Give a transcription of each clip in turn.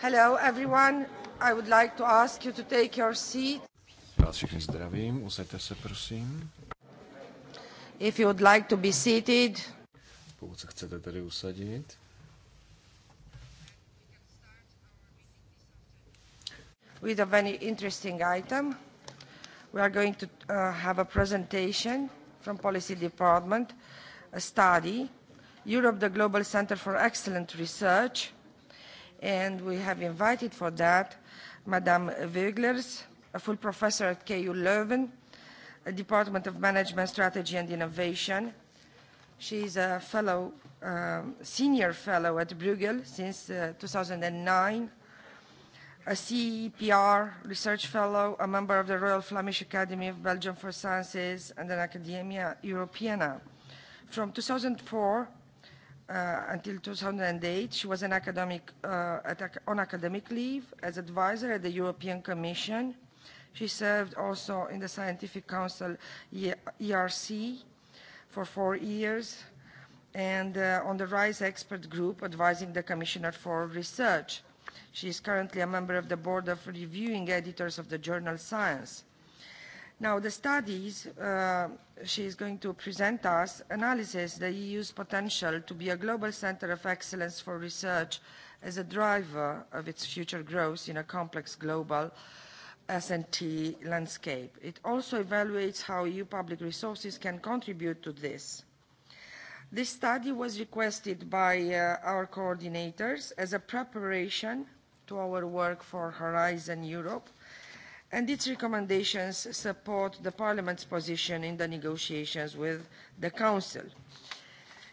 Hello everyone, I would like to ask you to take your seat. Vás všichni zdravím, usaďte se prosím. If you would like to be seated. Pokud se chcete tady usadit. With a very interesting item. We are going to uh, have a presentation from Policy Department, a study, Europe the Global Center for Excellent Research, and we have invited for that Madame Wiglers, a full professor at KU Leuven, a Department of Management Strategy and Innovation. She is a fellow, um, senior fellow at Bruegel since uh, 2009, a CEPR research fellow, a member of the Royal Flemish Academy of Belgium for Sciences and an Academia Europeana. From 2004, uh, until 2008. She was an academic, uh, at, on academic leave as advisor at the European Commission. She served also in the Scientific Council ERC e for four years and uh, on the RISE expert group advising the Commissioner for Research. She is currently a member of the board of reviewing editors of the journal Science. Now, the studies uh, she is going to present us analyzes the EU's potential to be a global center of excellence for research as a driver of its future growth in a complex global S&T landscape. It also evaluates how EU public resources can contribute to this. This study was requested by uh, our coordinators as a preparation to our work for Horizon Europe, and its recommendations support the Parliament's position in the negotiations with the Council.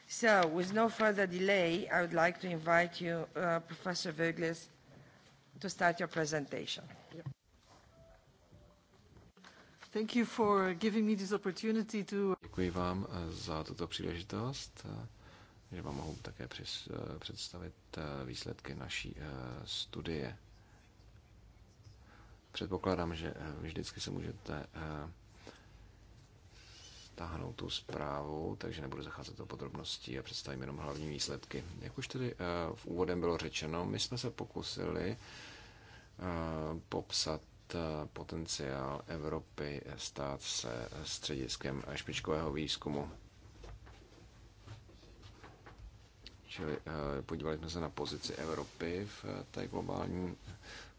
So, with no further delay, I would like to invite you, uh, Professor Vergles, to start your presentation. Thank you for giving me this opportunity to... Děkuji vám uh, za tuto příležitost, uh, že vám mohu také uh, představit výsledky naší studie. Předpokládám, že eh, vždycky se můžete eh, stáhnout tu zprávu, takže nebudu zacházet do podrobností a představím jenom hlavní výsledky. Jak už tedy eh, v úvodem bylo řečeno, my jsme se pokusili popsat potenciál Evropy stát se střediskem špičkového výzkumu. Čili podívali jsme se na pozici Evropy v té globální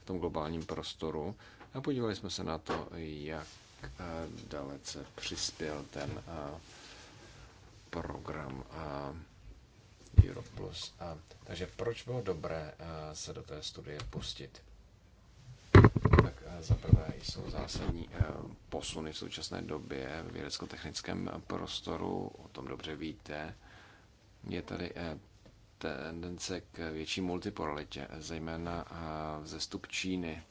tom globálním prostoru a podívali jsme se na to, jak eh, dalece přispěl ten eh, program eh, Europe Plus. A, takže proč bylo dobré se do té studie pustit? Tak za prvé jsou zásadní posuny v současné době v vědecko-technickém prostoru, o tom dobře víte. Je tady tendence k větší multipolaritě, zejména vzestup eh, Číny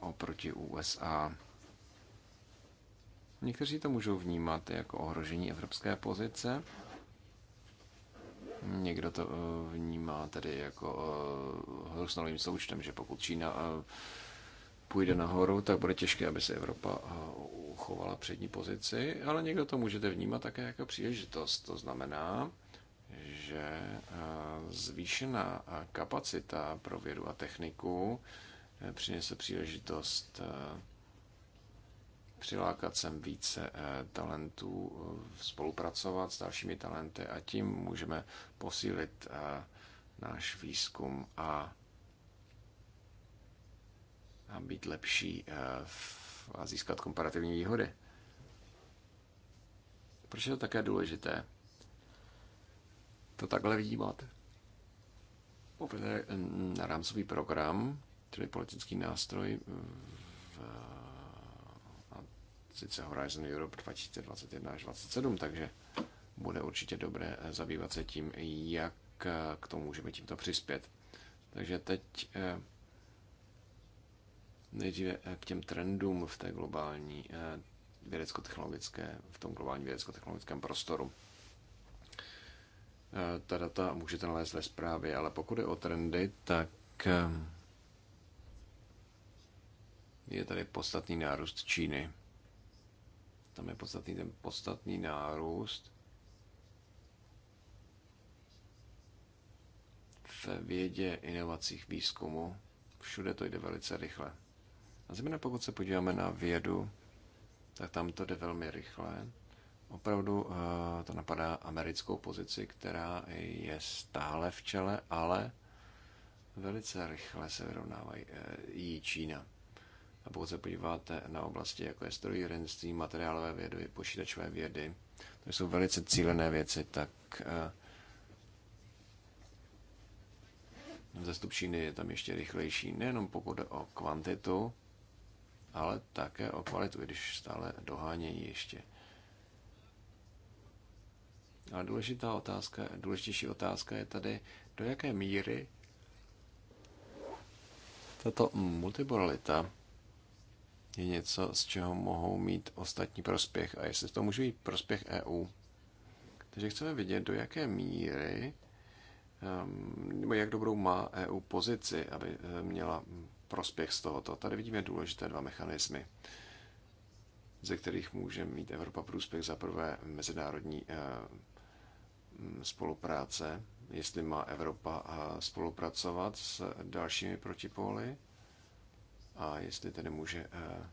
oproti USA. Někteří to můžou vnímat jako ohrožení evropské pozice, někdo to eh, vnímá tedy jako eh, hrusnovým součtem, že pokud Čína půjde nahoru, tak bude těžké, aby se Evropa uchovala přední pozici, ale někdo to můžete vnímat také jako příležitost. To znamená, že zvýšená kapacita pro vědu a techniku e, přinese příležitost e, přilákat sem více e, talentů, spolupracovat s dalšími talenty a tím můžeme posílit náš výzkum a, a být lepší a získat komparativní výhody. Proč je to také důležité? to takhle vnímat. Povede eh, na rámcový program, tedy politický nástroj v eh, sice Horizon Europe 2021 až 2027, takže bude určitě dobré eh, zabývat se tím, jak k tomu můžeme tímto přispět. Takže teď nejdříve k těm trendům v té globální vědecko-technologické, v tom globálním vědecko-technologickém prostoru. Eh, ta data můžete nalézt ve zprávě, ale pokud je o trendy, tak eh, je tady podstatný nárůst Číny. Tam je podstatný ten podstatný nárůst. ve vědě, inovacích, výzkumu. Všude to jde velice rychle. A zejména pokud se podíváme na vědu, tak tam to jde velmi rychle. Opravdu eh, to napadá americkou pozici, která je stále v čele, ale velice rychle se vyrovnávají eh, jí Čína. A pokud se podíváte na oblasti, jako je strojírenství, materiálové vědy, počítačové vědy, to jsou velice cílené věci, tak eh, Vzestup Číny je tam ještě rychlejší, nejenom pokud o kvantitu, ale také o kvalitu, i když stále dohánějí ještě ale důležitá otázka, důležitější otázka je tady, do jaké míry tato multiboralita je něco, z čeho mohou mít ostatní prospěch a jestli to může být prospěch EU. Takže chceme vidět, do jaké míry ehm, nebo jak dobrou má EU pozici, aby eh, měla prospěch z tohoto. Tady vidíme důležité dva mechanismy, ze kterých může mít Evropa prospěch. Za prvé mezinárodní eh, spolupráce, jestli má Evropa spolupracovat s dalšími protipóly a jestli tedy může. Eh,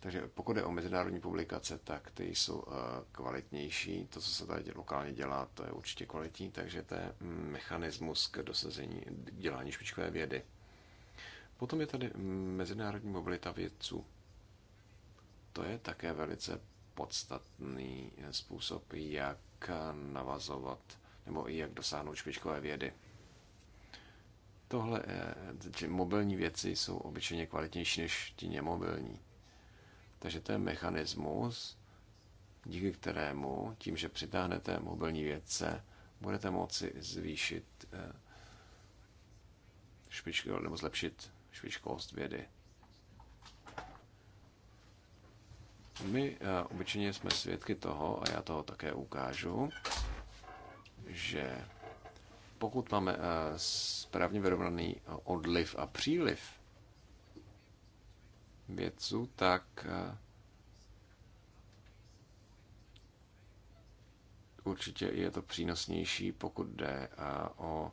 takže pokud je o mezinárodní publikace, tak ty jsou eh, kvalitnější. To, co se tady lokálně dělá, to je určitě kvalitní, takže to je mm, mechanismus k dosazení, k dělání špičkové vědy. Potom je tady mm, mezinárodní mobilita vědců. To je také velice podstatný eh, způsob, jak eh, navazovat nebo i jak dosáhnout špičkové vědy. Tohle, že eh, mobilní věci jsou obyčejně kvalitnější než ti nemobilní. Takže to je mechanismus, díky kterému tím, že přitáhnete mobilní vědce, budete moci zvýšit špičku, nebo zlepšit špičkovost vědy. My eh, obyčejně jsme svědky toho, a já toho také ukážu, že pokud máme eh, správně vyrovnaný eh, odliv a příliv vědců, tak určitě je to přínosnější, pokud jde o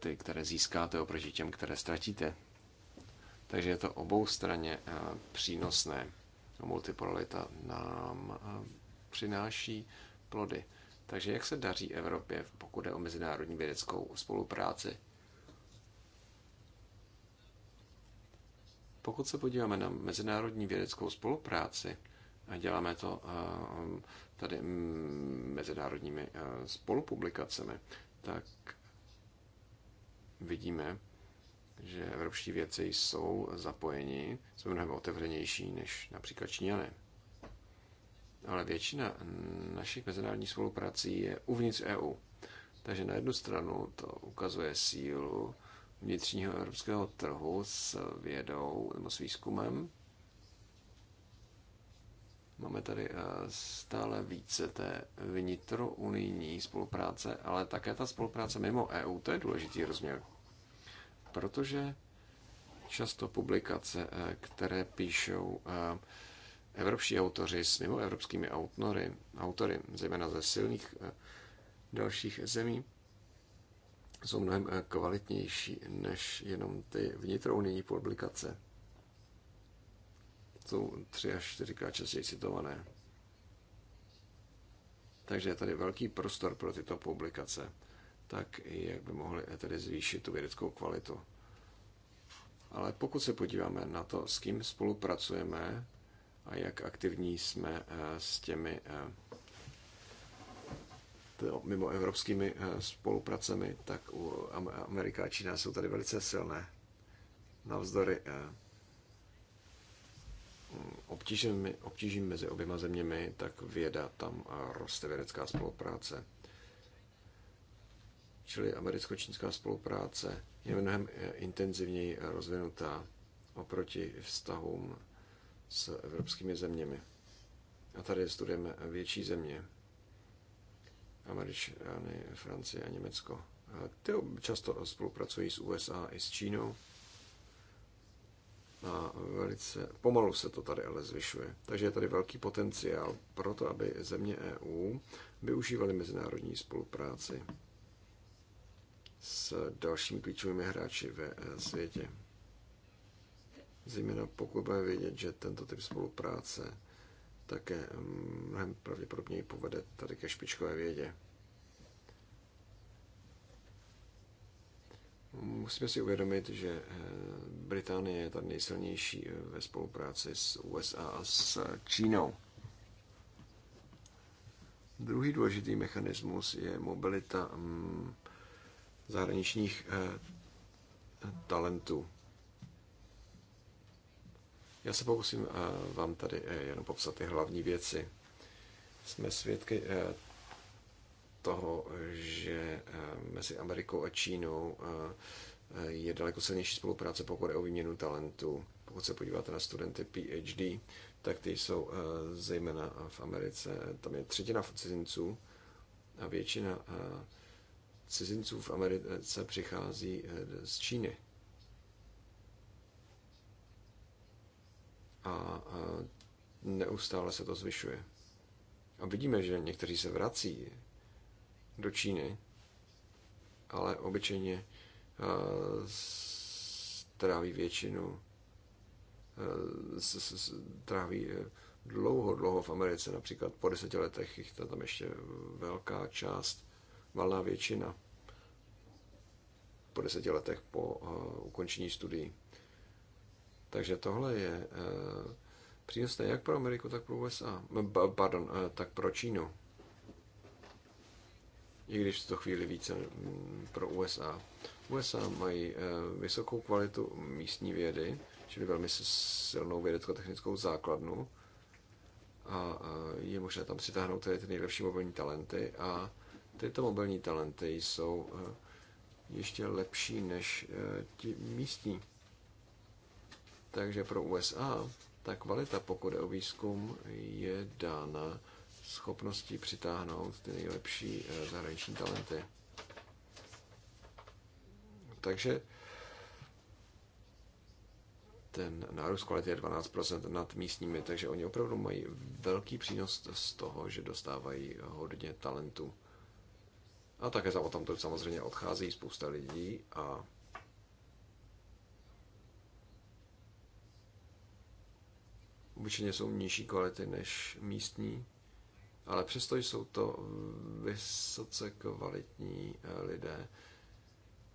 ty, které získáte oproti těm, které ztratíte. Takže je to obou straně eh, přínosné. Multipolarita nám eh, přináší plody. Takže jak se daří Evropě, pokud jde o mezinárodní vědeckou spolupráci? Pokud se podíváme na mezinárodní vědeckou spolupráci, a děláme to eh, tady mm, mezinárodními spolupublikacemi, tak vidíme, že evropští věci jsou zapojeni, jsou mnohem otevřenější než například Číňané. Ale většina našich mezinárodních spoluprací je uvnitř EU. Takže na jednu stranu to ukazuje sílu vnitřního evropského trhu s vědou nebo s výzkumem. Máme tady eh, stále více té vnitrounijní spolupráce, ale také ta spolupráce mimo EU, to je důležitý rozměr protože často publikace, eh, které píšou eh, evropští autoři s mimo evropskými autory, autory, zejména ze silných eh, dalších zemí, jsou mnohem kvalitnější než jenom ty vnitrounijní publikace. Jsou tři až čtyřikrát častěji citované. Takže je tady velký prostor pro tyto publikace tak i jak by mohli tedy zvýšit tu vědeckou kvalitu. Ale pokud se podíváme na to, s kým spolupracujeme a jak aktivní jsme eh, s těmi eh, mimo evropskými eh, spolupracemi, tak u Amerika a Čína jsou tady velice silné. Navzdory mm, obtížím, mezi oběma zeměmi, tak věda tam roste vědecká spolupráce. Čili americko-čínská spolupráce je mnohem eh, intenzivněji eh, rozvinutá oproti vztahům s evropskými zeměmi. A tady studujeme větší země. Američany, Francie a Německo. Eh, ty často spolupracují s USA i s Čínou. A velice pomalu se to tady ale zvyšuje. Takže je tady velký potenciál pro to, aby země EU využívaly mezinárodní spolupráci s dalšími klíčovými hráči ve eh, světě. Zejména pokud budeme vědět, že tento typ spolupráce také eh, mnohem pravděpodobněji povede tady ke špičkové vědě. Musíme si uvědomit, že eh, Británie je tady nejsilnější ve spolupráci s USA a s Čínou. Druhý důležitý mechanismus je mobilita mm, zahraničních eh, talentů. Já se pokusím eh, vám tady eh, jenom popsat ty hlavní věci. Jsme svědky toho, že mezi Amerikou a Čínou je daleko silnější spolupráce, pokud je o výměnu talentů. Pokud se podíváte na studenty PhD, tak ty jsou zejména v Americe, tam je třetina cizinců a většina cizinců v Americe přichází eh, z Číny. A neustále se to zvyšuje. A vidíme, že někteří se vrací do Číny, ale obyčejně eh, eh, tráví většinu, tráví dlouho, dlouho v Americe, například po deseti letech je tam ještě velká část valná většina po deseti letech po eh, ukončení studií. Takže tohle je eh, přínosné jak pro Ameriku, tak pro USA. Eh, pardon, tak pro Čínu. I když v to chvíli více mm, pro USA. USA mají vysokou kvalitu místní vědy, čili velmi silnou vědecko-technickou základnu a je možné tam přitáhnout tedy ty nejlepší mobilní talenty a tyto mobilní talenty jsou eh, ještě lepší než eh, ti místní. Takže pro USA ta kvalita, pokud je o výzkum, je dána schopností přitáhnout ty nejlepší eh, zahraniční talenty. Takže ten nárůst kvality je 12% nad místními, takže oni opravdu mají velký přínos z toho, že dostávají hodně talentů. A také za tam samozřejmě odchází spousta lidí a obyčejně jsou nižší kvality než místní, ale přesto jsou to vysoce kvalitní eh, lidé,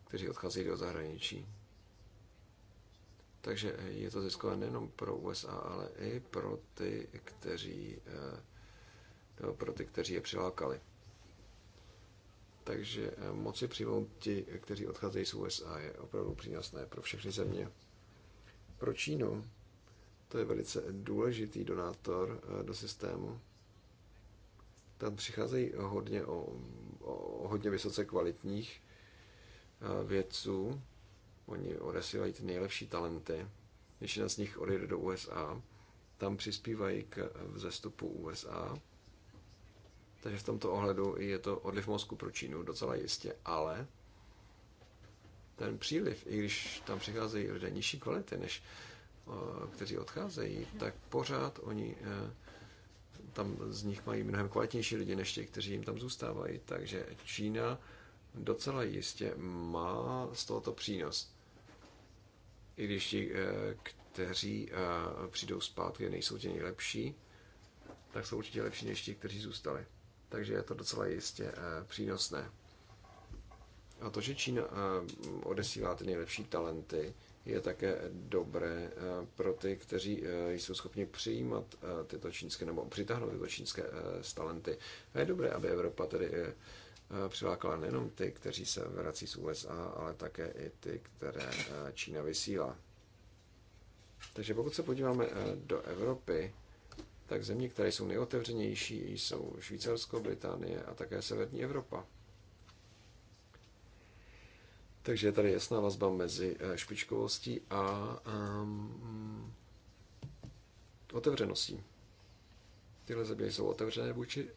kteří odchází do zahraničí. Takže eh, je to ziskové nejen pro USA, ale i pro ty, kteří, eh, pro ty, kteří je přilákali. Takže eh, moci přijmout ti, kteří odcházejí z USA, je opravdu přínosné pro všechny země. Pro Čínu to je velice důležitý donátor eh, do systému. Tam přicházejí hodně, o, o, hodně vysoce kvalitních eh, vědců. Oni odesílají ty nejlepší talenty. Většina z nich odejde do USA. Tam přispívají k vzestupu USA takže v tomto ohledu je to odliv mozku pro Čínu docela jistě, ale ten příliv, i když tam přicházejí lidé nižší kvality, než kteří odcházejí, tak pořád oni e, tam z nich mají mnohem kvalitnější lidi než ti, kteří jim tam zůstávají. Takže Čína docela jistě má z tohoto přínos. I když ti, e, kteří e, přijdou zpátky, nejsou ti nejlepší, tak jsou určitě lepší než ti, kteří zůstali takže je to docela jistě eh, přínosné. A to, že Čína eh, odesílá ty nejlepší talenty, je také dobré eh, pro ty, kteří jsou schopni přijímat tyto čínské nebo přitáhnout tyto čínské talenty. A je dobré, aby Evropa tedy přilákala nejenom ty, kteří se vrací z USA, ale také i ty, které Čína vysílá. Takže pokud se podíváme do Evropy, tak země, které jsou nejotevřenější, jsou Švýcarsko, Británie a také Severní Evropa. Takže je tady jasná vazba mezi eh, špičkovostí a um, otevřeností. Tyhle země jsou otevřené vůči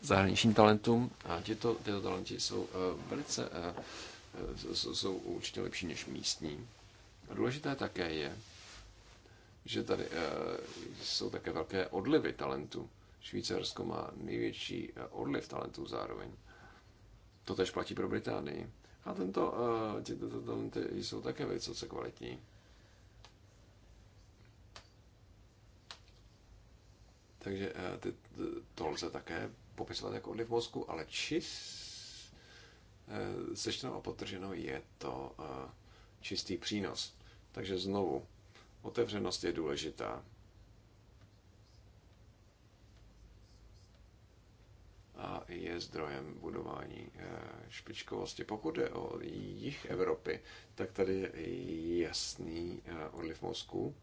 zahraničním talentům a tyto, tyto talenti jsou uh, velice uh, eh, jsou, jsou určitě lepší než místní. A důležité také je, že tady eh, jsou také velké odlivy talentů. Švýcarsko má největší eh, odliv talentů zároveň. To tež platí pro Británii. A tento, eh, tyto talenty jsou také vysoce kvalitní. Takže ty, to lze také popisovat jako odliv mozku, ale čist sečteno a potrženo je to čistý přínos. Takže znovu, Otevřenost je důležitá. a je zdrojem budování eh, špičkovosti. Pokud je o jich Evropy, tak tady je jasný eh, odliv mozku.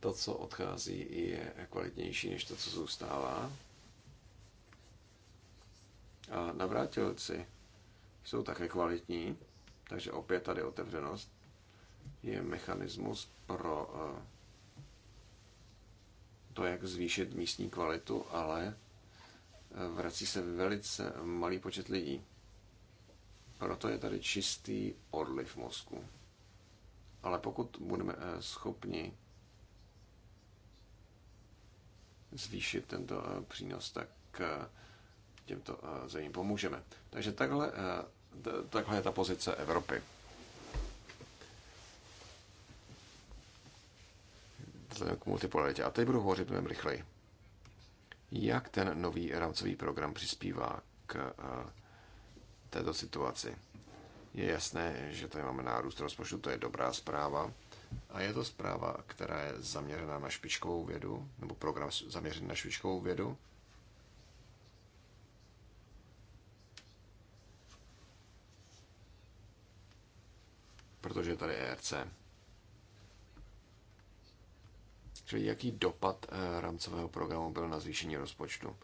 To, co odchází, je kvalitnější než to, co zůstává. A navrátilci jsou také kvalitní, takže opět tady otevřenost je mechanismus pro eh, to, jak zvýšit místní kvalitu, ale eh, vrací se velice malý počet lidí. Proto je tady čistý odliv mozku. Ale pokud budeme eh, schopni zvýšit tento přínos, tak těmto zemím pomůžeme. Takže takhle, takhle je ta pozice Evropy. vzhledem k multipolaritě. A teď budu hovořit mnohem rychleji. Jak ten nový rámcový program přispívá k eh, této situaci? Je jasné, že tady máme nárůst rozpočtu, to je dobrá zpráva. A je to zpráva, která je zaměřená na špičkovou vědu, nebo program zaměřený na špičkovou vědu. Protože tady je e RC. Čili jaký dopad eh, rámcového programu byl na zvýšení rozpočtu?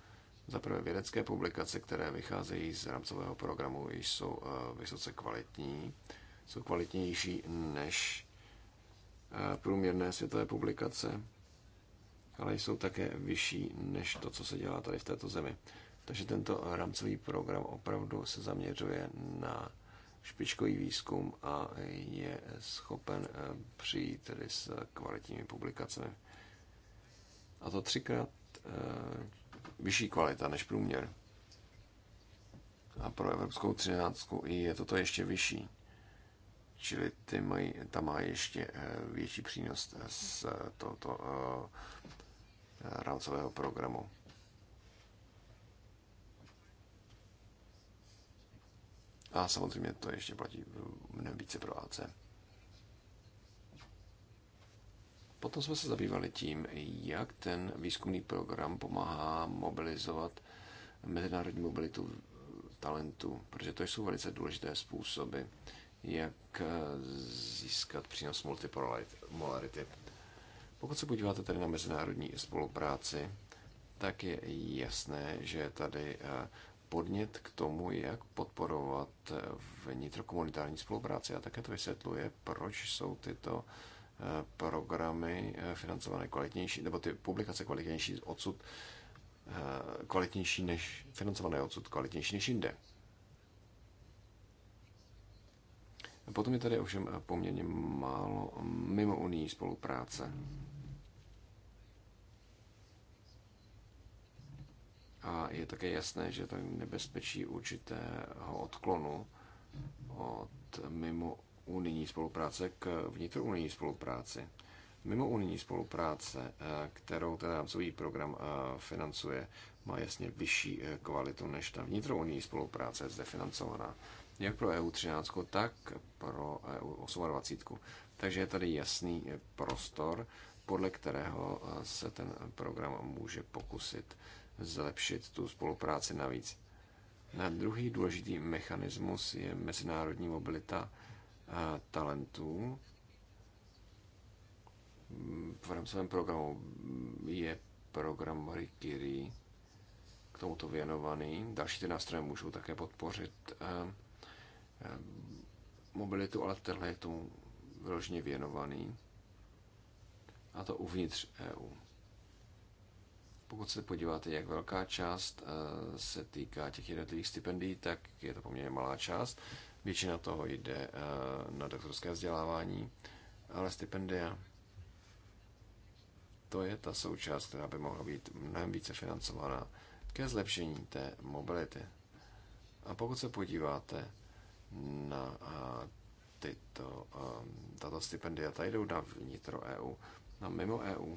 Za prvé vědecké publikace, které vycházejí z rámcového programu, jsou eh, vysoce kvalitní, jsou kvalitnější než eh, průměrné světové publikace, ale jsou také vyšší než to, co se dělá tady v této zemi. Takže tento rámcový program opravdu se zaměřuje na špičkový výzkum a je schopen přijít tedy s kvalitními publikacemi. A to třikrát eh, vyšší kvalita než průměr. A pro evropskou třináctku je toto ještě vyšší. Čili ty mají, ta má ještě eh, větší přínos eh, z tohoto rámcového programu. A samozřejmě to ještě platí mnohem více pro AC. Potom jsme se zabývali tím, jak ten výzkumný program pomáhá mobilizovat mezinárodní mobilitu talentu, protože to jsou velice důležité způsoby, jak získat přínos multipolarity. Pokud se podíváte tady na mezinárodní spolupráci, tak je jasné, že je tady eh, podnět k tomu, jak podporovat eh, vnitrokomunitární spolupráci. A také to vysvětluje, proč jsou tyto uh, programy eh, financované kvalitnější, nebo ty publikace kvalitnější odsud, eh, kvalitnější než, financované odsud kvalitnější než jinde. Potom je tady ovšem poměrně málo mimo unijní spolupráce. A je také jasné, že je nebezpečí určitého odklonu od mimo unijní spolupráce k vnitrounijní spolupráci. Mimo unijní spolupráce, eh, kterou ten rámcový program eh, financuje, má jasně vyšší eh, kvalitu než ta vnitrounijní spolupráce zde financovaná. Jak pro EU13, tak pro EU28. Takže je tady jasný prostor, podle kterého se ten program může pokusit zlepšit tu spolupráci navíc. Na druhý důležitý mechanismus je mezinárodní mobilita talentů v rámcovém programu je program Marie Curie k tomuto věnovaný. Další ty nástroje můžou také podpořit mobilitu, ale tenhle je k tomu vyloženě věnovaný. A to uvnitř EU. Pokud se podíváte, jak velká část e, se týká těch jednotlivých stipendií, tak je to poměrně malá část. Většina toho jde eh, na doktorské vzdělávání, ale stipendia to je ta součást, která by mohla být mnohem více financovaná ke zlepšení té mobility. A pokud se podíváte na eh, tyto, eh, tato stipendia, ta jdou na vnitro EU, na mimo EU,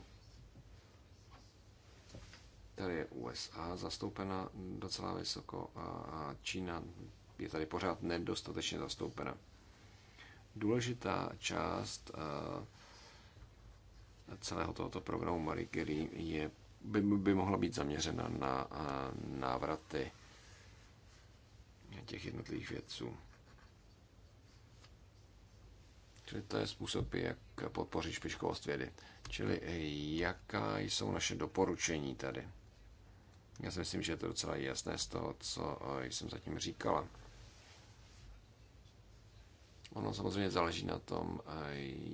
tady je USA zastoupena docela vysoko a Čína je tady pořád nedostatečně zastoupena. Důležitá část eh, celého tohoto programu Marie Curie je, by, by mohla být zaměřena na eh, návraty těch jednotlivých vědců. Čili to je způsob, jak podpořit špičkovost vědy. Čili eh, jaká jsou naše doporučení tady? Já si myslím, že je to docela jasné z toho, co jsem zatím říkala. Ono samozřejmě záleží na tom, eh,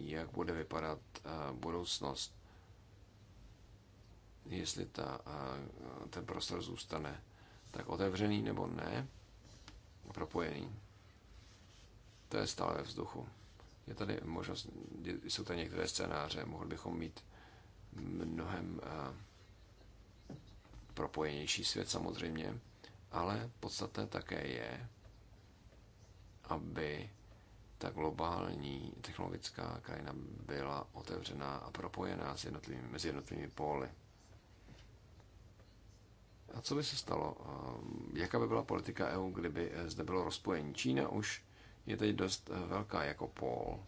jak bude vypadat eh, budoucnost. Jestli ta, eh, ten prostor zůstane tak otevřený nebo ne, propojený. To je stále ve vzduchu. Je tady možnost, jsou tady některé scénáře, mohli bychom mít mnohem propojenější svět samozřejmě, ale podstatné také je, aby ta globální technologická krajina byla otevřená a propojená s jednotlivými, mezi jednotlivými póly. A co by se stalo? Eh, jaká by byla politika EU, kdyby eh, zde bylo rozpojení? Čína už je teď dost eh, velká jako pól.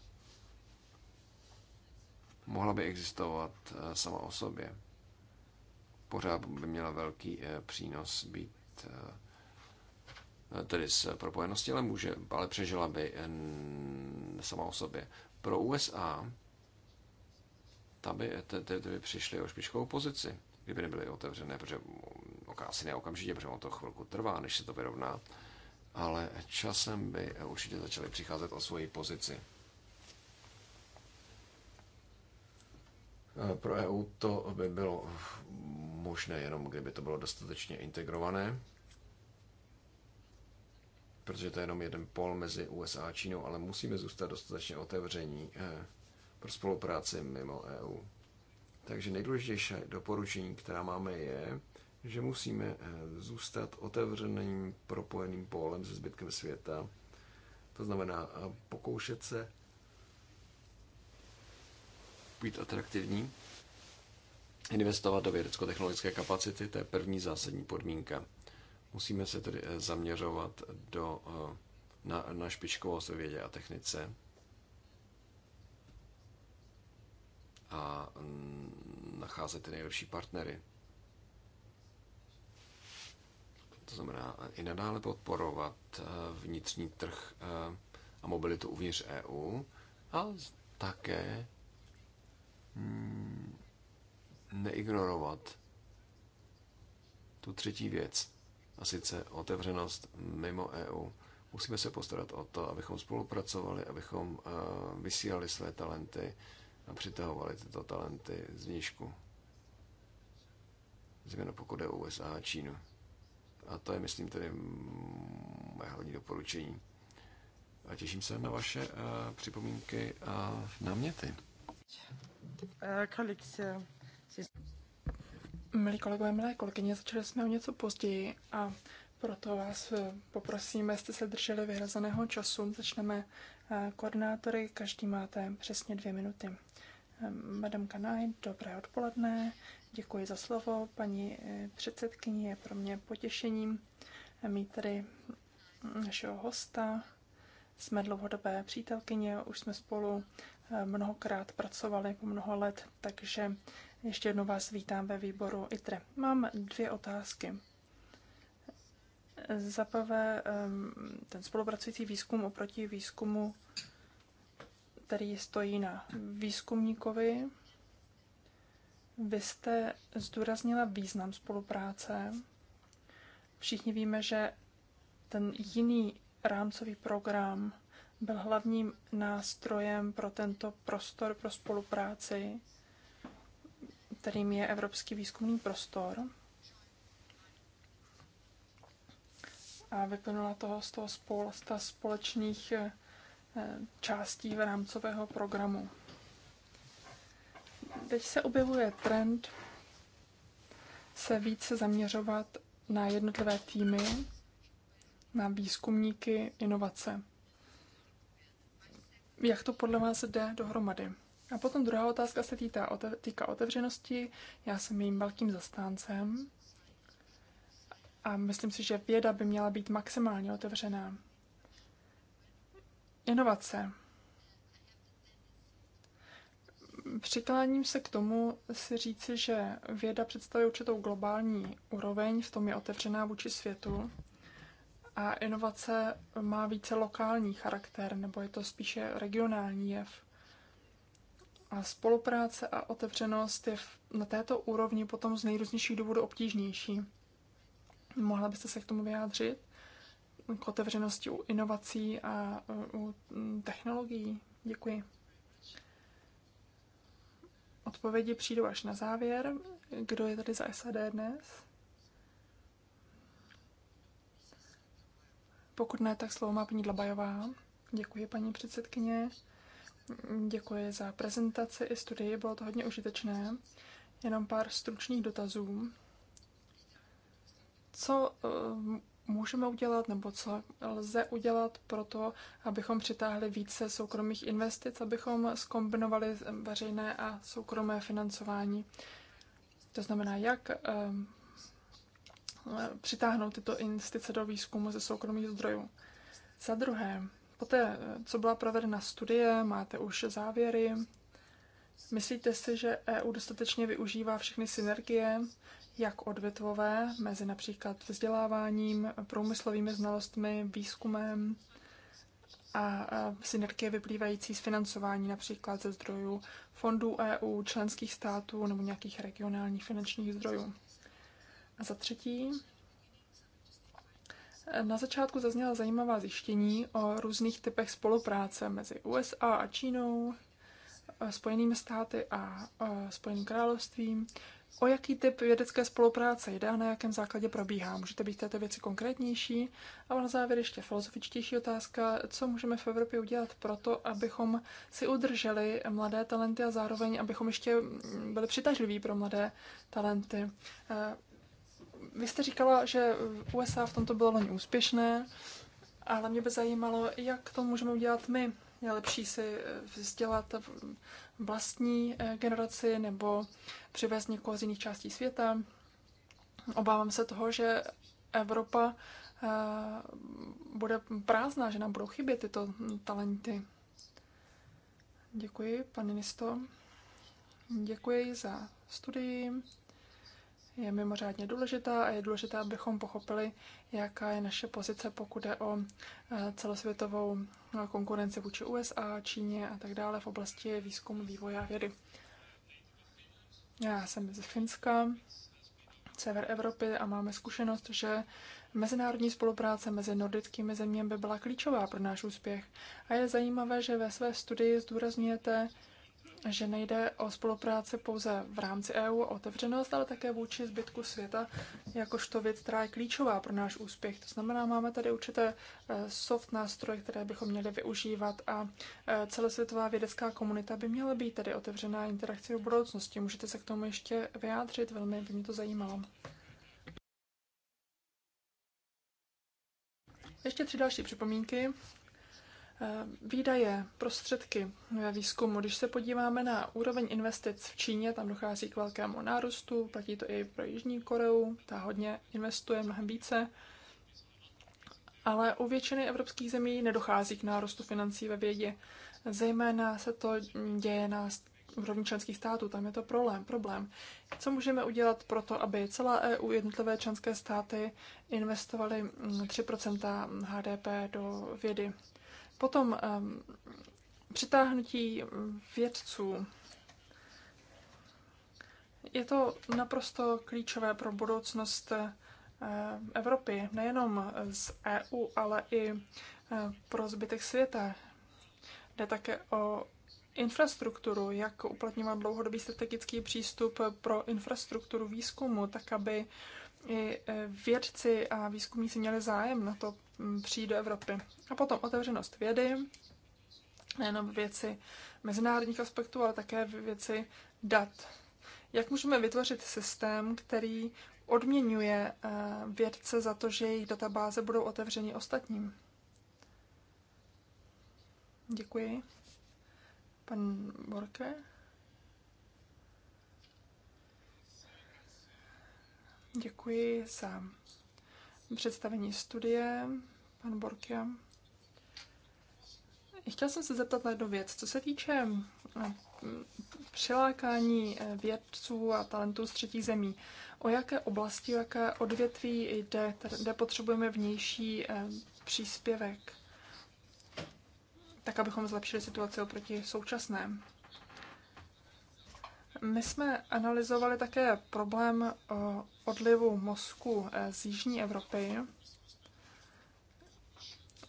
Mohla by existovat sama o sobě. Pořád by měla velký přínos být tedy s propojeností, ale, může, ale přežila by eh, sama o sobě. Pro USA ta by, ty, ty, ty by přišly o špičkovou pozici, kdyby nebyly otevřené, protože mm, asi ne okamžitě, protože to chvilku trvá, než se to vyrovná, ale časem by eh, určitě začaly přicházet o svoji pozici. Eh, pro EU to by bylo možné jenom, kdyby to bylo dostatečně integrované protože to je jenom jeden pol mezi USA a Čínou, ale musíme zůstat dostatečně otevření eh, pro spolupráci mimo EU. Takže nejdůležitější doporučení, která máme, je, že musíme eh, zůstat otevřeným, propojeným pólem se zbytkem světa. To znamená eh, pokoušet se být atraktivní, investovat do vědecko-technologické kapacity, to je první zásadní podmínka. Musíme se tedy eh, zaměřovat do, eh, na, na špičkovost ve vědě a technice a mm, nacházet ty nejlepší partnery. To znamená eh, i nadále podporovat vnitřní trh a mobilitu uvnitř EU a také mm, neignorovat tu třetí věc a sice otevřenost mimo EU. Musíme se postarat o to, abychom spolupracovali, abychom eh, vysílali své talenty a přitahovali tyto talenty z nížku. Zejména pokud je USA a Čínu. A to je, myslím, tedy moje hlavní doporučení. A těším se na vaše eh, připomínky a náměty. Uh, eh, Milí kolegové, milé kolegyně, začali jsme o něco později a proto vás eh, poprosím, abyste se drželi vyhrazeného času. Začneme eh, koordinátory, každý máte přesně dvě minuty. Ehm, Madame Kanaj, dobré odpoledne, děkuji za slovo. Paní eh, předsedkyně je pro mě potěšením mít tady našeho hosta. Jsme dlouhodobé přítelkyně, už jsme spolu mnohokrát pracovali po mnoho let, takže ještě jednou vás vítám ve výboru ITRE. Mám dvě otázky. Za prvé, ten spolupracující výzkum oproti výzkumu, který stojí na výzkumníkovi. Vy jste zdůraznila význam spolupráce. Všichni víme, že ten jiný rámcový program byl hlavním nástrojem pro tento prostor pro spolupráci kterým je Evropský výzkumný prostor. A vyplnula toho z toho spousta společných eh, částí v rámcového programu. Teď se objevuje trend se více zaměřovat na jednotlivé týmy, na výzkumníky, inovace. Jak to podle vás jde dohromady? A potom druhá otázka se týká, týká otevřenosti. Já jsem jejím velkým zastáncem a myslím si, že věda by měla být maximálně otevřená. Inovace. Přikláním se k tomu si říci, že věda představuje určitou globální úroveň, v tom je otevřená vůči světu a inovace má více lokální charakter, nebo je to spíše regionální jev. A spolupráce a otevřenost je na této úrovni potom z nejrůznějších důvodů obtížnější. Mohla byste se k tomu vyjádřit? K otevřenosti u inovací a u technologií? Děkuji. Odpovědi přijdou až na závěr. Kdo je tady za SAD dnes? Pokud ne, tak slovo má paní Dlabajová. Děkuji, paní předsedkyně. Děkuji za prezentaci i studii, bylo to hodně užitečné. Jenom pár stručných dotazů. Co eh, můžeme udělat, nebo co lze udělat pro to, abychom přitáhli více soukromých investic, abychom skombinovali veřejné a soukromé financování. To znamená, jak eh, přitáhnout tyto investice do výzkumu ze soukromých zdrojů. Za druhé, Poté, co byla provedena studie, máte už závěry. Myslíte si, že EU dostatečně využívá všechny synergie, jak odvětvové, mezi například vzděláváním, průmyslovými znalostmi, výzkumem a synergie vyplývající z financování například ze zdrojů fondů EU, členských států nebo nějakých regionálních finančních zdrojů. A za třetí, na začátku zazněla zajímavá zjištění o různých typech spolupráce mezi USA a Čínou, Spojenými státy a Spojeným královstvím. O jaký typ vědecké spolupráce jde a na jakém základě probíhá? Můžete být této věci konkrétnější? A na závěr ještě filozofičtější otázka, co můžeme v Evropě udělat pro to, abychom si udrželi mladé talenty a zároveň, abychom ještě byli přitažliví pro mladé talenty. Vy jste říkala, že v USA v tomto bylo loni úspěšné, ale mě by zajímalo, jak to můžeme udělat my. Je lepší si eh, vzdělat vlastní eh, generaci nebo přivést někoho z jiných částí světa. Obávám se toho, že Evropa eh, bude prázdná, že nám budou chybět tyto talenty. Děkuji, pane Nisto. Děkuji za studii je mimořádně důležitá a je důležité, abychom pochopili, jaká je naše pozice, pokud je o eh, celosvětovou eh, konkurenci vůči USA, Číně a tak dále v oblasti výzkumu, vývoje a vědy. Já jsem z Finska, sever Evropy a máme zkušenost, že mezinárodní spolupráce mezi nordickými zeměmi by byla klíčová pro náš úspěch. A je zajímavé, že ve své studii zdůrazňujete, že nejde o spolupráci pouze v rámci EU, a otevřenost, ale také vůči zbytku světa, jakožto věc, která je klíčová pro náš úspěch. To znamená, máme tady určité eh, soft nástroje, které bychom měli využívat a eh, celosvětová vědecká komunita by měla být tady otevřená interakci do budoucnosti. Můžete se k tomu ještě vyjádřit, velmi by mě to zajímalo. Ještě tři další připomínky. Výdaje, prostředky ve výzkumu. Když se podíváme na úroveň investic v Číně, tam dochází k velkému nárůstu, platí to i pro Jižní Koreu, ta hodně investuje, mnohem více. Ale u většiny evropských zemí nedochází k nárůstu financí ve vědě. Zejména se to děje na úrovni členských států, tam je to problém. problém. Co můžeme udělat pro to, aby celá EU, jednotlivé členské státy investovaly 3 HDP do vědy? Potom ehm, přitáhnutí vědců. Je to naprosto klíčové pro budoucnost eh, Evropy, nejenom z EU, ale i eh, pro zbytek světa. Jde také o infrastrukturu, jak uplatňovat dlouhodobý strategický přístup pro infrastrukturu výzkumu, tak aby i eh, vědci a výzkumníci měli zájem na to Mm, přijí do Evropy. A potom otevřenost vědy, nejenom věci mezinárodních aspektů, ale také věci dat. Jak můžeme vytvořit systém, který odměňuje eh, vědce za to, že jejich databáze budou otevřeny ostatním? Děkuji. Pan Borke? Děkuji sám představení studie, pan Borkia. Chtěla jsem se zeptat na jednu věc. Co se týče eh, přilákání eh, vědců a talentů z třetích zemí, o jaké oblasti, o jaké odvětví jde, kde potřebujeme vnější eh, příspěvek, tak abychom zlepšili situaci oproti současné. My jsme analyzovali také problém eh, odlivu mozku eh, z Jižní Evropy.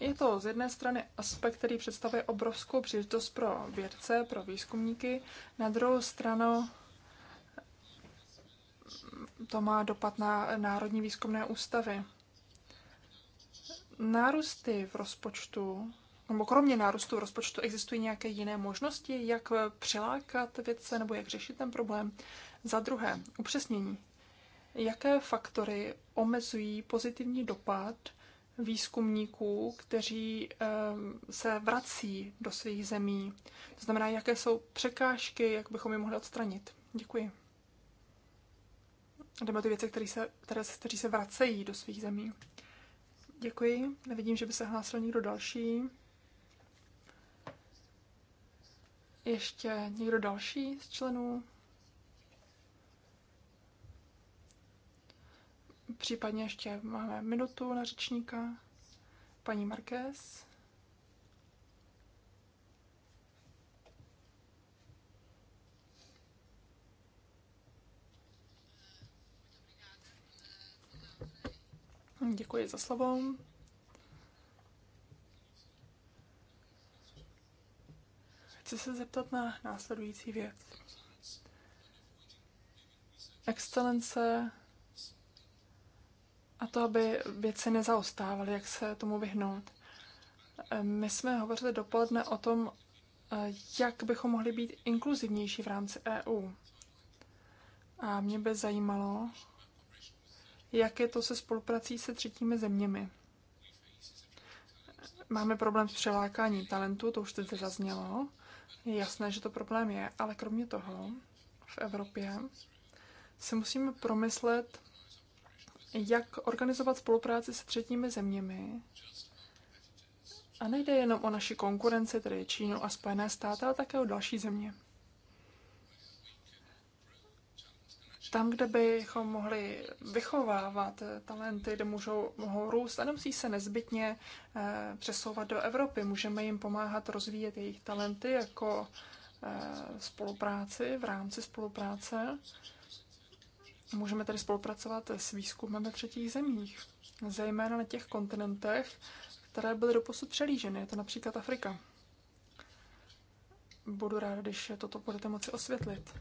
Je to z jedné strany aspekt, který představuje obrovskou příležitost pro vědce, pro výzkumníky, na druhou stranu to má dopad na národní výzkumné ústavy. Nárůsty v rozpočtu nebo kromě nárůstu rozpočtu existují nějaké jiné možnosti, jak přilákat vědce nebo jak řešit ten problém? Za druhé, upřesnění. Jaké faktory omezují pozitivní dopad výzkumníků, kteří ehm, se vrací do svých zemí? To znamená, jaké jsou překážky, jak bychom je mohli odstranit? Děkuji. Jdeme ty věci, které se, které, kteří se vracejí do svých zemí. Děkuji. Nevidím, že by se hlásil někdo další. Ještě někdo další z členů? Případně ještě máme minutu na řečníka. Paní Marquez. Děkuji za slovo. Chci se zeptat na následující věc. Excelence a to, aby věci nezaostávaly, jak se tomu vyhnout. My jsme hovořili dopoledne o tom, jak bychom mohli být inkluzivnější v rámci EU. A mě by zajímalo, jak je to se spoluprací se třetími zeměmi. Máme problém s přelákání talentu, to už teď zaznělo. Je jasné, že to problém je, ale kromě toho v Evropě se musíme promyslet, jak organizovat spolupráci se třetími zeměmi. A nejde jenom o naši konkurenci, tedy Čínu a Spojené státy, ale také o další země. tam, kde bychom mohli vychovávat talenty, kde můžou, mohou růst a nemusí se nezbytně eh, přesouvat do Evropy. Můžeme jim pomáhat rozvíjet jejich talenty jako eh, spolupráci, v rámci spolupráce. Můžeme tedy spolupracovat s výzkumem ve třetích zemích, zejména na těch kontinentech, které byly doposud přelíženy, je to například Afrika. Budu ráda, když toto budete moci osvětlit.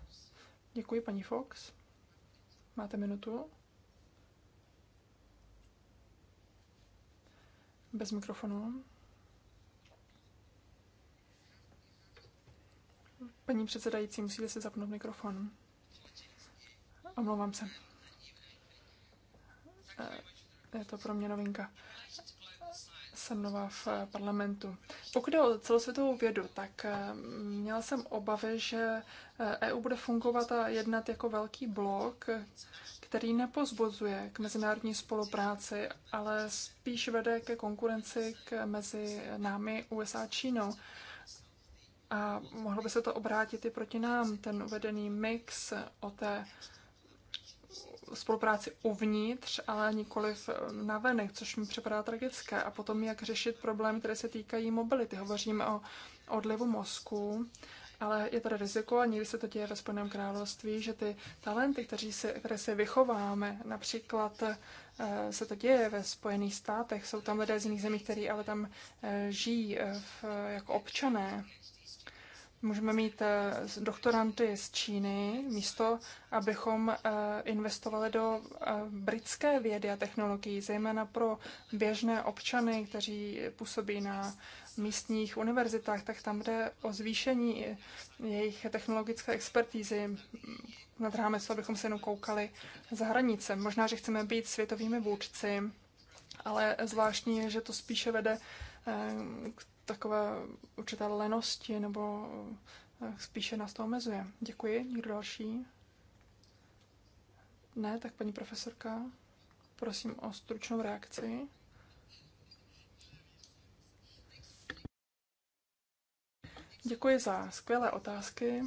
Děkuji, paní Fox. Máte minutu? Bez mikrofonu. Paní předsedající, musíte si zapnout mikrofon. Omlouvám se. Eh, je to pro mě novinka jsem v eh, parlamentu. Pokud jde o celosvětovou vědu, tak eh, měla jsem obavy, že EU eh, e bude fungovat a jednat jako velký blok, který nepozbozuje k mezinárodní spolupráci, ale spíš vede ke konkurenci k mezi námi, USA a Čínou. A mohlo by se to obrátit i proti nám, ten uvedený mix o té spolupráci uvnitř, ale nikoli na venek, což mi připadá tragické. A potom, jak řešit problémy, které se týkají mobility. Hovořím o odlivu mozku, ale je tady riziko, a někdy se to děje ve Spojeném království, že ty talenty, kteří si, které si vychováme, například eh, se to děje ve Spojených státech, jsou tam lidé z jiných zemí, kteří ale tam eh, žijí eh, v, jako občané, Můžeme mít eh, doktoranty z Číny, místo abychom eh, investovali do eh, britské vědy a technologií, zejména pro běžné občany, kteří působí na místních univerzitách, tak tam jde o zvýšení jejich technologické expertízy nad rámec, abychom se jenom koukali za hranice. Možná, že chceme být světovými vůdci, ale zvláštní je, že to spíše vede k takové určité lenosti, nebo eh, spíše nás to omezuje. Děkuji. Někdo další? Ne, tak paní profesorka, prosím o stručnou reakci. Děkuji za skvělé otázky.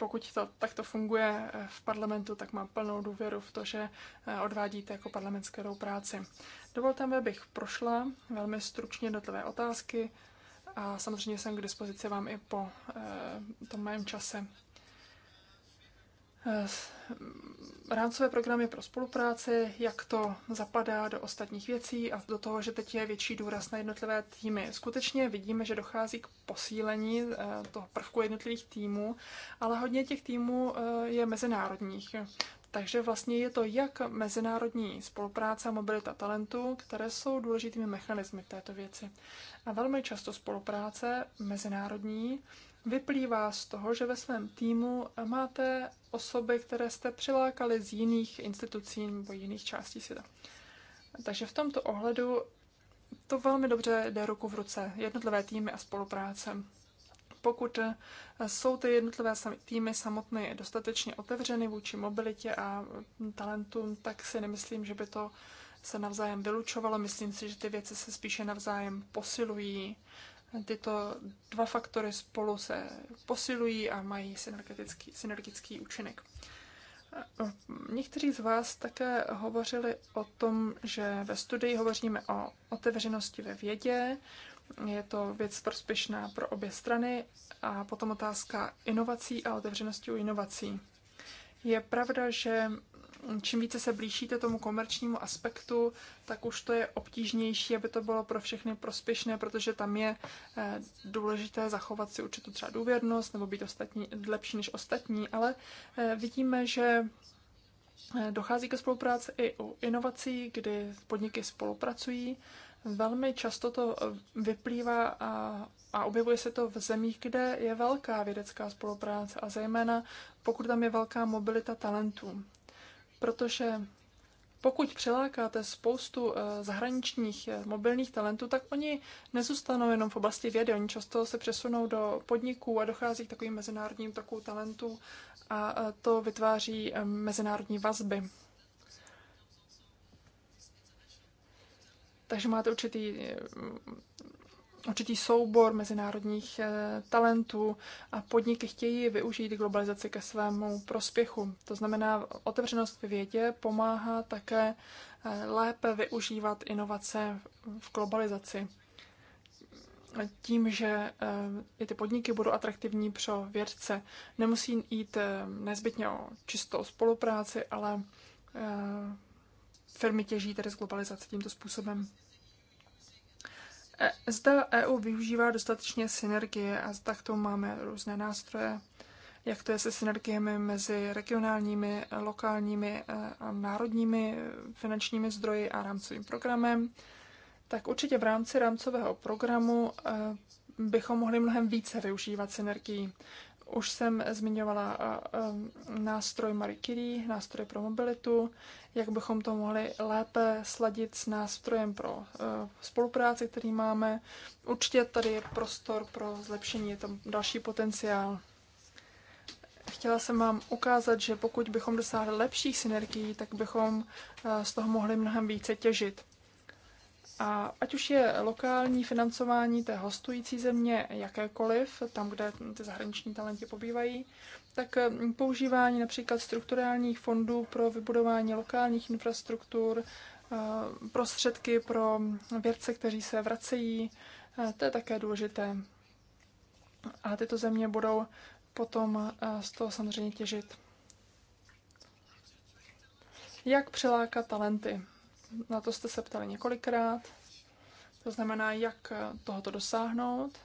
pokud to takto funguje eh, v parlamentu, tak mám plnou důvěru v to, že eh, odvádíte jako parlamentskou práci. Dovolte mi, abych prošla velmi stručně jednotlivé otázky a samozřejmě jsem k dispozici vám i po eh, tom mém čase rámcové programy pro spolupráci, jak to zapadá do ostatních věcí a do toho, že teď je větší důraz na jednotlivé týmy. Skutečně vidíme, že dochází k posílení eh, toho prvku jednotlivých týmů, ale hodně těch týmů eh, je mezinárodních. Takže vlastně je to jak mezinárodní spolupráce a mobilita talentů, které jsou důležitými mechanismy této věci. A velmi často spolupráce mezinárodní vyplývá z toho, že ve svém týmu máte osoby, které jste přilákali z jiných institucí nebo jiných částí světa. Takže v tomto ohledu to velmi dobře jde ruku v ruce, jednotlivé týmy a spolupráce. Pokud jsou ty jednotlivé týmy samotné dostatečně otevřeny vůči mobilitě a talentům, tak si nemyslím, že by to se navzájem vylučovalo. Myslím si, že ty věci se spíše navzájem posilují Tyto dva faktory spolu se posilují a mají synergetický, synergický účinek. No, někteří z vás také hovořili o tom, že ve studii hovoříme o otevřenosti ve vědě. Je to věc prospěšná pro obě strany. A potom otázka inovací a otevřenosti u inovací. Je pravda, že čím více se blížíte tomu komerčnímu aspektu, tak už to je obtížnější, aby to bylo pro všechny prospěšné, protože tam je eh, důležité zachovat si určitou třeba důvěrnost nebo být ostatní, lepší než ostatní, ale eh, vidíme, že eh, dochází ke spolupráci i u inovací, kdy podniky spolupracují. Velmi často to vyplývá a, a objevuje se to v zemích, kde je velká vědecká spolupráce a zejména pokud tam je velká mobilita talentů protože pokud přilákáte spoustu eh, zahraničních eh, mobilních talentů, tak oni nezůstanou jenom v oblasti vědy, oni často se přesunou do podniků a dochází k takovým mezinárodním toku talentů a eh, to vytváří mezinárodní vazby. Takže máte určitý určitý soubor mezinárodních eh, talentů a podniky chtějí využít globalizaci ke svému prospěchu. To znamená, otevřenost v vědě pomáhá také eh, lépe využívat inovace v globalizaci. Tím, že eh, i ty podniky budou atraktivní pro vědce, nemusí jít nezbytně o čistou spolupráci, ale firmy těží tedy z globalizace tímto způsobem. E, zda EU využívá dostatečně synergie a tak to máme různé nástroje, jak to je se synergiemi mezi regionálními, lokálními e, a národními e, finančními zdroji a rámcovým programem, tak určitě v rámci rámcového programu bychom mohli mnohem více využívat synergii. Už jsem zmiňovala nástroj Marie Curie, nástroj pro mobilitu, jak bychom to mohli lépe sladit s nástrojem pro e, spolupráci, který máme. Určitě tady je prostor pro zlepšení, je tam další potenciál. Chtěla jsem vám ukázat, že pokud bychom dosáhli lepších synergií, tak bychom e, z toho mohli mnohem více těžit. A ať už je lokální financování té hostující země jakékoliv, tam, kde ty zahraniční talenty pobývají, tak hm, používání například strukturálních fondů pro vybudování lokálních infrastruktur, hm, prostředky pro vědce, kteří se vracejí, hm, to je také důležité. A tyto země budou potom z toho samozřejmě těžit. Jak přilákat talenty? na to jste se ptali několikrát. To znamená, jak tohoto dosáhnout.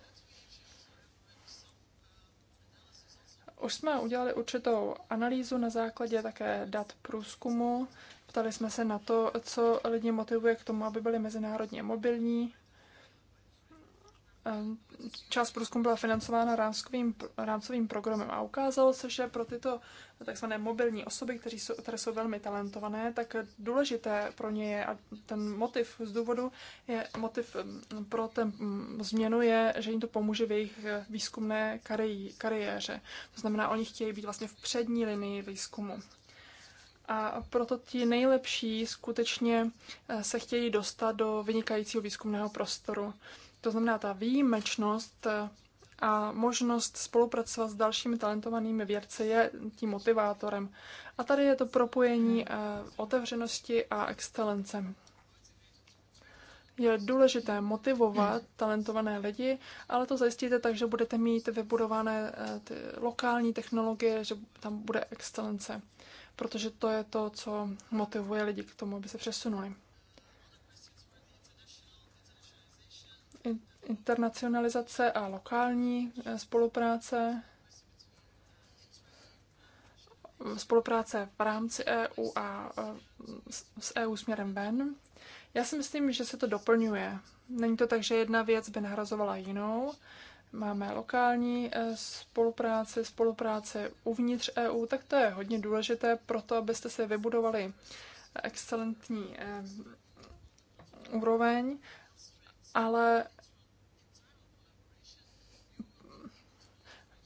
Už jsme udělali určitou analýzu na základě také dat průzkumu. Ptali jsme se na to, co lidi motivuje k tomu, aby byli mezinárodně mobilní. Ehm, část průzkumu byla financována rámcovým, rámcovým programem a ukázalo se, že pro tyto tzv. mobilní osoby, které jsou, které jsou velmi talentované, tak důležité pro ně je, a ten motiv z důvodu je, motiv ehm, pro ten mm, změnu je, že jim to pomůže v jejich výzkumné kari, kariéře. To znamená, oni chtějí být vlastně v přední linii výzkumu. A proto ti nejlepší skutečně eh, se chtějí dostat do vynikajícího výzkumného prostoru. To znamená, ta výjimečnost eh, a možnost spolupracovat s dalšími talentovanými vědci je tím motivátorem. A tady je to propojení eh, otevřenosti a excelence. Je důležité motivovat hmm. talentované lidi, ale to zajistíte tak, že budete mít vybudované eh, ty lokální technologie, že tam bude excelence, protože to je to, co motivuje lidi k tomu, aby se přesunuli. internacionalizace a lokální eh, spolupráce, spolupráce v rámci EU a eh, s EU směrem ven. Já si myslím, že se to doplňuje. Není to tak, že jedna věc by nahrazovala jinou. Máme lokální eh, spolupráci, spolupráce uvnitř EU, tak to je hodně důležité pro to, abyste si vybudovali excelentní úroveň, ale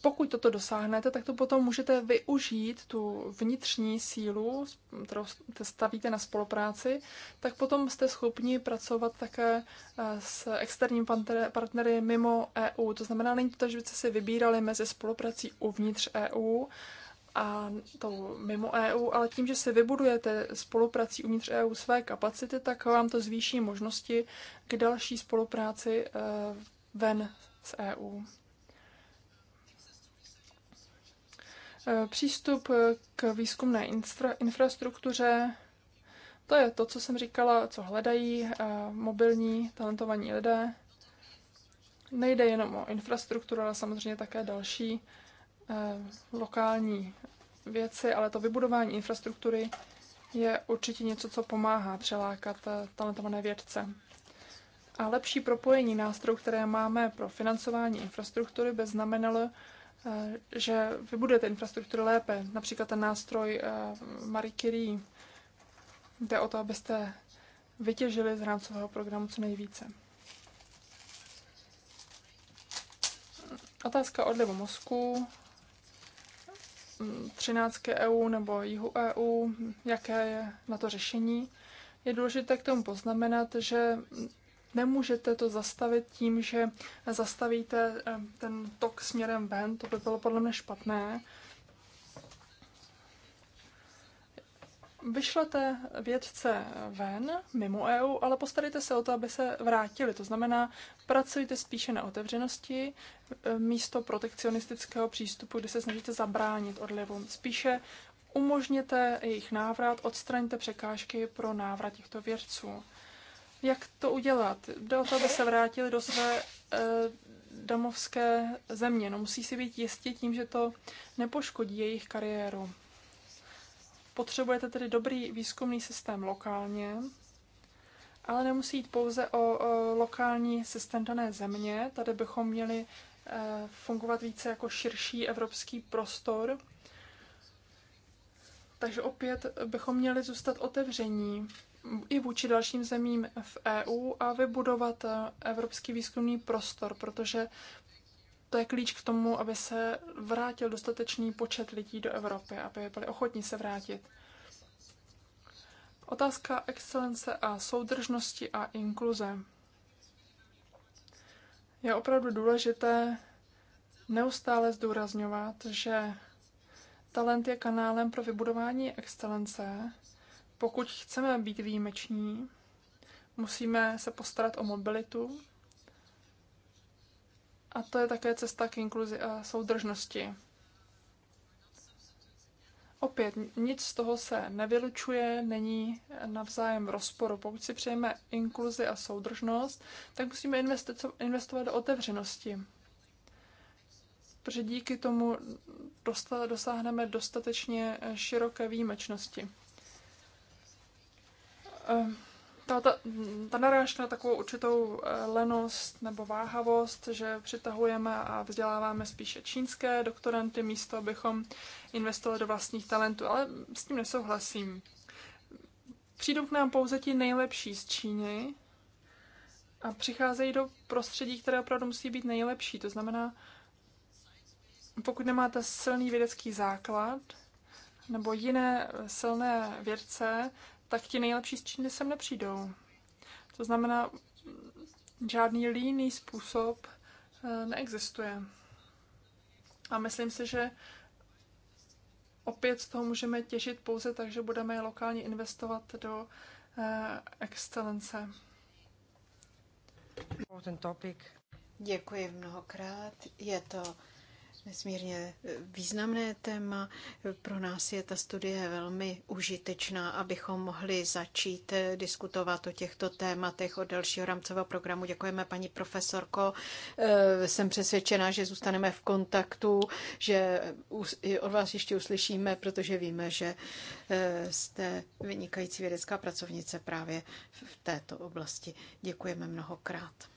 Pokud toto dosáhnete, tak to potom můžete využít, tu vnitřní sílu, kterou stavíte na spolupráci, tak potom jste schopni pracovat také eh, s externími partnery mimo EU. To znamená, není to že byste si vybírali mezi spoluprací uvnitř EU a to mimo EU, ale tím, že si vybudujete spoluprací uvnitř EU své kapacity, tak vám to zvýší možnosti k další spolupráci eh, ven z EU. Eh, přístup eh, k výzkumné infra- infrastruktuře, to je to, co jsem říkala, co hledají eh, mobilní talentovaní lidé. Nejde jenom o infrastrukturu, ale samozřejmě také další lokální věci, ale to vybudování infrastruktury je určitě něco, co pomáhá přelákat talentované vědce. A lepší propojení nástrojů, které máme pro financování infrastruktury, by znamenalo Eh, že vybudujete infrastrukturu lépe. Například ten nástroj eh, Marie Curie. Jde o to, abyste vytěžili z rámcového programu co nejvíce. Otázka odlivu mozku, 13 EU nebo jihu EU, jaké je na to řešení. Je důležité k tomu poznamenat, že Nemůžete to zastavit tím, že zastavíte eh, ten tok směrem ven, to by bylo podle mě špatné. Vyšlete vědce ven, mimo EU, ale postarejte se o to, aby se vrátili. To znamená, pracujte spíše na otevřenosti eh, místo protekcionistického přístupu, kdy se snažíte zabránit odlivu. Spíše umožněte jejich návrat, odstraňte překážky pro návrat těchto vědců. Jak to udělat? Jde o to, aby se vrátili do své eh, domovské země. No, musí si být jistě tím, že to nepoškodí jejich kariéru. Potřebujete tedy dobrý výzkumný systém lokálně, ale nemusí jít pouze o, o lokální systém dané země. Tady bychom měli eh, fungovat více jako širší evropský prostor. Takže opět bychom měli zůstat otevření i vůči dalším zemím v EU a vybudovat eh, evropský výzkumný prostor, protože to je klíč k tomu, aby se vrátil dostatečný počet lidí do Evropy, aby byli ochotní se vrátit. Otázka excelence a soudržnosti a inkluze. Je opravdu důležité neustále zdůrazňovat, že talent je kanálem pro vybudování excelence pokud chceme být výjimeční, musíme se postarat o mobilitu. A to je také cesta k inkluzi a soudržnosti. Opět, nic z toho se nevylučuje, není navzájem v rozporu. Pokud si přejeme inkluzi a soudržnost, tak musíme investovat do otevřenosti. Protože díky tomu dosáhneme dostatečně široké výjimečnosti ta, eh, ta, ta narážka na takovou určitou eh, lenost nebo váhavost, že přitahujeme a vzděláváme spíše čínské doktoranty místo, abychom investovali do vlastních talentů, ale s tím nesouhlasím. Přijdou k nám pouze ti nejlepší z Číny a přicházejí do prostředí, které opravdu musí být nejlepší. To znamená, pokud nemáte silný vědecký základ nebo jiné eh, silné vědce, tak ti nejlepší z Číny sem nepřijdou. To znamená, žádný líný způsob eh, neexistuje. A myslím si, že opět z toho můžeme těžit pouze tak, že budeme lokálně investovat do eh, excelence. Ten topic. Děkuji mnohokrát. Je to nesmírně eh, významné téma. Pro nás je ta studie velmi užitečná, abychom mohli začít eh, diskutovat o těchto tématech od dalšího rámcového programu. Děkujeme, paní profesorko. Eh, jsem přesvědčena, že zůstaneme v kontaktu, že od vás ještě uslyšíme, protože víme, že jste vynikající vědecká pracovnice právě v této oblasti. Děkujeme mnohokrát.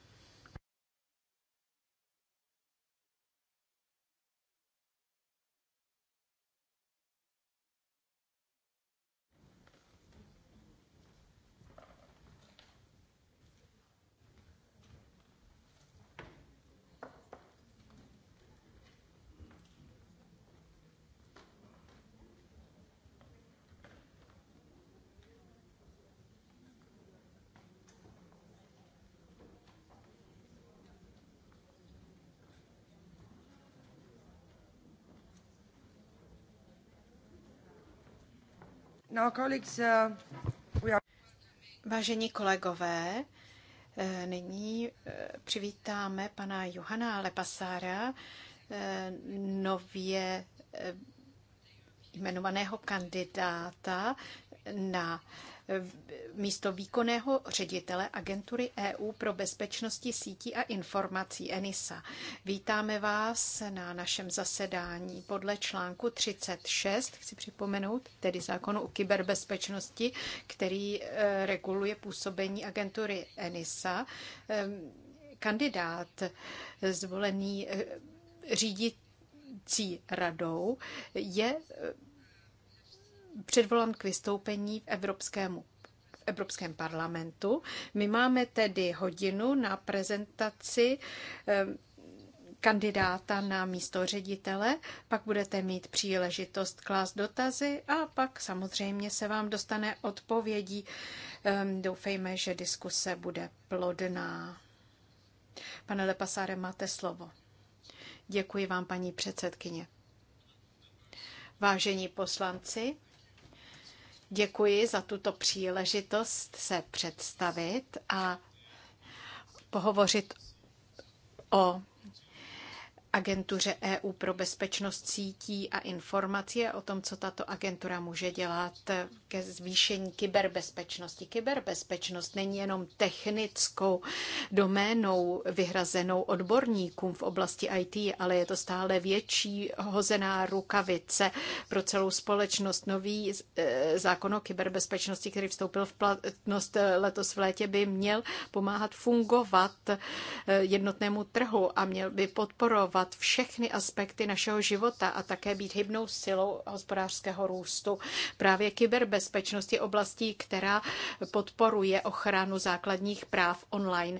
Uh, Vážení kolegové, eh, nyní eh, přivítáme pana Johana Lepasára, eh, nově jmenovaného kandidáta na místo výkonného ředitele agentury EU pro bezpečnosti sítí a informací ENISA. Vítáme vás na našem zasedání podle článku 36, chci připomenout, tedy zákonu o kyberbezpečnosti, který e, reguluje působení agentury ENISA. E, kandidát e, zvolený řídit radou je předvolán k vystoupení v Evropskému v Evropském parlamentu. My máme tedy hodinu na prezentaci eh, kandidáta na místo ředitele, pak budete mít příležitost klást dotazy a pak samozřejmě se vám dostane odpovědí. Ehm, doufejme, že diskuse bude plodná. Pane Lepasáre, máte slovo. Děkuji vám, paní předsedkyně. Vážení poslanci, Děkuji za tuto příležitost se představit a pohovořit o agentuře EU pro bezpečnost sítí a informací o tom, co tato agentura může dělat ke zvýšení kyberbezpečnosti. Kyberbezpečnost není jenom technickou doménou vyhrazenou odborníkům v oblasti IT, ale je to stále větší hozená rukavice pro celou společnost. Nový eh, zákon o kyberbezpečnosti, který vstoupil v platnost eh, letos v létě, by měl pomáhat fungovat eh, jednotnému trhu a měl by podporovat regulovat všechny aspekty našeho života a také být hybnou silou hospodářského růstu. Právě kyberbezpečnost je oblastí, která podporuje ochranu základních práv online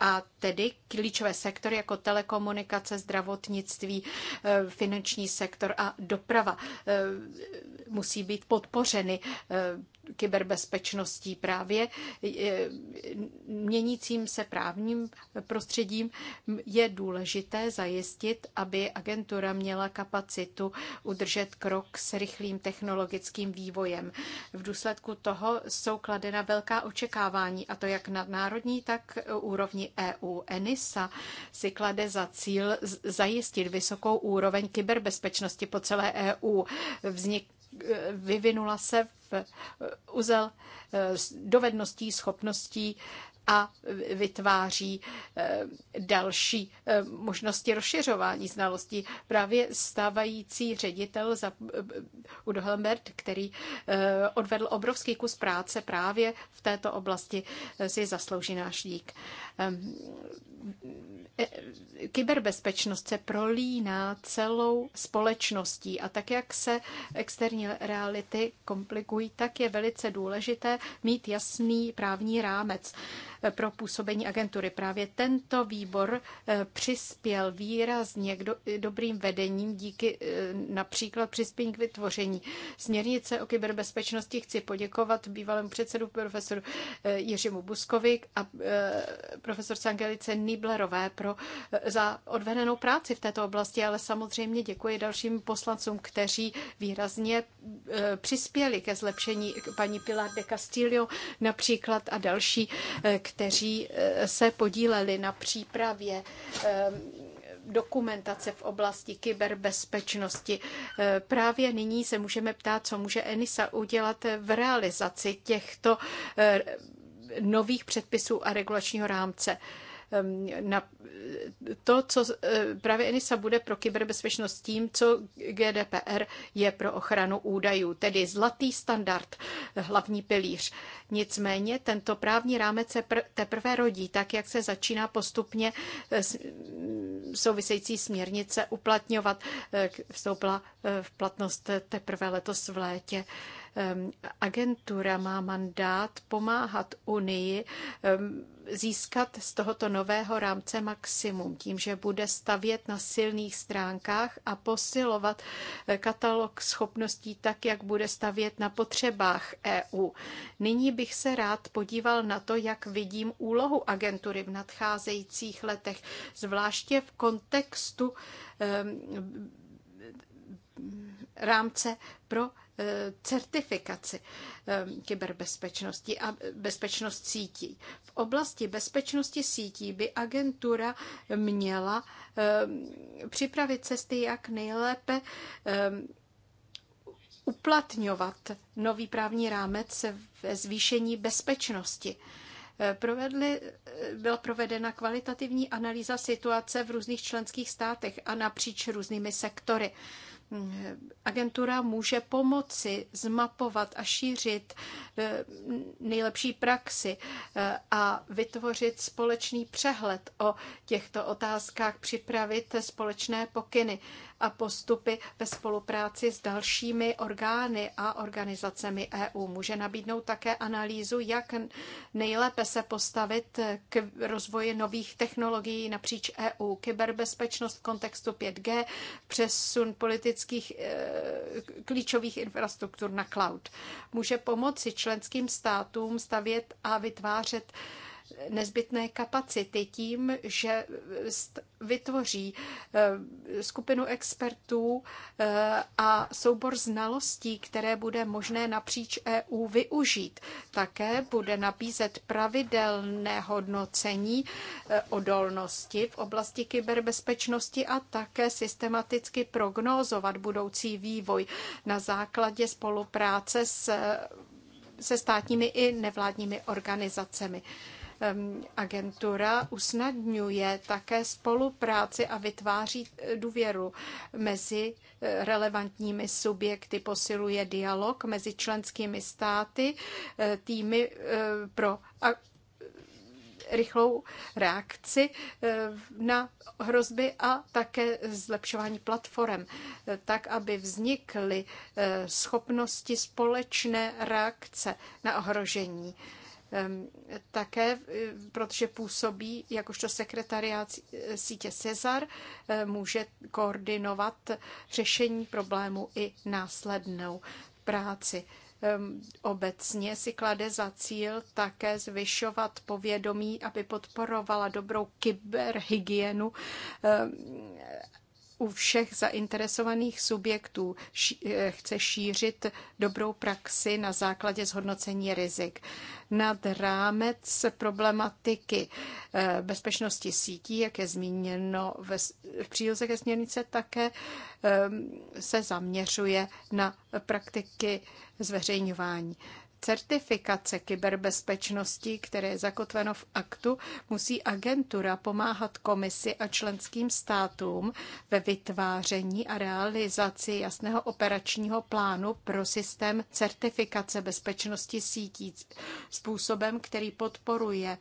a tedy klíčové sektory jako telekomunikace, zdravotnictví, eh, finanční sektor a doprava eh, musí být podpořeny eh, kyberbezpečností právě měnícím se právním prostředím je důležité zajistit, aby agentura měla kapacitu udržet krok s rychlým technologickým vývojem. V důsledku toho jsou kladena velká očekávání, a to jak na národní, tak úrovni EU. ENISA si klade za cíl zajistit vysokou úroveň kyberbezpečnosti po celé EU. Vznik vyvinula se v eh, uzel eh, dovedností, schopností a vytváří eh, další možnosti rozšiřování znalostí. Právě stávající ředitel za Udo Helmert, který odvedl obrovský kus práce právě v této oblasti, si zaslouží náš dík. Ehm, Eh, kyberbezpečnost se prolíná celou společností a tak, jak se externí reality komplikují, tak je velice důležité mít jasný právní rámec pro působení agentury. Právě tento výbor eh, přispěl výrazně k do, dobrým vedením díky eh, například přispění k vytvoření směrnice o kyberbezpečnosti. Chci poděkovat bývalému předsedu profesoru eh, Jiřímu Buskovi a profesor Angelice Niblerové pro, za odvedenou práci v této oblasti, ale samozřejmě děkuji dalším poslancům, kteří výrazně přispěli ke zlepšení paní Pilar de Castillo například a další, kteří eh, se podíleli na přípravě eh, dokumentace v oblasti kyberbezpečnosti. Eh, právě nyní se můžeme ptát, co může ENISA udělat v realizaci těchto nových předpisů a regulačního rámce na to, co e, právě ENISA bude pro kyberbezpečnost tím, co GDPR je pro ochranu údajů, tedy zlatý standard, hlavní pilíř. Nicméně tento právní rámec se teprve rodí, tak jak se začíná postupně e, související směrnice uplatňovat. E, vstoupila v platnost teprve letos v létě. Agentura má mandát pomáhat Unii získat z tohoto nového rámce maximum tím, že bude stavět na silných stránkách a posilovat eh, katalog schopností tak, jak bude stavět na potřebách EU. Nyní bych se rád podíval na to, jak vidím úlohu agentury v nadcházejících letech, zvláště v kontextu rámce pro Eh, certifikaci eh, kyberbezpečnosti a bezpečnost sítí. V oblasti bezpečnosti sítí by agentura měla eh, připravit cesty, jak nejlépe uplatňovat nový právní rámec ve zvýšení bezpečnosti. Provedli, byla provedena kvalitativní analýza situace v různých členských státech a napříč různými sektory agentura může pomoci zmapovat a šířit eh, nejlepší praxi eh, a vytvořit společný přehled o těchto otázkách, připravit společné pokyny a postupy ve spolupráci s dalšími orgány a organizacemi EU. Může nabídnout také analýzu, jak nejlépe se postavit k rozvoji nových technologií napříč EU, kyberbezpečnost v kontextu 5G, přesun politických eh, klíčových infrastruktur na cloud. Může pomoci členským státům stavět a vytvářet nezbytné kapacity tím, že vytvoří eh, skupinu expertů eh, a soubor znalostí, které bude možné napříč EU využít. Také bude nabízet pravidelné hodnocení eh, odolnosti v oblasti kyberbezpečnosti a také systematicky prognózovat budoucí vývoj na základě spolupráce s se státními i nevládními organizacemi. Agentura usnadňuje také spolupráci a vytváří důvěru mezi eh, relevantními subjekty, posiluje dialog mezi členskými státy, eh, týmy eh, pro rychlou reakci na hrozby a také zlepšování platform, tak, aby vznikly schopnosti společné reakce na ohrožení také, eh, protože působí jakožto sekretariát sítě Cezar, eh, může koordinovat řešení problému i následnou práci obecně si klade za cíl také zvyšovat povědomí, aby podporovala dobrou kyberhygienu u všech zainteresovaných subjektů eh, chce šířit dobrou praxi na základě zhodnocení rizik. Nad rámec problematiky eh, bezpečnosti sítí, jak je zmíněno v příloze ke směrnice, také eh, se zaměřuje na praktiky zveřejňování certifikace kyberbezpečnosti, které je zakotveno v aktu, musí agentura pomáhat komisi a členským státům ve vytváření a realizaci jasného operačního plánu pro systém certifikace bezpečnosti sítí způsobem, který podporuje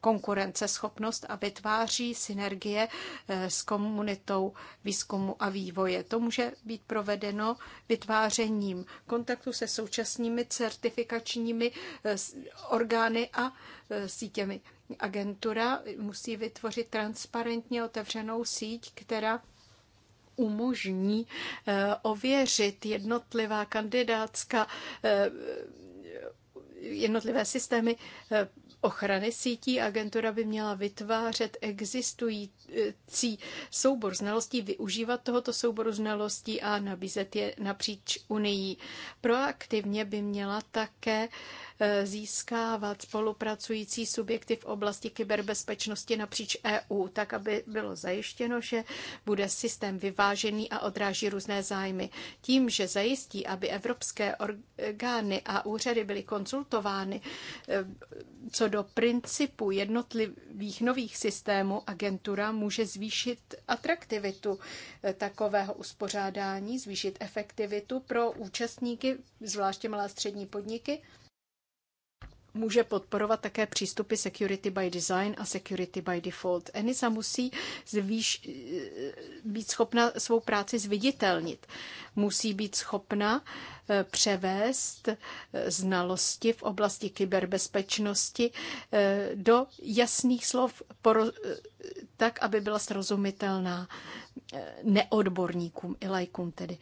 konkurenceschopnost a vytváří synergie eh, s komunitou výzkumu a vývoje. To může být provedeno vytvářením kontaktu se současnými certifikačními eh, orgány a eh, sítěmi. Agentura musí vytvořit transparentně otevřenou síť, která umožní ověřit jednotlivá kandidátská jednotlivé systémy ochrany sítí. Agentura by měla vytvářet existující soubor znalostí, využívat tohoto souboru znalostí a nabízet je napříč Unii. Proaktivně by měla také Eh, získávat spolupracující subjekty v oblasti kyberbezpečnosti napříč EU, tak aby bylo zajištěno, že bude systém vyvážený a odráží různé zájmy. Tím, že zajistí, aby evropské orgány a úřady byly konsultovány eh, co do principu jednotlivých nových systémů, agentura může zvýšit atraktivitu eh, takového uspořádání, zvýšit efektivitu pro účastníky, zvláště malé a střední podniky, může podporovat také přístupy Security by Design a Security by Default. ENISA musí zvýš, být schopna svou práci zviditelnit. Musí být schopna eh, převést eh, znalosti v oblasti kyberbezpečnosti eh, do jasných slov, tak, aby byla srozumitelná neodborníkům i lajkům tedy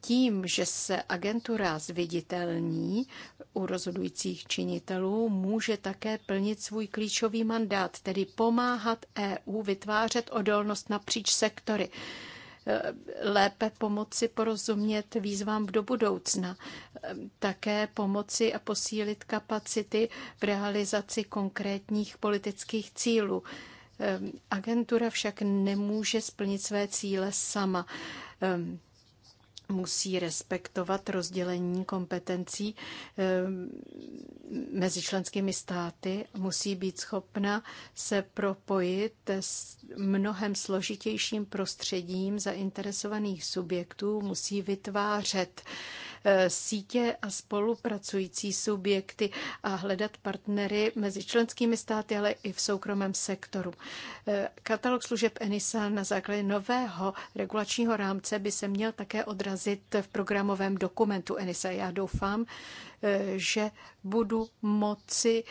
tím, že se agentura zviditelní u rozhodujících činitelů, může také plnit svůj klíčový mandát, tedy pomáhat EU vytvářet odolnost napříč sektory eh, lépe pomoci porozumět výzvám do budoucna, eh, také pomoci a posílit kapacity v realizaci konkrétních politických cílů. Eh, agentura však nemůže splnit své cíle sama musí respektovat rozdělení kompetencí eh, mezi členskými státy, musí být schopna se propojit s mnohem složitějším prostředím zainteresovaných subjektů, musí vytvářet Eh, sítě a spolupracující subjekty a hledat partnery mezi členskými státy, ale i v soukromém sektoru. Eh, katalog služeb ENISA na základě nového regulačního rámce by se měl také odrazit v programovém dokumentu ENISA. Já doufám, eh, že budu moci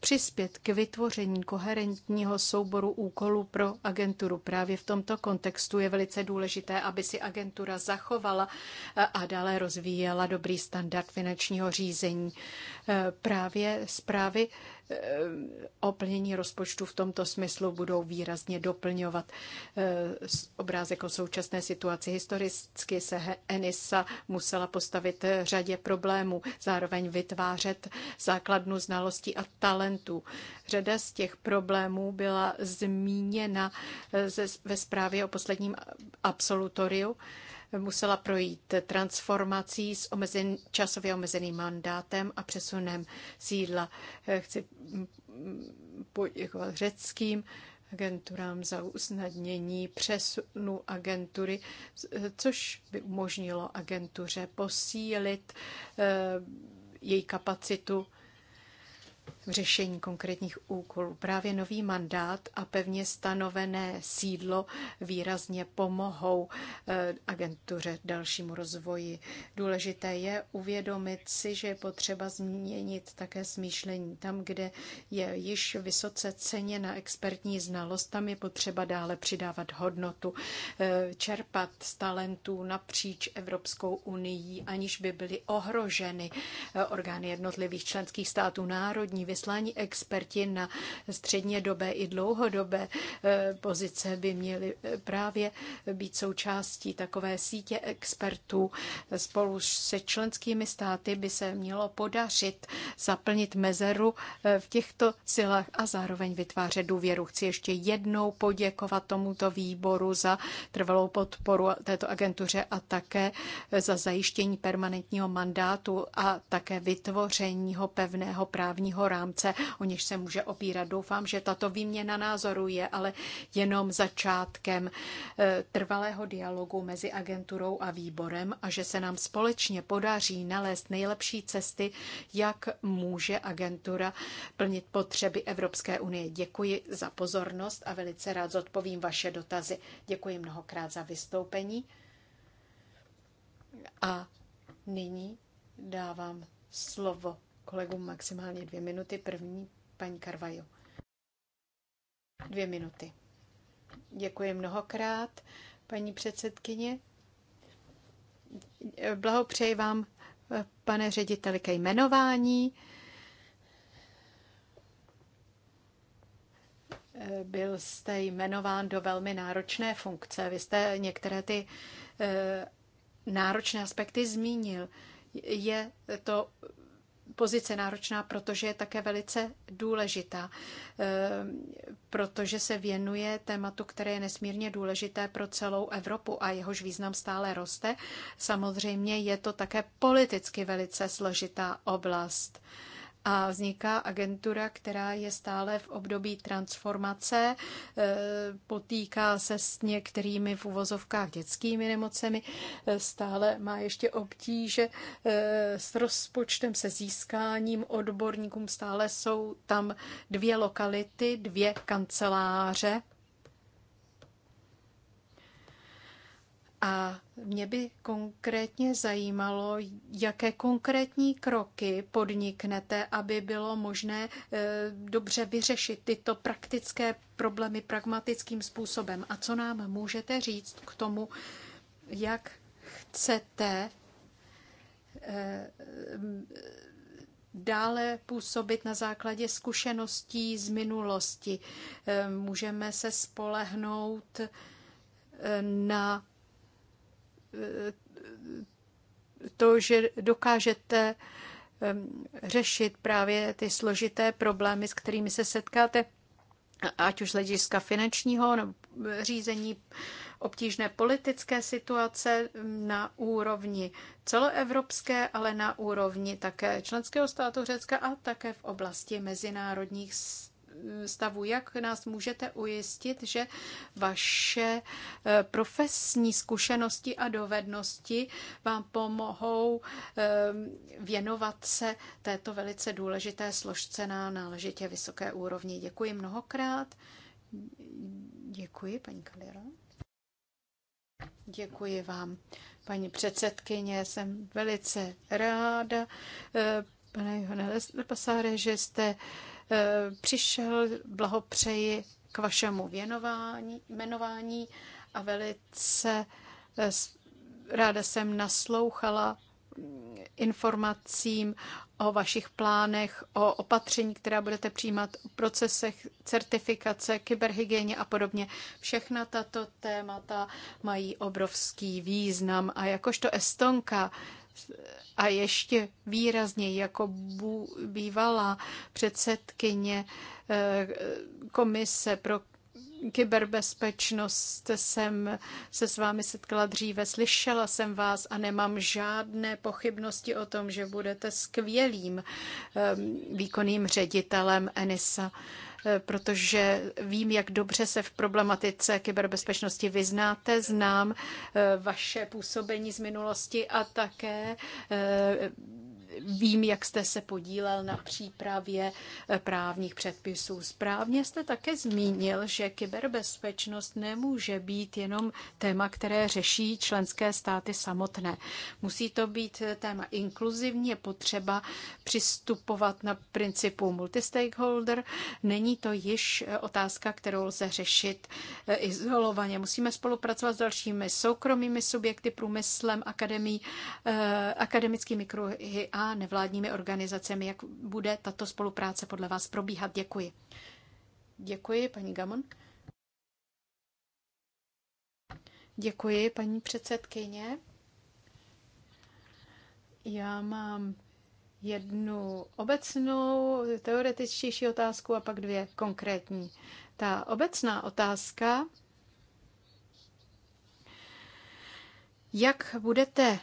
přispět k vytvoření koherentního souboru úkolů pro agenturu. Právě v tomto kontextu je velice důležité, aby si agentura zachovala eh, a dále rozvíjela dobrý standard finančního řízení. Eh, právě zprávy oplnění rozpočtu v tomto smyslu budou výrazně doplňovat eh, obrázek o současné situaci. Historicky se Enisa musela postavit eh, řadě problémů, zároveň vytvářet základnu znalostí a talentů. Řada z těch problémů byla zmíněna eh, ve zprávě o posledním absolutoriu musela projít transformací s omezen, časově omezeným mandátem a přesunem sídla. Eh, chci mm, poděkovat řeckým agenturám za usnadnění přesunu agentury, eh, což by umožnilo agentuře posílit eh, její kapacitu v řešení konkrétních úkolů. Právě nový mandát a pevně stanovené sídlo výrazně pomohou eh, agentuře dalšímu rozvoji. Důležité je uvědomit si, že je potřeba změnit také smýšlení. Tam, kde je již vysoce ceněna expertní znalost, tam je potřeba dále přidávat hodnotu, eh, čerpat z talentů napříč Evropskou unii, aniž by byly ohroženy eh, orgány jednotlivých členských států národní vyslání experti na středně dobé i dlouhodobé eh, pozice by měli eh, právě být součástí takové sítě expertů. Spolu se členskými státy by se mělo podařit zaplnit mezeru eh, v těchto silách a zároveň vytvářet důvěru. Chci ještě jednou poděkovat tomuto výboru za trvalou podporu této agentuře a také za zajištění permanentního mandátu a také vytvoření pevného právního rámce rámce, o něž se může opírat. Doufám, že tato výměna názoru je ale jenom začátkem eh, trvalého dialogu mezi agenturou a výborem a že se nám společně podaří nalézt nejlepší cesty, jak může agentura plnit potřeby Evropské unie. Děkuji za pozornost a velice rád zodpovím vaše dotazy. Děkuji mnohokrát za vystoupení. A nyní dávám slovo kolegům maximálně dvě minuty. První, paní Karvajo. Dvě minuty. Děkuji mnohokrát, paní předsedkyně. Blahopřeji vám, pane řediteli, ke jmenování. Byl jste jmenován do velmi náročné funkce. Vy jste některé ty eh, náročné aspekty zmínil. Je to pozice náročná, protože je také velice důležitá, eh, protože se věnuje tématu, které je nesmírně důležité pro celou Evropu a jehož význam stále roste. Samozřejmě je to také politicky velice složitá oblast a vzniká agentura, která je stále v období transformace, e, potýká se s některými v uvozovkách dětskými nemocemi, e, stále má ještě obtíže e, s rozpočtem, se získáním odborníkům, stále jsou tam dvě lokality, dvě kanceláře A mě by konkrétně zajímalo, jaké konkrétní kroky podniknete, aby bylo možné eh, dobře vyřešit tyto praktické problémy pragmatickým způsobem. A co nám můžete říct k tomu, jak chcete eh, dále působit na základě zkušeností z minulosti. Eh, můžeme se spolehnout na to, že dokážete řešit právě ty složité problémy, s kterými se setkáte, ať už z hlediska finančního nebo řízení obtížné politické situace na úrovni celoevropské, ale na úrovni také členského státu Řecka a také v oblasti mezinárodních stavu. Jak nás můžete ujistit, že vaše eh, profesní zkušenosti a dovednosti vám pomohou eh, věnovat se této velice důležité složce na náležitě vysoké úrovni? Děkuji mnohokrát. Děkuji, paní Kalera. Děkuji vám, paní předsedkyně. Jsem velice ráda, eh, pane Johane Pasáre, že jste Eh, přišel. Blahopřeji k vašemu věnování, jmenování a velice eh, ráda jsem naslouchala informacím o vašich plánech, o opatření, která budete přijímat, o procesech certifikace, kyberhygieně a podobně. Všechna tato témata mají obrovský význam a jakožto Estonka a ještě výrazně jako bývalá předsedkyně eh, komise pro kyberbezpečnost jsem se s vámi setkala dříve, slyšela jsem vás a nemám žádné pochybnosti o tom, že budete skvělým ehm, výkonným ředitelem ENISA. Eh, protože vím, jak dobře se v problematice kyberbezpečnosti vyznáte, znám eh, vaše působení z minulosti a také eh, Vím, jak jste se podílel na přípravě eh, právních předpisů. Správně jste také zmínil, že kyberbezpečnost nemůže být jenom téma, které řeší členské státy samotné. Musí to být eh, téma inkluzivní, je potřeba přistupovat na principu multistakeholder. Není to již eh, otázka, kterou lze řešit izolovaně. Musíme spolupracovat s dalšími soukromými subjekty, průmyslem, akademí, akademickými kruhy a a nevládními organizacemi. Jak bude tato spolupráce podle vás probíhat? Děkuji. Děkuji, paní Gamon. Děkuji, paní předsedkyně. Já mám jednu obecnou teoretičtější otázku a pak dvě konkrétní. Ta obecná otázka, jak budete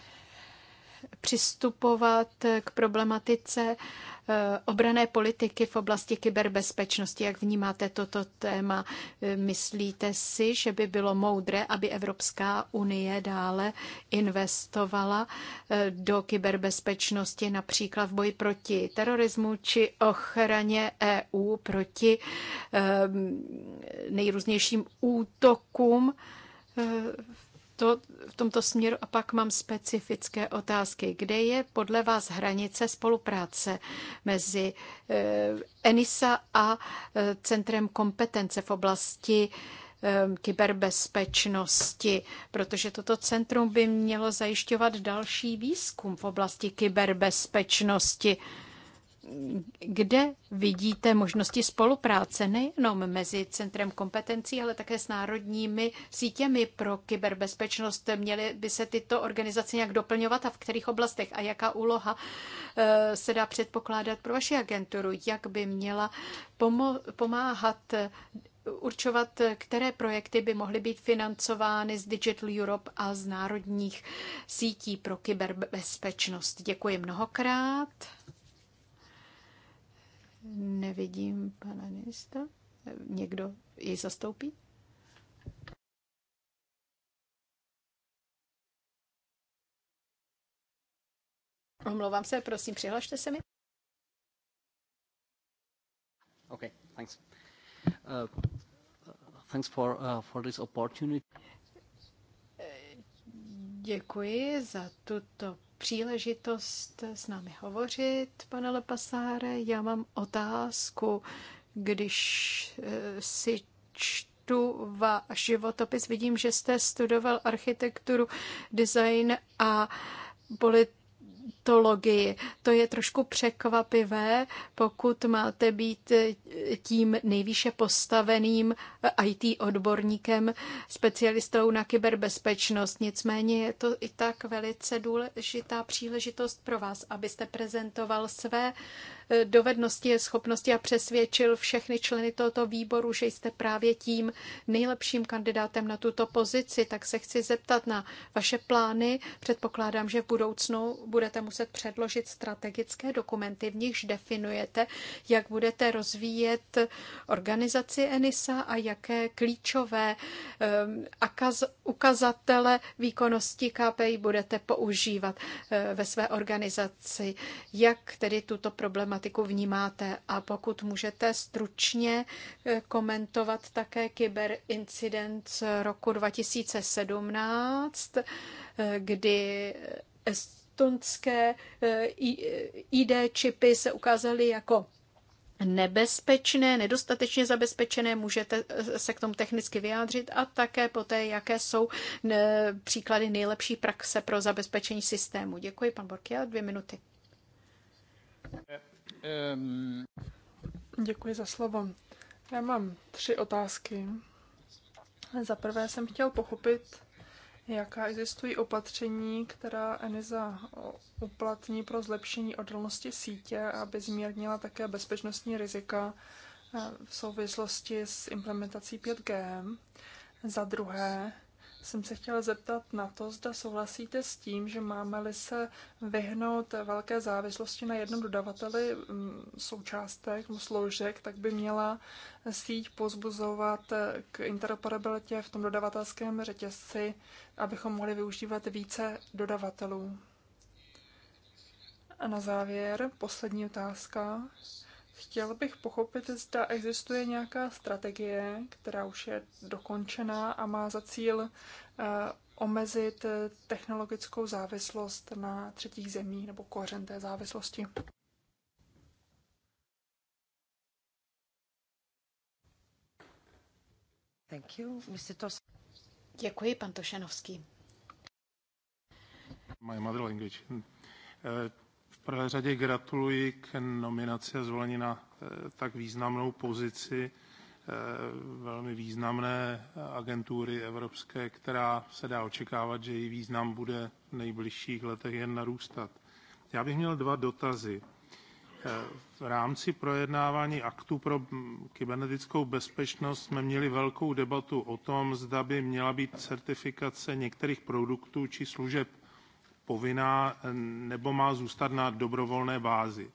přistupovat k problematice eh, obrané politiky v oblasti kyberbezpečnosti. Jak vnímáte toto téma? Eh, myslíte si, že by bylo moudré, aby Evropská unie dále investovala eh, do kyberbezpečnosti, například v boji proti terorismu či ochraně EU proti nejrůznějším útokům? to v tomto směru. A pak mám specifické otázky. Kde je podle vás hranice spolupráce mezi eh, ENISA a eh, Centrem kompetence v oblasti eh, kyberbezpečnosti, protože toto centrum by mělo zajišťovat další výzkum v oblasti kyberbezpečnosti kde vidíte možnosti spolupráce nejenom mezi Centrem kompetencí, ale také s národními sítěmi pro kyberbezpečnost? Měly by se tyto organizace nějak doplňovat a v kterých oblastech? A jaká úloha eh, se dá předpokládat pro vaši agenturu? Jak by měla pomáhat eh, určovat, eh, které projekty by mohly být financovány z Digital Europe a z národních sítí pro kyberbezpečnost. Děkuji mnohokrát. Nevidím pana ministra. Někdo ji zastoupí? Omlouvám se, prosím, přihlašte se mi. OK, thanks. Uh, thanks for, uh, for this opportunity. Děkuji za tuto příležitost s námi hovořit, pane Lepasáre. Já mám otázku, když eh, si čtu váš životopis, vidím, že jste studoval architekturu, design a polit patologii. To je trošku překvapivé, pokud máte být tím nejvýše postaveným IT odborníkem, specialistou na kyberbezpečnost. Nicméně je to i tak velice důležitá příležitost pro vás, abyste prezentoval své dovednosti, schopnosti a přesvědčil všechny členy tohoto výboru, že jste právě tím nejlepším kandidátem na tuto pozici. Tak se chci zeptat na vaše plány. Předpokládám, že v budoucnu budete muset předložit strategické dokumenty, v nichž definujete, jak budete rozvíjet organizaci ENISA a jaké klíčové ehm, ukazatele výkonnosti KPI budete používat eh, ve své organizaci. Jak tedy tuto problematiku problematiku vnímáte a pokud můžete stručně eh, komentovat také kyberincident z roku 2017, eh, kdy estonské ID eh, čipy se ukázaly jako nebezpečné, nedostatečně zabezpečené, můžete se k tomu technicky vyjádřit a také poté, jaké jsou příklady nejlepší praxe pro zabezpečení systému. Děkuji, pan Borkia, dvě minuty. Um... Děkuji za slovo. Já mám tři otázky. Za prvé jsem chtěl pochopit, jaká existují opatření, která Eniza uplatní pro zlepšení odolnosti sítě, aby zmírnila také bezpečnostní rizika eh, v souvislosti s implementací 5G. Za druhé, jsem se chtěla zeptat na to, zda souhlasíte s tím, že máme-li se vyhnout velké závislosti na jednom dodavateli mm, součástek nebo složek, tak by měla síť pozbuzovat k interoperabilitě v tom dodavatelském řetězci, abychom mohli využívat více dodavatelů. A na závěr poslední otázka. Chtěl bych pochopit, zda existuje nějaká strategie, která už je dokončená a má za cíl eh, omezit eh, technologickou závislost na třetích zemích nebo kořen té závislosti. Thank you. Mr. Tos- Děkuji, pan Tošenovský. My mother language. Uh prvé řadě gratuluji k nominaci a zvolení na eh, tak významnou pozici eh, velmi významné eh, agentury evropské, která se dá očekávat, že její význam bude v nejbližších letech jen narůstat. Já bych měl dva dotazy. V rámci projednávání aktu pro kybernetickou bezpečnost jsme měli velkou debatu o tom, zda by měla být certifikace některých produktů či služeb povinná eh, nebo má zůstat na dobrovolné bázi.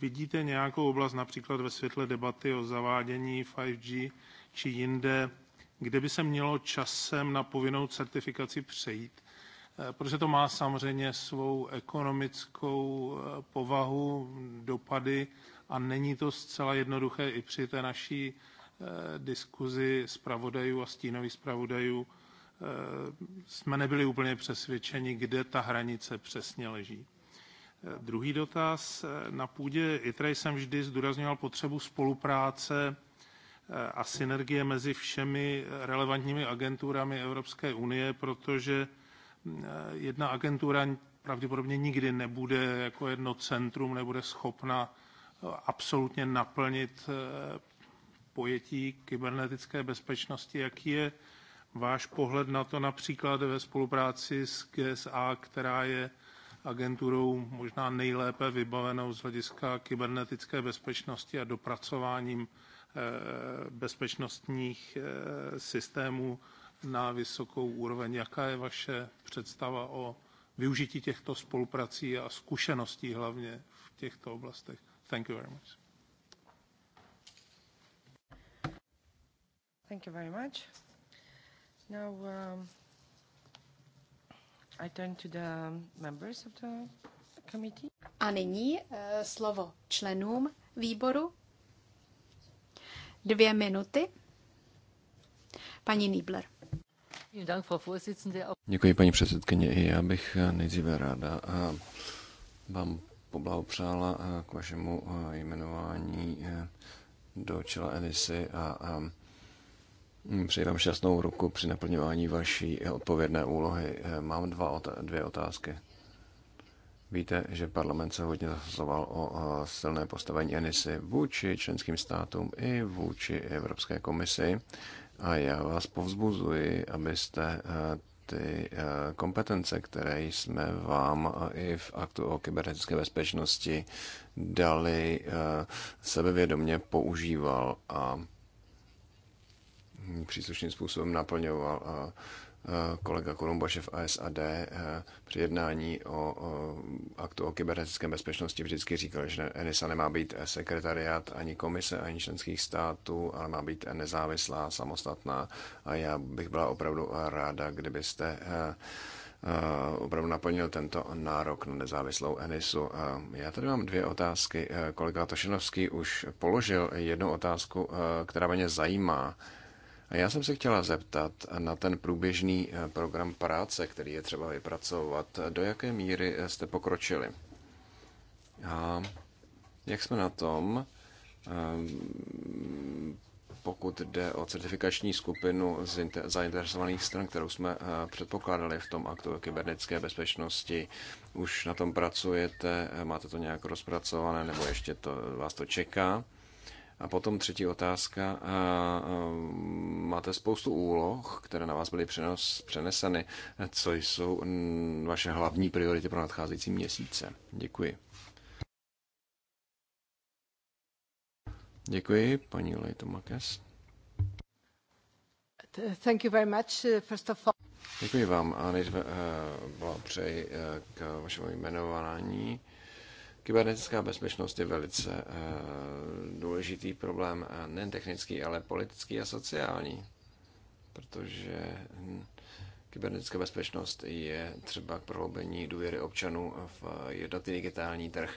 Vidíte nějakou oblast například ve světle debaty o zavádění 5G či jinde, kde by se mělo časem na povinnou certifikaci přejít? Eh, protože to má samozřejmě svou ekonomickou eh, povahu, dopady a není to zcela jednoduché i při té naší diskuzi zpravodajů a stínových zpravodajů jsme nebyli úplně přesvědčeni, kde ta hranice přesně leží. Druhý dotaz. Na půdě ITRE jsem vždy zdůrazňoval potřebu spolupráce a synergie mezi všemi relevantními agenturami Evropské unie, protože jedna agentura pravděpodobně nikdy nebude jako jedno centrum, nebude schopna absolutně naplnit pojetí kybernetické bezpečnosti, jaký je váš pohled na to například ve spolupráci s GSA, která je agenturou možná nejlépe vybavenou z hlediska kybernetické bezpečnosti a dopracováním eh, bezpečnostních eh, systémů na vysokou úroveň. Jaká je vaše představa o využití těchto spoluprací a zkušeností hlavně v těchto oblastech? Thank you very much. Thank you very much. Now, um, I turn to the members of the committee. A nyní uh, slovo členům výboru. Dvě minuty. Paní Niebler. Děkuji, paní předsedkyně. I já bych eh, nejdříve ráda eh, vám poblahopřála k vašemu jmenování do čela Elisy a Hm, přeji vám šťastnou ruku při naplňování vaší odpovědné úlohy. Eh, mám dva, dvě otázky. Víte, že parlament se hodně zasazoval o eh, silné postavení Enisy vůči členským státům i vůči Evropské komisi. A já vás povzbuzuji, abyste eh, ty kompetence, které jsme vám i v aktu o kybernetické bezpečnosti dali, sebevědomě používal a příslušným způsobem naplňoval kolega Kolumbašev ASAD e, při jednání o aktu o kybernetické bezpečnosti vždycky říkal, že NSA nemá být sekretariat ani komise, ani členských států, ale má být nezávislá, samostatná. A já bych byla opravdu ráda, kdybyste e, e, opravdu naplnil tento nárok na nezávislou Enisu. Já tady mám dvě otázky. Kolega Tošinovský už položil jednu otázku, která mě zajímá já jsem se chtěla zeptat na ten průběžný eh, program práce, který je třeba vypracovat. Do jaké míry eh, jste pokročili? A jak jsme na tom, ehm, pokud jde o certifikační skupinu zainteresovaných stran, kterou jsme eh, předpokládali v tom aktu o kybernetické bezpečnosti, už na tom pracujete, máte to nějak rozpracované, nebo ještě to, vás to čeká? A potom třetí otázka. Máte spoustu úloh, které na vás byly přenos, přeneseny. Co jsou vaše hlavní priority pro nadcházející měsíce? Děkuji. Děkuji, paní Lejto Makes. Thank you very much, uh, first of all. Děkuji vám a než eh, blahopřeji eh, k vašemu jmenování Kybernetická bezpečnost je velice eh, důležitý problém, nejen technický, ale politický a sociální, protože hm, kybernetická bezpečnost je třeba k prohloubení důvěry občanů v jednotný digitální trh.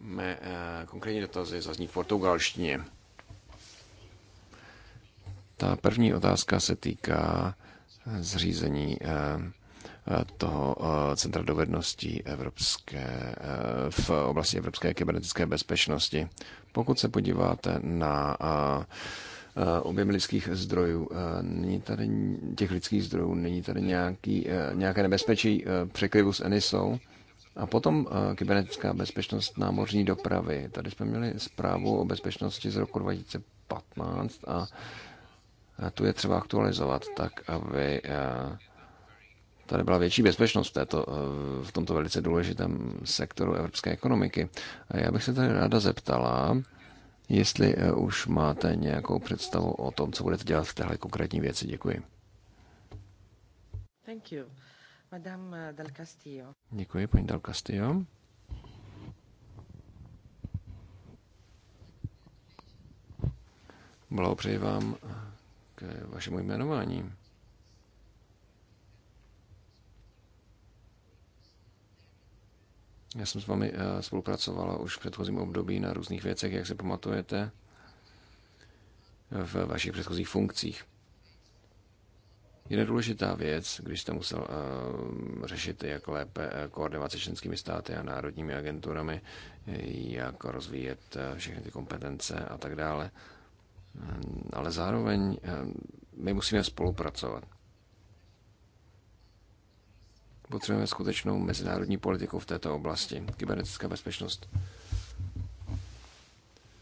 Mé eh, konkrétní dotazy zazní v portugalštině. Ta první otázka se týká zřízení eh, toho eh, Centra dovedností evropské, eh, v oblasti evropské kybernetické bezpečnosti. Pokud se podíváte na eh, objem lidských zdrojů. Není tady těch lidských zdrojů, není tady nějaký, nějaké nebezpečí překryvu s NISO. A potom kybernetická bezpečnost námořní dopravy. Tady jsme měli zprávu o bezpečnosti z roku 2015 a tu je třeba aktualizovat tak, aby tady byla větší bezpečnost v, této, eh, v tomto velice důležitém sektoru evropské ekonomiky. A já bych se tady ráda zeptala, jestli eh, už máte nějakou představu o tom, co budete dělat v téhle konkrétní věci. Děkuji. Thank you. Madame eh, Del Castillo. Děkuji, paní Del Castillo. Blahopřeji vám k vašemu jmenování. Já jsem s vámi eh, spolupracovala už v předchozím období na různých věcech, jak se pamatujete, v vašich předchozích funkcích. Jedna důležitá věc, když jste musel uh, řešit, jak lépe eh, koordinovat se členskými státy a národními agenturami, jak rozvíjet uh, všechny ty kompetence a tak dále. Um, ale zároveň um, my musíme spolupracovat. Potřebujeme skutečnou mezinárodní politiku v této oblasti, kybernetická bezpečnost.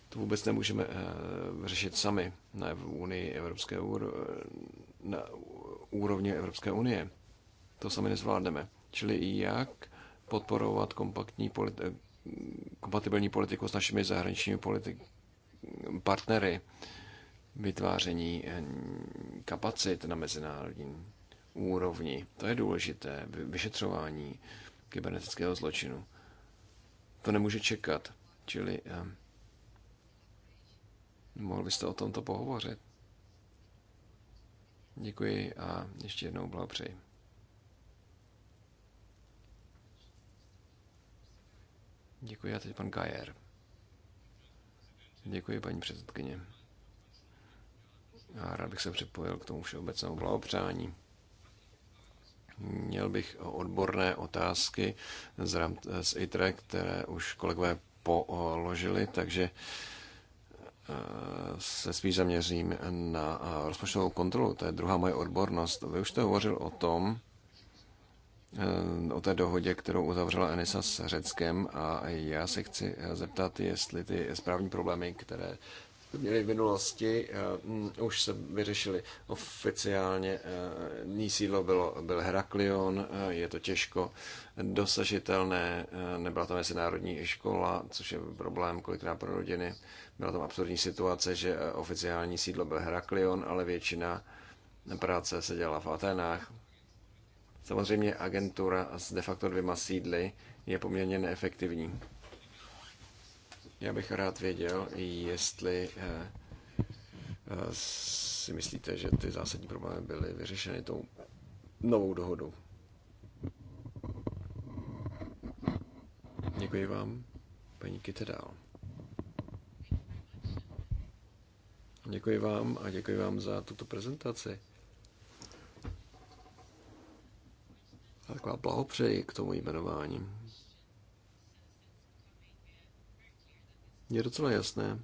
To vůbec nemůžeme eh, řešit sami na unii Evropské na úrovni Evropské unie. To sami nezvládneme. Čili jak podporovat kompaktní politi- eh, kompatibilní politiku s našimi zahraničními politi- partnery, vytváření eh, kapacit na mezinárodním úrovni. To je důležité, vyšetřování kybernetického zločinu. To nemůže čekat, čili eh, mohl byste o tomto pohovořit. Děkuji a ještě jednou blahopřeji. Děkuji a teď pan Gajer. Děkuji, paní předsedkyně. A rád bych se připojil k tomu všeobecnému blahopřání. Měl bych odborné otázky z, RAM, z ITRE, které už kolegové položili, takže eh, se spíš zaměřím na eh, rozpočtovou kontrolu. To je druhá moje odbornost. Vy už jste hovořil o tom, eh, o té dohodě, kterou uzavřela Enisa s Řeckem a já se chci zeptat, jestli ty správní problémy, které měli v minulosti, eh, mm, už se vyřešili oficiálně. Eh, ní sídlo bylo, byl Heraklion, eh, je to těžko dosažitelné, nebyla to mezinárodní škola, což je problém kolikrát pro rodiny. Byla tam absurdní situace, že oficiální sídlo byl Heraklion, ale většina práce se dělala v Atenách. Samozřejmě agentura s de facto dvěma sídly je poměrně neefektivní. Já bych rád věděl, jestli eh, eh, si myslíte, že ty zásadní problémy byly vyřešeny tou novou dohodou. Děkuji vám, paní Kytedál. Děkuji vám a děkuji vám za tuto prezentaci. Taková blahopřeji k tomu jmenování. Je docela jasné,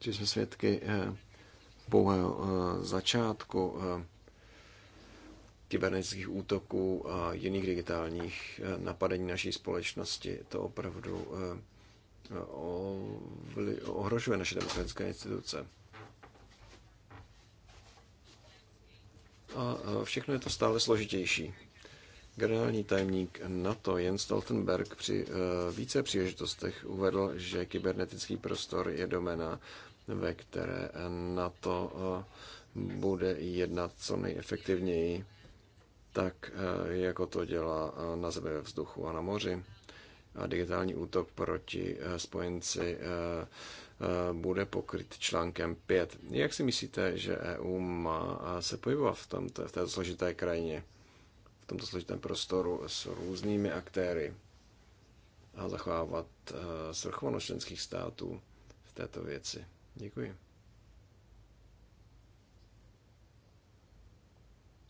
že jsme svědky eh, pouhého eh, začátku eh, kybernetických útoků a jiných digitálních napadení naší společnosti. To opravdu ohrožuje naše demokratické instituce. A všechno je to stále složitější. Generální tajemník NATO Jens Stoltenberg při eh, více příležitostech uvedl, že kybernetický prostor je domena, ve které NATO eh, bude jednat co nejefektivněji, tak eh, jako to dělá na zemi ve vzduchu a na moři. A digitální útok proti spojenci bude pokryt článkem 5. Jak si myslíte, že EU má se pohybovat v, tomto, v této složité krajině? tomto složitém prostoru s různými aktéry a zachovávat eh, svrchovanost členských států v této věci. Děkuji.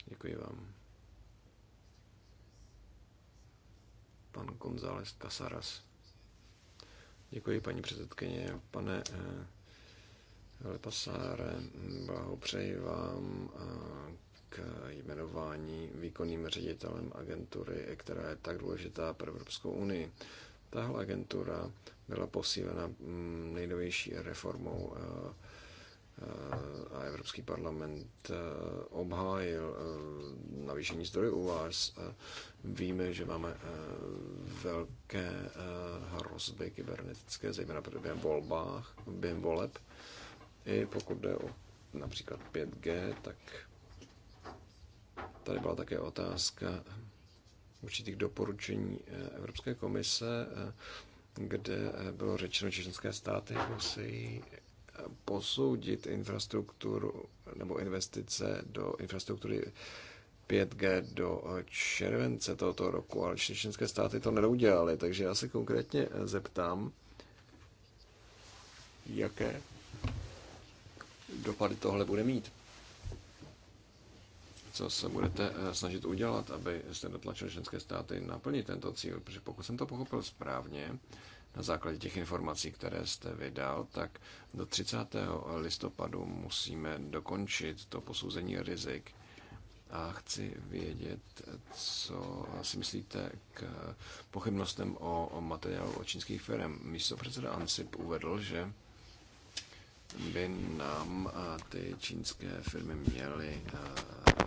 Děkuji vám. Pan González Casaras. Děkuji, paní předsedkyně. Pane eh, Lepasáre, blahopřeji vám eh, k jmenování výkonným ředitelem agentury, která je tak důležitá pro Evropskou unii. Tahle agentura byla posílena mm, nejnovější reformou eh, eh, a Evropský parlament eh, obhájil navýšení zdrojů u vás. Víme, že máme velké hrozby kybernetické, zejména během volbách, během voleb. I pokud jde o například 5G, tak Tady byla také otázka určitých doporučení eh, Evropské komise, eh, kde eh, bylo řečeno, že členské státy musí posoudit infrastrukturu nebo investice do infrastruktury 5G do července tohoto roku, ale české státy to neudělaly. Takže já se konkrétně zeptám, jaké dopady tohle bude mít co se budete eh, snažit udělat, aby jste dotlačili členské státy naplnit tento cíl, protože pokud jsem to pochopil správně, na základě těch informací, které jste vydal, tak do 30. listopadu musíme dokončit to posouzení rizik. A chci vědět, co si myslíte k pochybnostem o, materiálu o čínských firm. Místo předseda ANSIP uvedl, že by nám eh, ty čínské firmy měly eh,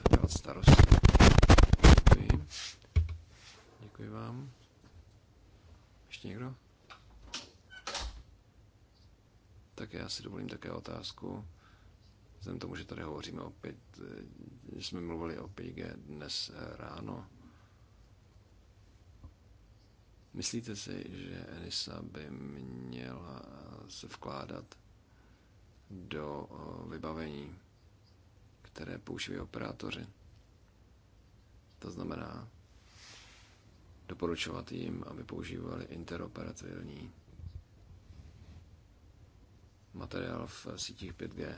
dělat starost. Děkuji. Děkuji vám. Ještě někdo? Tak já si dovolím také otázku. Vzhledem tomu, že tady hovoříme opět, eh, že jsme mluvili o 5G dnes ráno. Myslíte si, že Enisa by měla se vkládat do eh, vybavení, které používají operátoři. To znamená doporučovat jim, aby používali interoperabilní materiál v sítích 5G.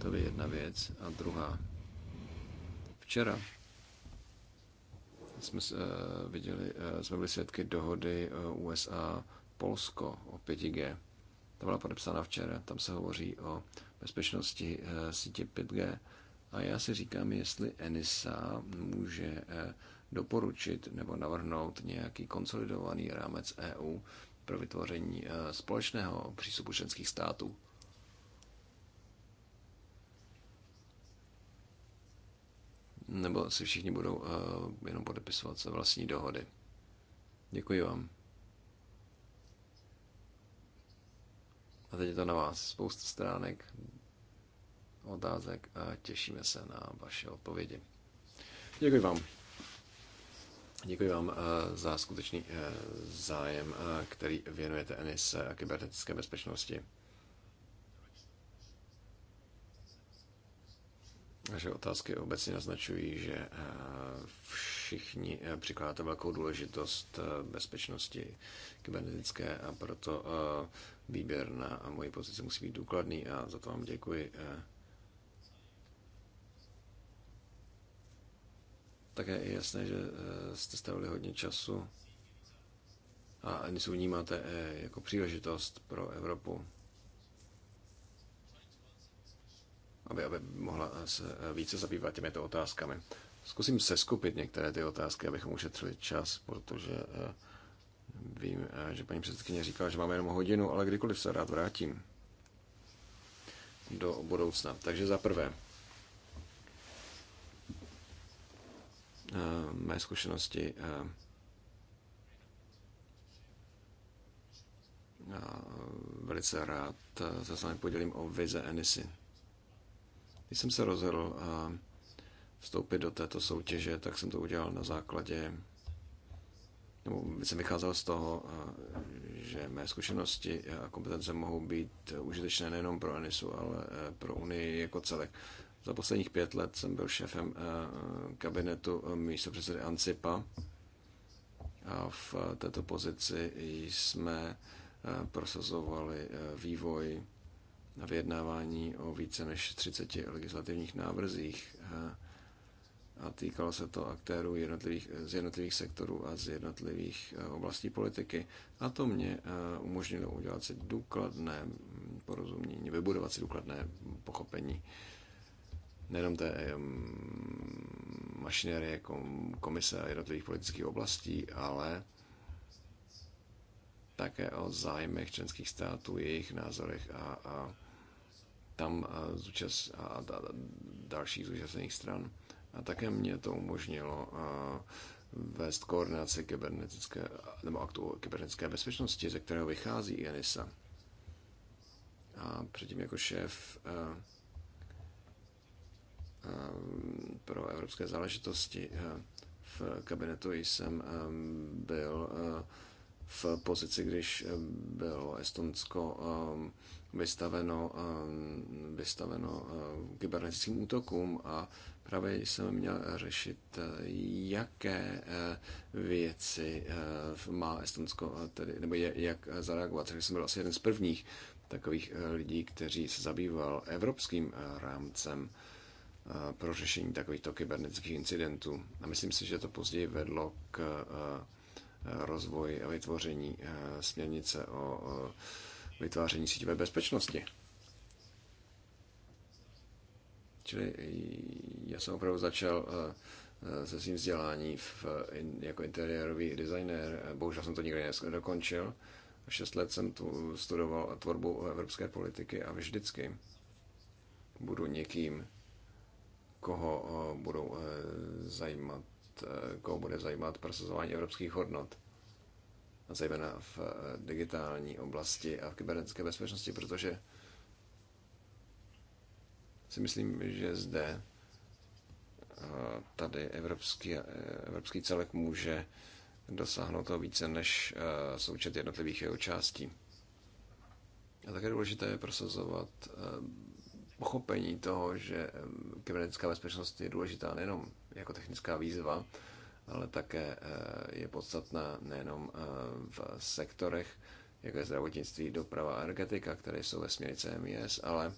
To je jedna věc. A druhá. Včera jsme eh, viděli, eh, jsme byli svědky dohody USA Polsko o 5G ta byla podepsána včera, tam se hovoří o bezpečnosti eh, sítě 5G. A já si říkám, jestli ENISA může eh, doporučit nebo navrhnout nějaký konsolidovaný rámec EU pro vytvoření eh, společného přístupu členských států. Nebo si všichni budou jenom podepisovat své vlastní dohody. Děkuji vám. A teď je to na vás. Spousta stránek, otázek a těšíme se na vaše odpovědi. Děkuji vám. Děkuji vám eh, za skutečný eh, zájem, eh, který věnujete ENIS a kybernetické bezpečnosti. že otázky obecně naznačují, že eh, všichni eh, přikládáte velkou důležitost eh, bezpečnosti kybernetické a proto výběr na moji pozici musí být důkladný a za to vám děkuji. Také je jasné, že jste stavili hodně času a ani něco vnímáte jako příležitost pro Evropu. aby, aby mohla se více zabývat těmito otázkami. Zkusím skupit některé ty otázky, abychom ušetřili čas, protože eh, vím, eh, že paní předsedkyně říkala, že máme jenom hodinu, ale kdykoliv se rád vrátím do budoucna. Takže za prvé, eh, mé zkušenosti velice rád se s vámi podělím o vize Enisy. Když jsem se rozhodl eh, vstoupit do této soutěže, tak jsem to udělal na základě, nebo jsem vycházel z toho, eh, že mé zkušenosti a kompetence mohou být užitečné nejenom pro Enisu, ale eh, pro Unii jako celek. Za posledních pět let jsem byl šéfem kabinetu místo předsedy Ancipa a v této pozici jsme prosazovali vývoj na vyjednávání o více než 30 legislativních návrzích a týkalo se to aktérů jednotlivých, z jednotlivých sektorů a z jednotlivých eh, oblastí politiky. A to mě eh, umožnilo udělat si důkladné porozumění, vybudovat si důkladné pochopení nejenom té mašinérie komise a jednotlivých politických oblastí, ale také o zájmech členských států, jejich názorech a, a tam eh, zúčast a dalších zúčastněných stran. A také mě to umožnilo eh, vést koordinaci kybernetické, nebo aktu kybernetické bezpečnosti, ze kterého vychází Janisa. A předtím jako šéf eh, pro evropské záležitosti v kabinetu jsem byl v pozici, když bylo Estonsko vystaveno, eh, vystaveno eh, kybernetickým útokům a právě jsem měl řešit, eh, jaké věci má Estonsko, tedy, nebo jak zareagovat. Takže jsem byl asi jeden z prvních takových lidí, kteří se zabýval evropským rámcem pro řešení takovýchto kybernetických incidentů. A myslím si, že to později vedlo k rozvoji a vytvoření směrnice o vytváření síťové bezpečnosti. Čili já jsem opravdu začal eh, eh, se svým vzdělání v, jako interiérový designer. Bohužel jsem to nikdy nedokončil. Šest let jsem tu studoval tvorbu evropské politiky a vždycky budu někým, koho eh, budou zajímat, koho bude zajímat prosazování evropských hodnot zejména v eh, digitální oblasti a v kybernetické bezpečnosti, protože si myslím, že zde eh, tady evropský, eh, evropský celek může dosáhnout toho více než součet jednotlivých jeho částí. A také důležité je prosazovat pochopení toho, že kybernetická bezpečnost je důležitá nejenom jako technická výzva, ale také eh, je podstatná nejenom eh, v sektorech, jako je zdravotnictví, doprava a energetika, které jsou ve směrnici MIS, ale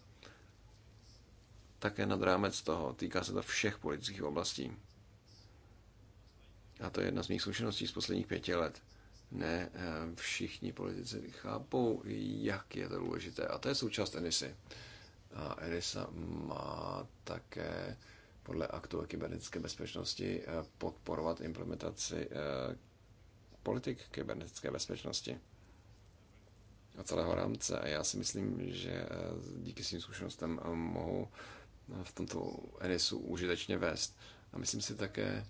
také nad rámec toho. Týká se to všech politických oblastí. A to je jedna z mých zkušeností z posledních pěti let. Ne eh, všichni politici chápou, jak je to důležité. A to je součást Enisy. A Enisa má také podle aktu o kybernetické bezpečnosti eh, podporovat implementaci eh, politik kybernetické bezpečnosti a celého rámce. A já si myslím, že eh, díky svým zkušenostem mohu v tomto Enisu užitečně vést. A myslím si také,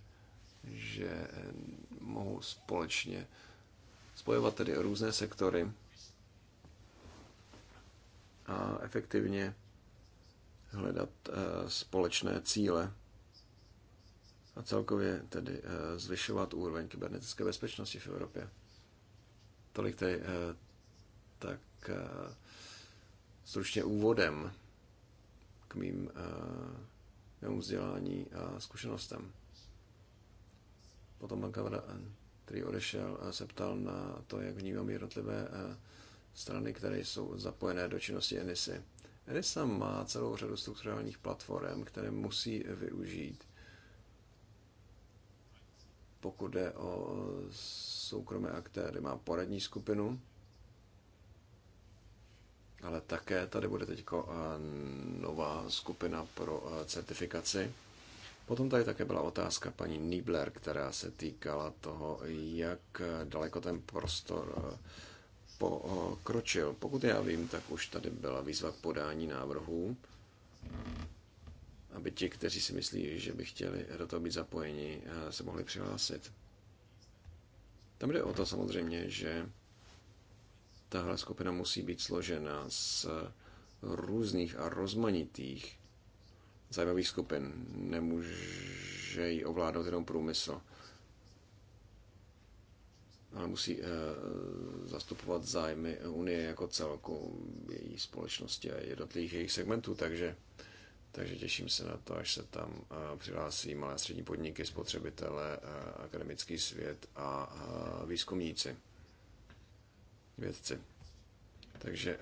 že mohu společně spojovat tedy různé sektory a efektivně hledat eh, společné cíle a celkově tedy eh, zvyšovat úroveň kybernetické bezpečnosti v Evropě. Tolik tedy eh, tak stručně úvodem k mým mému vzdělání a zkušenostem. Potom pan kamera, který odešel, se ptal na to, jak vnímám jednotlivé strany, které jsou zapojené do činnosti ENISY. Edison má celou řadu strukturálních platform, které musí využít, pokud jde o soukromé aktéry. Má poradní skupinu, ale také tady bude teď eh, nová skupina pro eh, certifikaci. Potom tady také byla otázka paní Niebler, která se týkala toho, jak eh, daleko ten prostor pokročil. Pokud já vím, tak už tady byla výzva k podání návrhů, aby ti, kteří si myslí, že by chtěli do toho být zapojeni, eh, se mohli přihlásit. Tam jde o to samozřejmě, že tahle skupina musí být složena z různých a rozmanitých zájmových skupin. Nemůže ji ovládnout jenom průmysl ale musí eh, zastupovat zájmy Unie jako celku, její společnosti a jednotlivých jejich segmentů, takže, takže těším se na to, až se tam eh, přihlásí malé a střední podniky, spotřebitele, eh, akademický svět a výzkumníci, vědci. Takže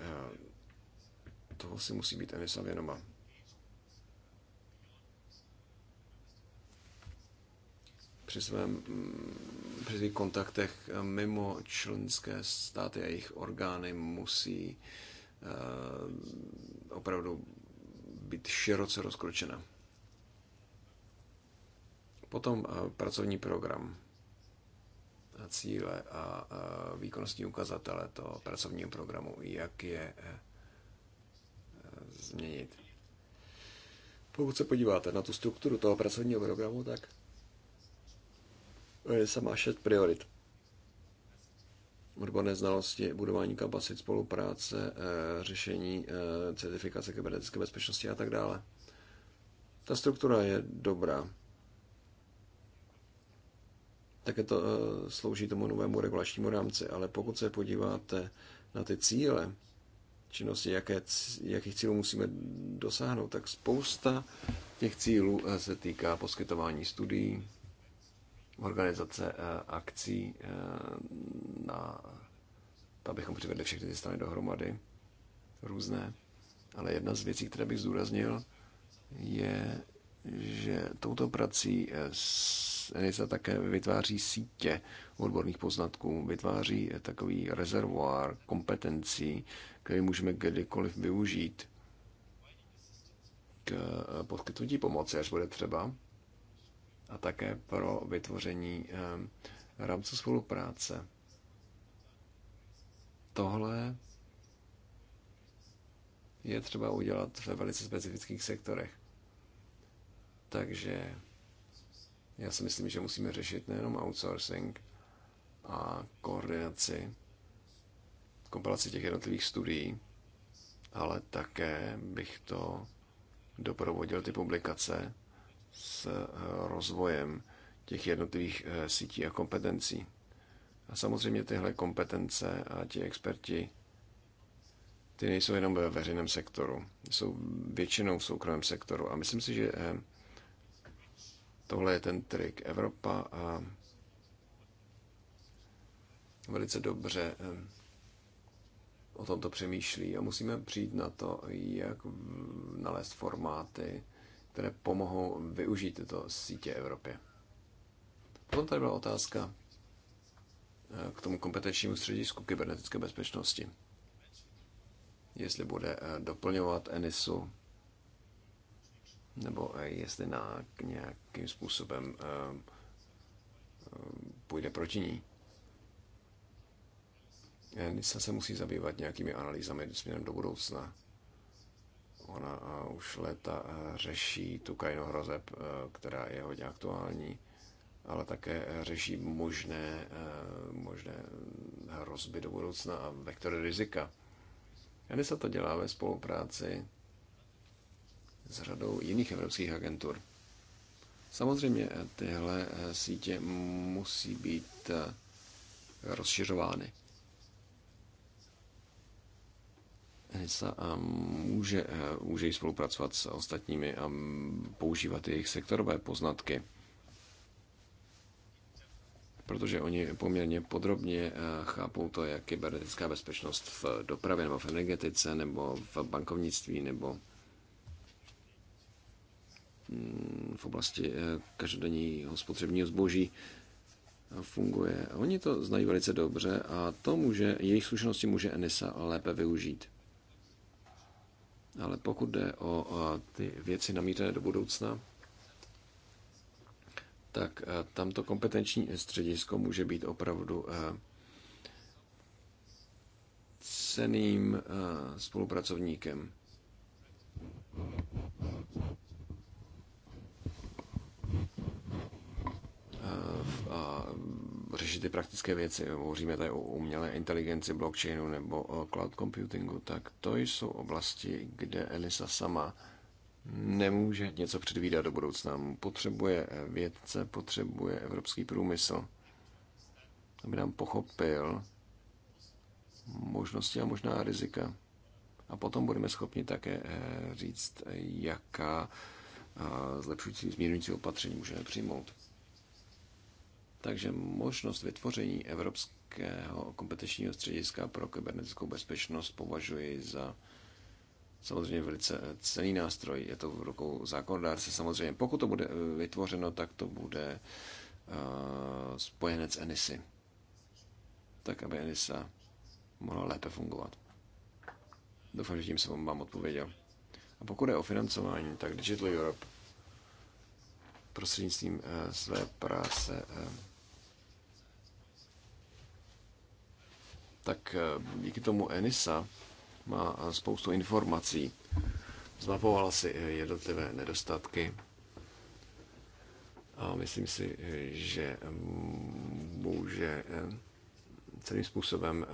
toho si musí být Enisa věnoma. při, svém, mm, při svých kontaktech eh, mimo členské státy a jejich orgány musí eh, opravdu být široce rozkročena. Potom eh, pracovní program a cíle a výkonnostní ukazatele toho pracovního programu, jak je změnit. Pokud se podíváte na tu strukturu toho pracovního programu, tak se má šest priorit. Odborné znalosti, budování kapacit, spolupráce, eh, řešení eh, certifikace kybernetické bezpečnosti a tak dále. Ta struktura je dobrá. Také to eh, slouží tomu novému regulačnímu rámci, ale pokud se podíváte na ty cíle, činnosti, jaké, jakých cílů musíme dosáhnout, tak spousta těch cílů se týká poskytování studií, organizace eh, akcí, eh, na, abychom přivedli všechny ty strany dohromady, různé. Ale jedna z věcí, které bych zdůraznil, je, že touto prací eh, se také vytváří sítě odborných poznatků, vytváří takový rezervoár kompetencí, který můžeme kdykoliv využít k poskytnutí pomoci, až bude třeba a také pro vytvoření ehm, rámce spolupráce. Tohle je třeba udělat ve velice specifických sektorech. Takže já si myslím, že musíme řešit nejenom outsourcing a koordinaci, kompilaci těch jednotlivých studií, ale také bych to doprovodil ty publikace s eh, rozvojem těch jednotlivých eh, sítí a kompetencí. A samozřejmě tyhle kompetence a ti experti, ty nejsou jenom ve veřejném sektoru, jsou většinou v soukromém sektoru. A myslím si, že eh, tohle je ten trik. Evropa a velice dobře o tomto přemýšlí a musíme přijít na to, jak nalézt formáty, které pomohou využít tyto sítě Evropě. Potom tady byla otázka eh, k tomu kompetenčnímu středisku kybernetické bezpečnosti. Jestli bude eh, doplňovat ENISu, nebo eh, jestli na nějakým způsobem půjde proti ní. ENISA se musí zabývat nějakými analýzami směrem do budoucna Ona eh, už léta eh, řeší tu krajinu hrozeb, eh, která je hodně aktuální, ale také řeší možné, možné hrozby do budoucna a vektory rizika. se to dělá ve spolupráci s řadou jiných evropských agentur. Samozřejmě tyhle sítě musí být rozšiřovány. ENISA může, eh, může spolupracovat s ostatními a používat jejich sektorové poznatky protože oni poměrně podrobně eh, chápou to, jak kybernetická bezpečnost v dopravě nebo v energetice nebo v bankovnictví nebo mm, v oblasti eh, každodenního spotřebního zboží funguje. Oni to znají velice dobře a to může, jejich zkušenosti může Enisa lépe využít. Ale pokud jde o ty věci namířené do budoucna, tak e, tamto kompetenční středisko může být opravdu e, ceným e, spolupracovníkem. řešit ty praktické věci, hovoříme tady o umělé inteligenci, blockchainu nebo o cloud computingu, tak to jsou oblasti, kde Elisa sama nemůže něco předvídat do budoucna. Potřebuje vědce, potřebuje evropský průmysl, aby nám pochopil možnosti a možná rizika. A potom budeme schopni také eh, říct, jaká eh, zlepšující, zmírňující opatření můžeme přijmout. Takže možnost vytvoření Evropského kompetenčního střediska pro kybernetickou bezpečnost považuji za samozřejmě velice eh, cený nástroj. Je to v rukou zákonodárce samozřejmě. Pokud to bude eh, vytvořeno, tak to bude uh, spojenec Enisy. Tak, aby Enisa mohla lépe fungovat. Doufám, že tím jsem vám odpověděl. A pokud je o financování, tak Digital Europe prostřednictvím své práce tak eh, díky tomu Enisa má eh, spoustu informací. Zmapovala si eh, jednotlivé nedostatky a myslím si, že může celým způsobem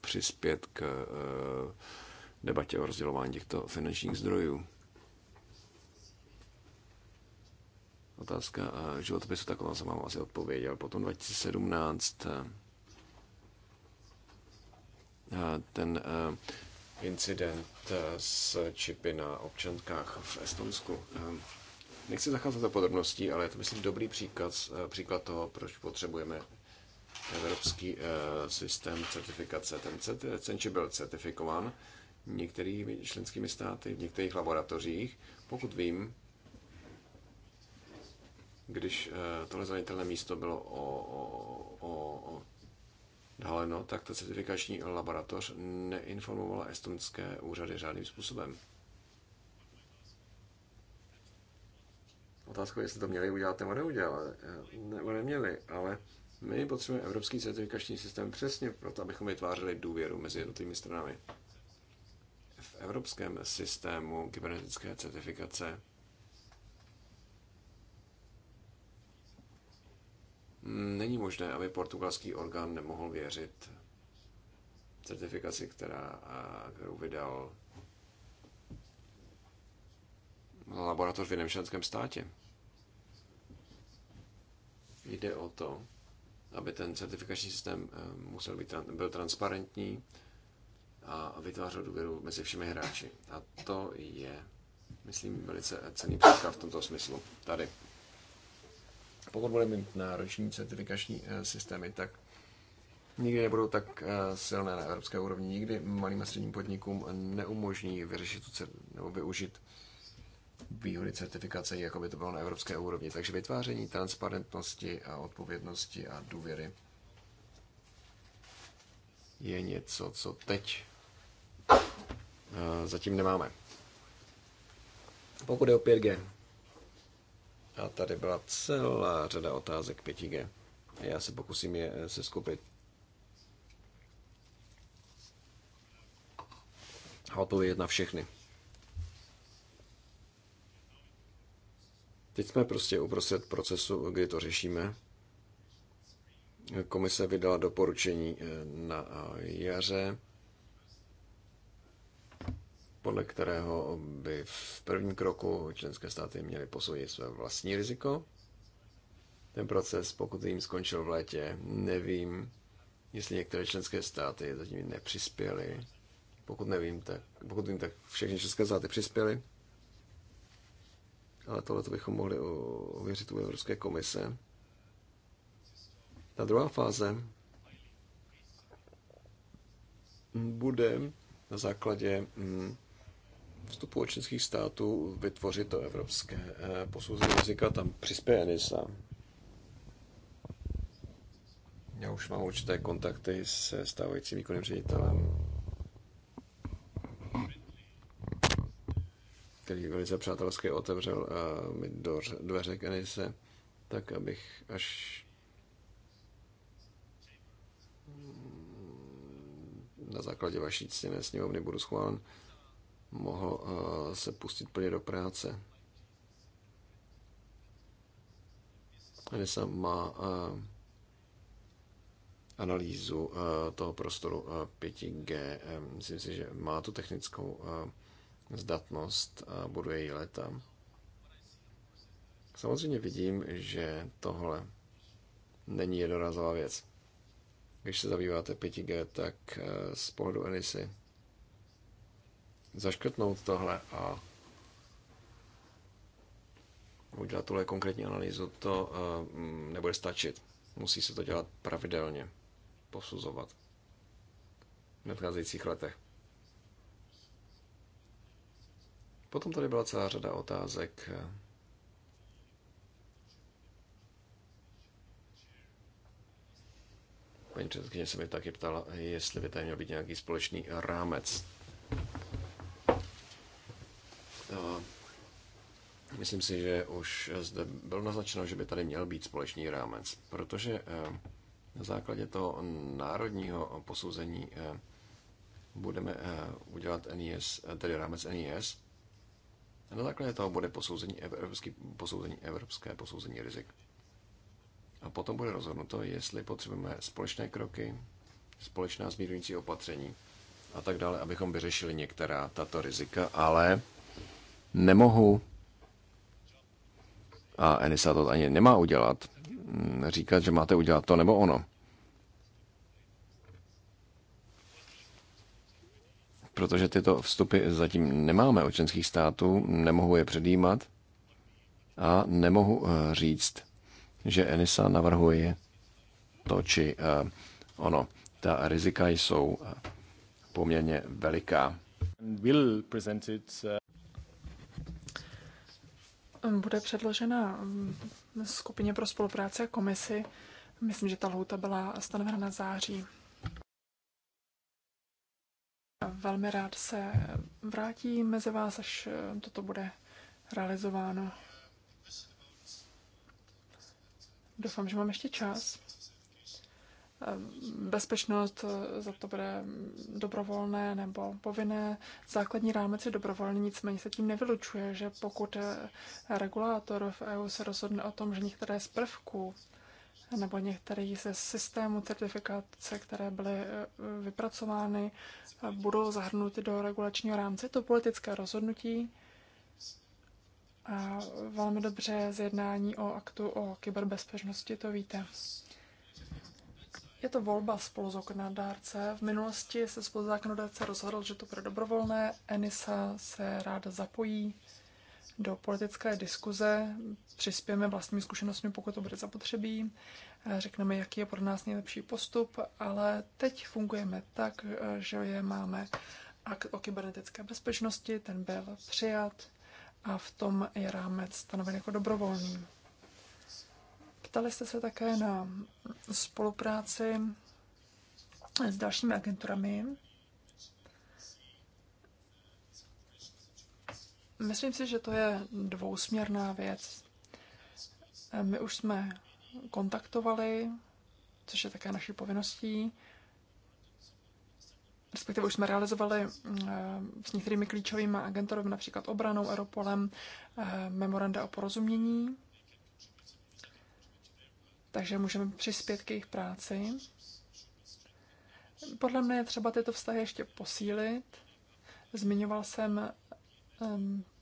přispět k debatě o rozdělování těchto finančních zdrojů. Otázka životopisu taková jsem vám asi odpověděl. Potom 2017 Eh, ten eh, incident eh, s čipy na občankách v Estonsku. Nechci zacházet do podrobností, ale je to myslím dobrý příklad, příklad toho, proč potřebujeme evropský systém certifikace. Ten, ten čip byl certifikován některými členskými státy, v některých laboratořích. Pokud vím, když tohle zranitelné místo bylo o, o, o, o no, tak ta certifikační laboratoř neinformovala estonské úřady žádným způsobem. Otázkou je, jestli to měli udělat nebo neudělat, eh, nebo neměli, ale my potřebujeme evropský certifikační systém přesně proto, abychom vytvářeli důvěru mezi jednotlivými stranami. V evropském systému kybernetické certifikace Není možné, aby portugalský orgán nemohl věřit certifikaci, která, kterou vydal laboratoř v jiném členském státě. Jde o to, aby ten certifikační systém e, musel být, byl transparentní a vytvářel důvěru mezi všemi hráči. A to je, myslím, velice cený příklad v tomto smyslu tady pokud budeme mít nároční certifikační eh, systémy, tak nikdy nebudou tak eh, silné na evropské úrovni, nikdy malým a středním podnikům neumožní vyřešit tu nebo využít výhody certifikace, jako by to bylo na evropské úrovni. Takže vytváření transparentnosti a odpovědnosti a důvěry je něco, co teď eh, zatím nemáme. Pokud je o 5G, a tady byla celá řada otázek 5G. Já se pokusím je eh, skupit. A odpovědět na všechny. Teď jsme prostě uprostřed procesu, kdy to řešíme. Komise vydala doporučení eh, na eh, jaře podle kterého by v prvním kroku členské státy měly posoudit své vlastní riziko. Ten proces, pokud jim skončil v létě, nevím, jestli některé členské státy zatím nepřispěly. Pokud nevím, tak, pokud vím, tak všechny české státy přispěly. Ale tohle bychom mohli ověřit u Evropské komise. Ta druhá fáze bude na základě mm, vstupu očinských států vytvořit to evropské eh, posouzení rizika, tam přispěje NISA. Já už mám určité kontakty se stávajícím výkonným ředitelem, který velice přátelsky otevřel eh, mi dveře k Enise, tak abych až mm, na základě vaší ctěné sněmovny budu schválen, mohl eh, se pustit plně do práce. Anisa má eh, analýzu eh, toho prostoru 5G. Myslím si, že má tu technickou zdatnost a buduje ji leta. Samozřejmě vidím, že tohle není jednorazová věc. Když se zabýváte 5G, tak z pohledu Enisy zaškrtnout tohle a udělat tuhle konkrétní analýzu, to eh, nebude stačit. Musí se to dělat pravidelně, posuzovat v nadcházejících letech. Potom tady byla celá řada otázek. Eh, paní předsedkyně se mi taky ptala, jestli by tady měl být nějaký společný rámec myslím si, že už zde bylo naznačeno, že by tady měl být společný rámec, protože eh, na základě toho národního posouzení eh, budeme eh, udělat NIS, tedy rámec NIS. A na základě toho bude posouzení evropský, posouzení evropské posouzení rizik. A potom bude rozhodnuto, jestli potřebujeme společné kroky, společná zmírující opatření a tak dále, abychom vyřešili některá tato rizika, ale nemohu a Enisa to ani nemá udělat, mm, říkat, že máte udělat to nebo ono. Protože tyto vstupy zatím nemáme od členských států, nemohu je předjímat a nemohu eh, říct, že Enisa navrhuje to či eh, ono. Ta rizika jsou eh, poměrně veliká bude předložena skupině pro spolupráci a komisi. Myslím, že ta lhůta byla stanovena na září. Velmi rád se vrátí mezi vás, až eh, toto bude realizováno. Doufám, že mám ještě čas. Eh, bezpečnost, eh, za to bude dobrovolné nebo povinné. Základní rámec je dobrovolný, nicméně se tím nevylučuje, že pokud eh, regulátor v EU se rozhodne o tom, že některé z prvků nebo některý ze systémů certifikace, které byly vypracovány, budou zahrnuty do regulačního rámce. To politické rozhodnutí a velmi dobře z jednání o aktu o kyberbezpečnosti to víte. Je to volba spoluzákonodárce. V minulosti se spoluzákonodárce rozhodl, že to bude dobrovolné. Enisa se ráda zapojí do politické diskuze, přispějeme vlastními zkušenostmi, pokud to bude zapotřebí, eh, řekneme, jaký je pro nás nejlepší postup, ale teď fungujeme tak, eh, že je máme akt o kybernetické bezpečnosti, ten byl přijat a v tom je rámec stanoven jako dobrovolný. Ptali jste se také na spolupráci s dalšími agenturami. Myslím si, že to je dvousměrná věc. My už jsme kontaktovali, což je také naší povinností, respektive už jsme realizovali eh, s některými klíčovými agenturami, například obranou, Europolem, eh, memoranda o porozumění takže můžeme přispět k jejich práci. Podle mě je třeba tyto vztahy ještě posílit. Zmiňoval jsem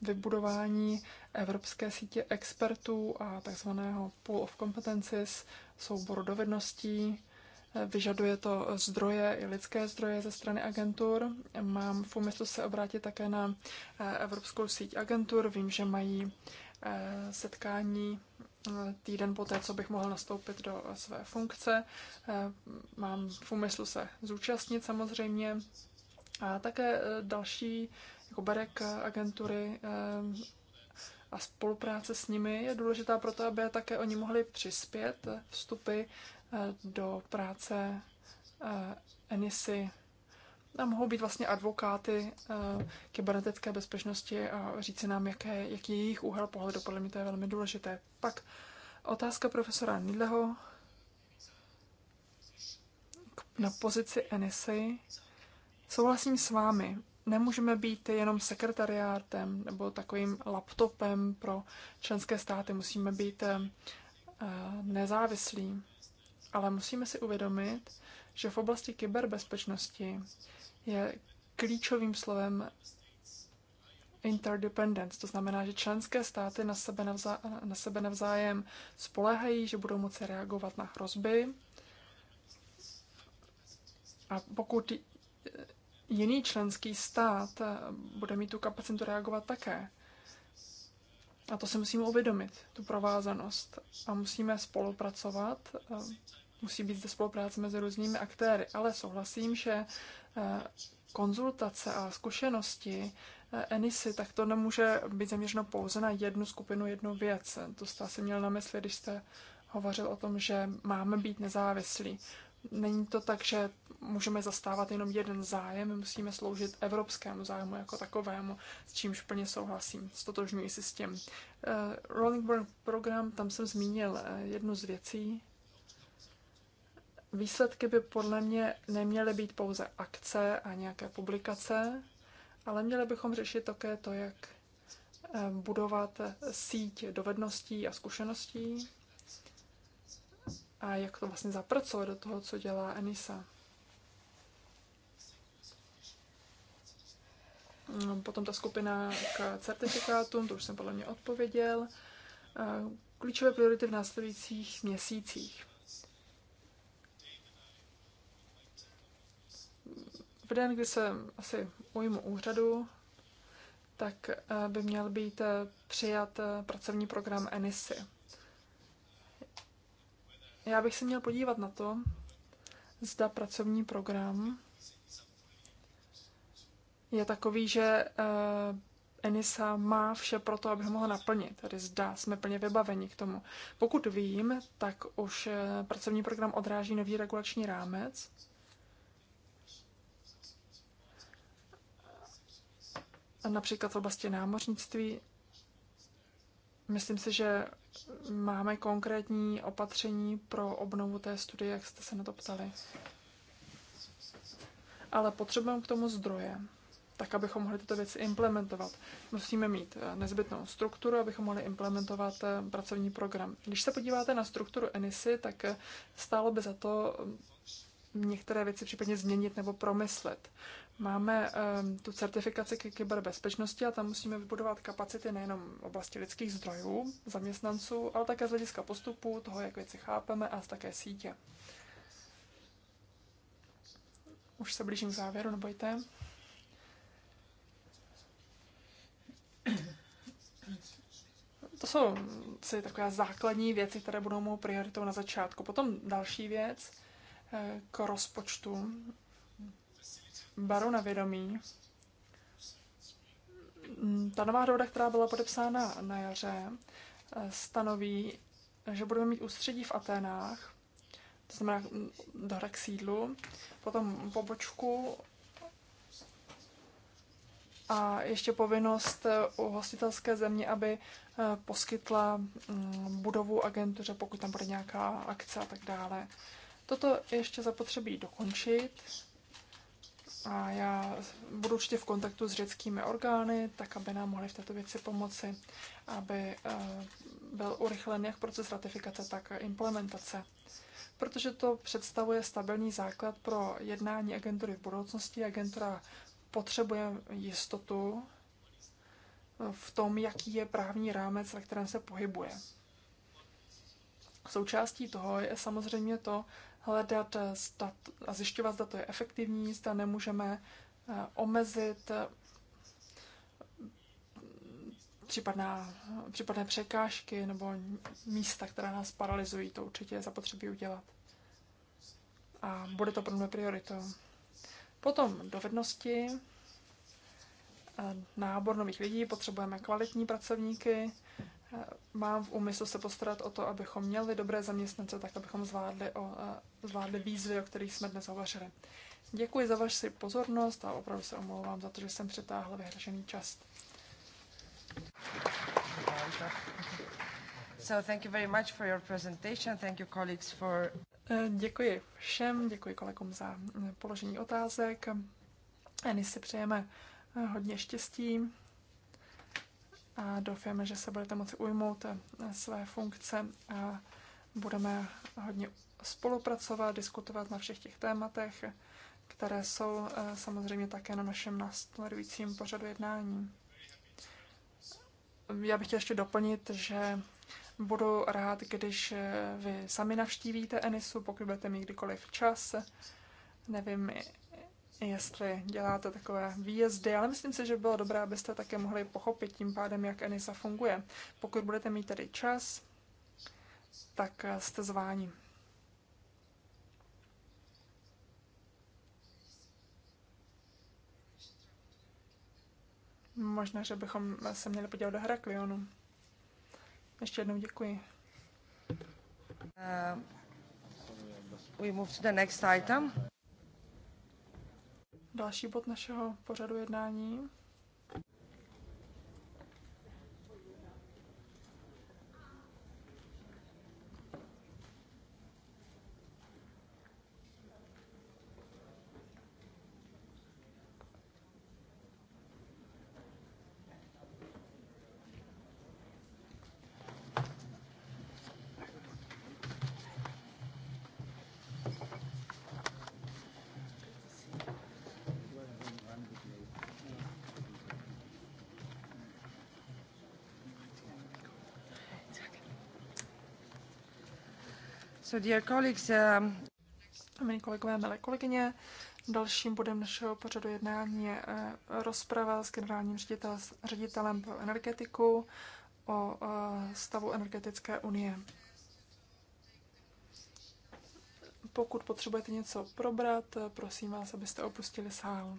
vybudování evropské sítě expertů a takzvaného pool of competences, souboru dovedností. Vyžaduje to zdroje i lidské zdroje ze strany agentur. Mám v úmyslu se obrátit také na eh, Evropskou síť agentur. Vím, že mají Eh, setkání eh, týden poté, co bych mohl nastoupit do své funkce. Eh, mám v úmyslu se zúčastnit samozřejmě. A také další, jako Berek agentury a spolupráce s nimi je důležitá pro to, aby také oni mohli přispět vstupy do práce Enisy nám mohou být vlastně advokáty eh, kybernetické bezpečnosti a říci nám, jaké, jaký je jejich úhel pohledu. Podle mě to je velmi důležité. Pak otázka profesora Nidleho na pozici NSA. Souhlasím s vámi. Nemůžeme být jenom sekretariátem nebo takovým laptopem pro členské státy. Musíme být eh, eh, nezávislí. Ale musíme si uvědomit, že v oblasti kyberbezpečnosti je klíčovým slovem interdependence, to znamená, že členské státy na sebe, navzá, na sebe navzájem spolehají, že budou moci reagovat na hrozby. A pokud jiný členský stát bude mít tu kapacitu reagovat také, a to si musíme uvědomit, tu provázanost. A musíme spolupracovat musí být zde spolupráce mezi různými aktéry, ale souhlasím, že eh, konzultace a zkušenosti eh, Enisy, tak to nemůže být zaměřeno pouze na jednu skupinu, jednu věc. To jste asi měl na mysli, když jste hovořil o tom, že máme být nezávislí. Není to tak, že můžeme zastávat jenom jeden zájem, my musíme sloužit evropskému zájmu jako takovému, s čímž plně souhlasím, stotožňuji si s tím. Eh, Rolling Burn program, tam jsem zmínil jednu z věcí, výsledky by podle mě neměly být pouze akce a nějaké publikace, ale měli bychom řešit také to, jak eh, budovat eh, síť dovedností a zkušeností a jak to vlastně zapracovat do toho, co dělá Enisa. No, potom ta skupina k certifikátům, to už jsem podle mě odpověděl. Eh, klíčové priority v následujících měsících. v den, kdy se asi ujmu úřadu, tak eh, by měl být eh, přijat eh, pracovní program ENISY. Já bych se měl podívat na to, zda pracovní program je takový, že Enisa má vše pro to, aby ho mohla naplnit. Tedy zda jsme plně vybaveni k tomu. Pokud vím, tak už pracovní program odráží nový regulační rámec například v oblasti námořnictví. Myslím si, že máme konkrétní opatření pro obnovu té studie, jak jste se na to ptali. Ale potřebujeme k tomu zdroje, tak abychom mohli tyto věci implementovat. Musíme mít eh, nezbytnou strukturu, abychom mohli implementovat eh, pracovní program. Když se podíváte na strukturu ENISY, tak eh, stálo by za to některé věci případně změnit nebo promyslet. Máme ehm, tu certifikaci k kyberbezpečnosti a tam musíme vybudovat kapacity nejenom v oblasti lidských zdrojů, zaměstnanců, ale také z hlediska postupu, toho, jak věci chápeme a z také sítě. Už se blížím k závěru, nebojte. To jsou si takové základní věci, které budou mou prioritou na začátku. Potom další věc, k rozpočtu. Baru na vědomí. Ta nová dohoda, která byla podepsána na jaře, stanoví, že budeme mít ústředí v Aténách, to znamená dohoda k sídlu, potom pobočku a ještě povinnost u hostitelské země, aby eh, poskytla mm, budovu agentuře, pokud tam bude nějaká akce a tak dále. Toto ještě zapotřebí dokončit a já budu určitě v kontaktu s řeckými orgány, tak aby nám mohli v této věci pomoci, aby eh, byl urychlen jak proces ratifikace, tak implementace. Protože to představuje stabilní základ pro jednání agentury v budoucnosti. Agentura potřebuje jistotu eh, v tom, jaký je právní rámec, na kterém se pohybuje. Součástí toho je samozřejmě to, hledat stat eh, a zjišťovat, zda to je efektivní, zda nemůžeme eh, omezit eh, případná, případné překážky nebo místa, která nás paralyzují, to určitě je zapotřebí udělat. A bude to pro mě prioritou. Potom dovednosti, nábor nových lidí, potřebujeme kvalitní pracovníky, mám v úmyslu se postarat o to, abychom měli dobré zaměstnance, tak abychom zvládli, o, eh, zvládli výzvy, o kterých jsme dnes hovořili. Děkuji za vaši pozornost a opravdu se omlouvám za to, že jsem přetáhla vyhražený čas. So thank you very much for your presentation. Thank you colleagues for eh, Děkuji všem, děkuji kolegům za eh, položení otázek. Ani si přejeme hodně štěstí a doufáme, že se budete moci ujmout eh, své funkce a budeme hodně spolupracovat, diskutovat na všech těch tématech, které jsou eh, samozřejmě také na našem následujícím pořadu jednání. Já bych chtěl ještě doplnit, že budu rád, když eh, vy sami navštívíte Enisu, pokud budete mít kdykoliv čas. Nevím, jestli děláte takové výjezdy, ale myslím si, že bylo dobré, abyste také mohli pochopit tím pádem, jak Enisa funguje. Pokud budete mít tedy čas, tak eh, jste zváni. Možná, že bychom se měli podívat do Heraklionu. Ještě jednou děkuji. Uh, we move to the next item další bod našeho pořadu jednání. So dear colleagues, um... Milí kolegové, milé kolegyně, dalším bodem našeho pořadu jednání je eh, rozprava s generálním ředitel, ředitelem pro energetiku o eh, stavu energetické unie. Pokud potřebujete něco probrat, eh, prosím vás, abyste opustili sál.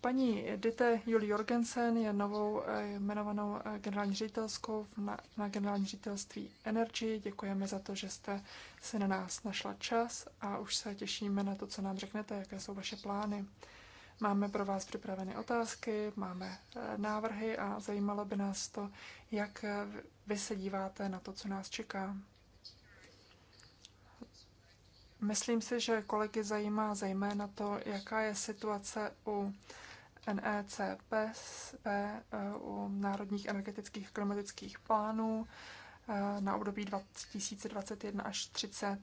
Paní Dite Julie Jorgensen je novou eh, jmenovanou eh, generální ředitelskou na, na generální ředitelství Energy. Děkujeme za to, že jste se na nás našla čas a už se těšíme na to, co nám řeknete, jaké jsou vaše plány. Máme pro vás připraveny otázky, máme eh, návrhy a zajímalo by nás to, jak vy se díváte na to, co nás čeká. Myslím si, že kolegy zajímá zejména to, jaká je situace u NECP, e, u národních energetických klimatických plánů eh, na období 2021 až 30.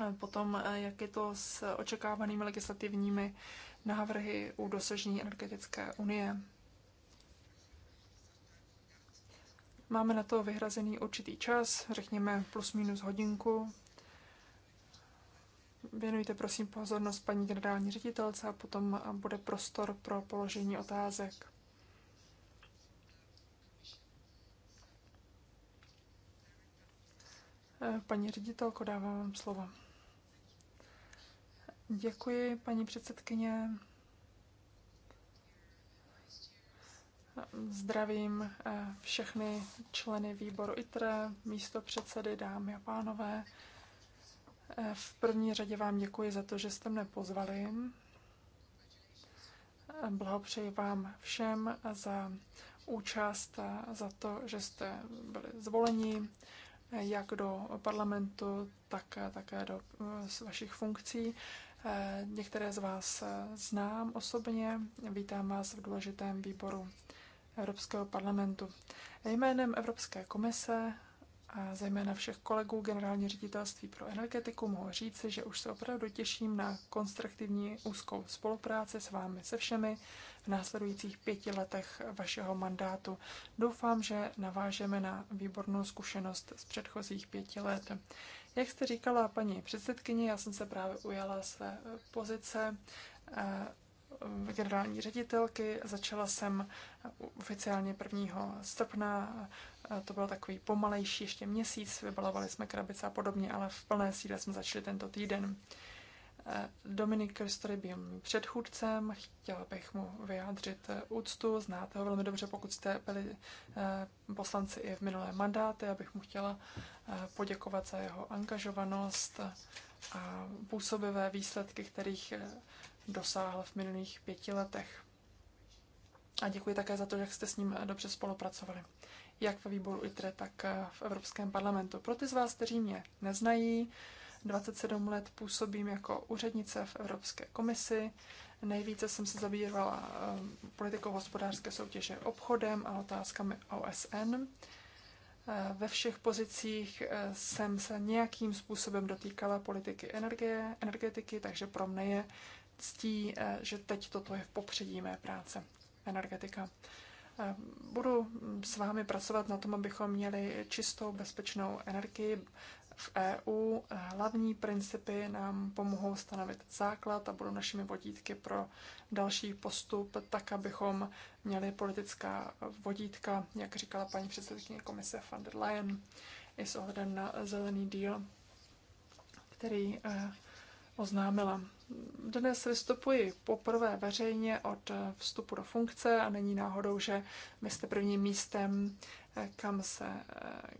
Eh, potom, eh, jak je to s očekávanými legislativními návrhy u dosažení energetické unie. Máme na to vyhrazený určitý čas, řekněme plus minus hodinku, Věnujte prosím pozornost paní generální ředitelce a potom bude prostor pro položení otázek. Paní ředitelko, dávám vám slovo. Děkuji, paní předsedkyně. Zdravím eh, všechny členy výboru ITRE, místo předsedy, dámy a pánové. V první řadě vám děkuji za to, že jste mne pozvali. Blahopřeji vám všem za účast, za to, že jste byli zvoleni jak do parlamentu, tak také do eh, vašich funkcí. Eh, některé z vás znám osobně. Vítám vás v důležitém výboru Evropského parlamentu. Jménem Evropské komise a zejména všech kolegů Generální ředitelství pro energetiku mohu říci, že už se opravdu těším na konstruktivní úzkou spolupráci s vámi se všemi v následujících pěti letech vašeho mandátu. Doufám, že navážeme na výbornou zkušenost z předchozích pěti let. Jak jste říkala, paní předsedkyně, já jsem se právě ujala své pozice eh, generální ředitelky. Začala jsem oficiálně 1. srpna, to byl takový pomalejší ještě měsíc, vybalovali jsme krabice a podobně, ale v plné síle jsme začali tento týden. Dominik Kristory byl mým předchůdcem, chtěla bych mu vyjádřit úctu, znáte ho velmi dobře, pokud jste byli eh, poslanci i v minulé mandáty, abych mu chtěla eh, poděkovat za jeho angažovanost a působivé výsledky, kterých eh, dosáhl v minulých pěti letech. A děkuji také za to, jak jste s ním eh, dobře spolupracovali. Jak ve výboru ITRE, tak eh, v Evropském parlamentu. Pro ty z vás, kteří mě neznají, 27 let působím jako úřednice v Evropské komisi. Nejvíce jsem se zabývala eh, politikou hospodářské soutěže, obchodem a otázkami OSN. Ve všech pozicích jsem se nějakým způsobem dotýkala politiky energie, energetiky, takže pro mě je ctí, eh, že teď toto je v popředí mé práce, energetika. Eh, budu mm, s vámi pracovat na tom, abychom měli čistou, bezpečnou energii v EU. Eh, hlavní principy nám pomohou stanovit základ a budou našimi vodítky pro další postup, tak abychom měli politická vodítka, jak říkala paní předsedkyně komise van der Leyen, i s ohledem na zelený díl, který oznámila dnes vystupuji poprvé veřejně od vstupu do funkce a není náhodou, že my jste prvním místem, kam, se,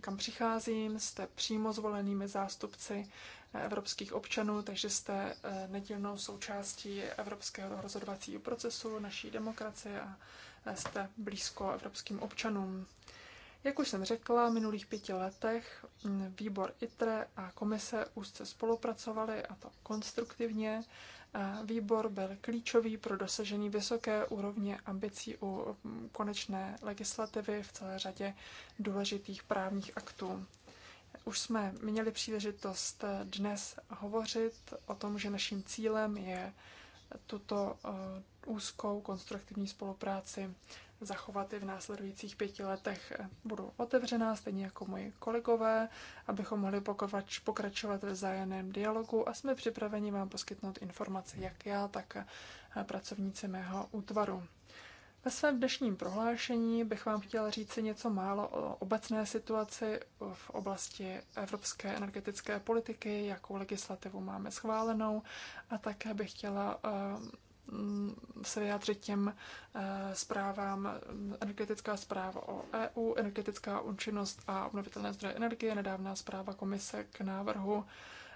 kam přicházím, jste přímo zvolenými zástupci evropských občanů, takže jste eh, nedílnou součástí evropského rozhodovacího procesu, naší demokracie a eh, jste blízko evropským občanům. Jak už jsem řekla, v minulých pěti letech výbor ITRE a komise úzce spolupracovali a to konstruktivně. Výbor byl klíčový pro dosažení vysoké úrovně ambicí u konečné legislativy v celé řadě důležitých právních aktů. Už jsme měli příležitost dnes hovořit o tom, že naším cílem je tuto eh, úzkou konstruktivní spolupráci zachovat i v následujících pěti letech. Budu otevřená, stejně jako moji kolegové, abychom mohli pokračovat ve vzájemném dialogu a jsme připraveni vám poskytnout informace, jak já, tak pracovníci mého útvaru. Ve svém dnešním prohlášení bych vám chtěla říci něco málo o obecné situaci v oblasti evropské energetické politiky, jakou legislativu máme schválenou a také bych chtěla eh, Mm, se vyjádřit těm eh, zprávám mm, energetická zpráva o EU, energetická účinnost a obnovitelné zdroje energie, nedávná zpráva komise k návrhu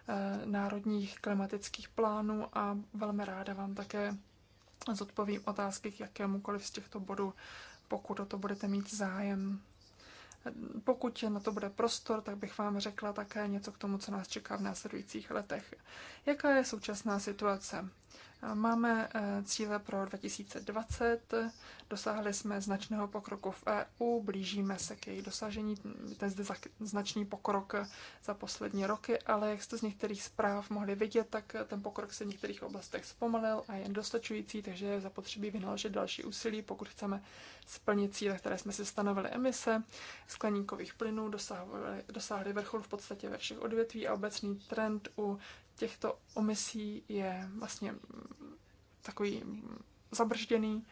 eh, národních klimatických plánů a velmi ráda vám také zodpovím otázky k jakémukoliv z těchto bodů, pokud o to budete mít zájem. Pokud na to bude prostor, tak bych vám řekla také něco k tomu, co nás čeká v následujících letech. Jaká je současná situace? Máme eh, cíle pro 2020, dosáhli jsme značného pokroku v EU, blížíme se k její dosažení. To je značný pokrok za poslední roky, ale jak jste z některých zpráv mohli vidět, tak ten pokrok se v některých oblastech zpomalil a je dostačující, takže je zapotřebí vynaložit další úsilí, pokud chceme splnit cíle, které jsme si stanovili emise. Skleníkových plynů dosáhli, dosáhli vrchol v podstatě ve všech odvětví a obecný trend u těchto omisí je vlastně takový zabržděný.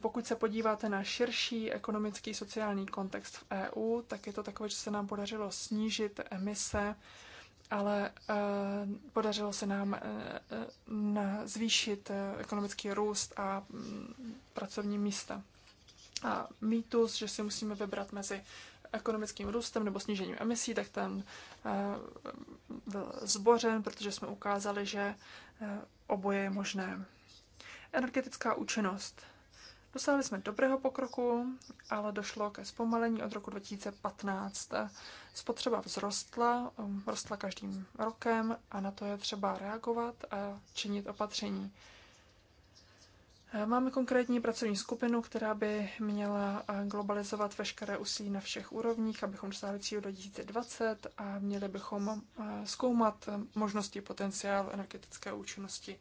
Pokud se podíváte na širší ekonomický sociální kontext v EU, tak je to takové, že se nám podařilo snížit emise, ale e, podařilo se nám e, e, zvýšit ekonomický růst a pracovní místa. A mýtus, že si musíme vybrat mezi ekonomickým růstem nebo snížením emisí, tak ten eh, byl zbořen, protože jsme ukázali, že eh, oboje je možné. Energetická účinnost. Dosáhli jsme dobrého pokroku, ale došlo ke zpomalení od roku 2015. Spotřeba vzrostla, rostla každým rokem a na to je třeba reagovat a činit opatření. Máme konkrétní pracovní skupinu, která by měla eh, globalizovat veškeré úsilí na všech úrovních, abychom dosáhli cíl do 2020 a měli bychom eh, zkoumat možnosti potenciál energetické účinnosti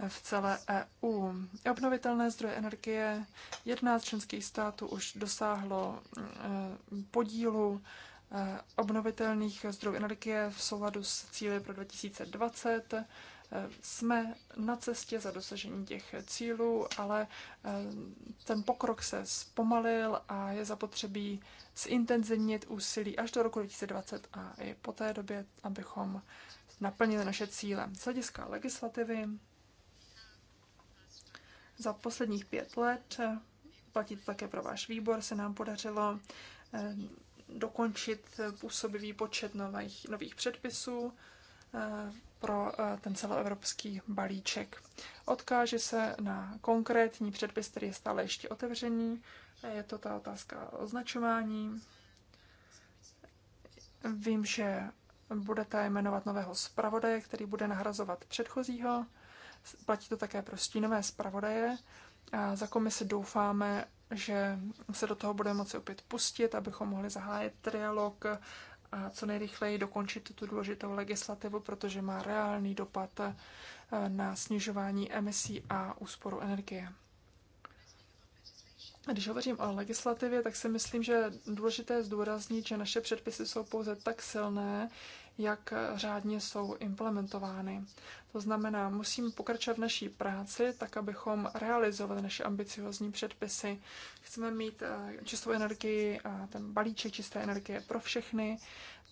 eh, v celé EU. Obnovitelné zdroje energie z členských států už dosáhlo mm, podílu obnovitelných zdrojů energie v souladu s cíly pro 2020 jsme na cestě za dosažení těch cílů, ale eh, ten pokrok se zpomalil a je zapotřebí zintenzivnit úsilí až do roku 2020 a i po té době, abychom naplnili naše cíle. Z hlediska legislativy za posledních pět let, eh, platí to také pro váš výbor, se nám podařilo eh, dokončit působivý počet nových, nových předpisů pro eh, ten celoevropský balíček. Odkáže se na konkrétní předpis, který je stále ještě otevřený. Je to ta otázka označování. Vím, že budete jmenovat nového zpravodaje, který bude nahrazovat předchozího. Platí to také pro stínové zpravodaje. A za komisi doufáme, že se do toho budeme moci opět pustit, abychom mohli zahájit trialog a co nejrychleji dokončit tuto důležitou legislativu, protože má reálný dopad eh, na snižování emisí a úsporu energie. Když hovořím o legislativě, tak si myslím, že je zdůraznit, že naše předpisy jsou pouze tak silné, jak řádně jsou implementovány. To znamená, musíme pokračovat v naší práci, tak abychom realizovali naše ambiciozní předpisy. Chceme mít eh, čistou energii, ten balíček čisté energie pro všechny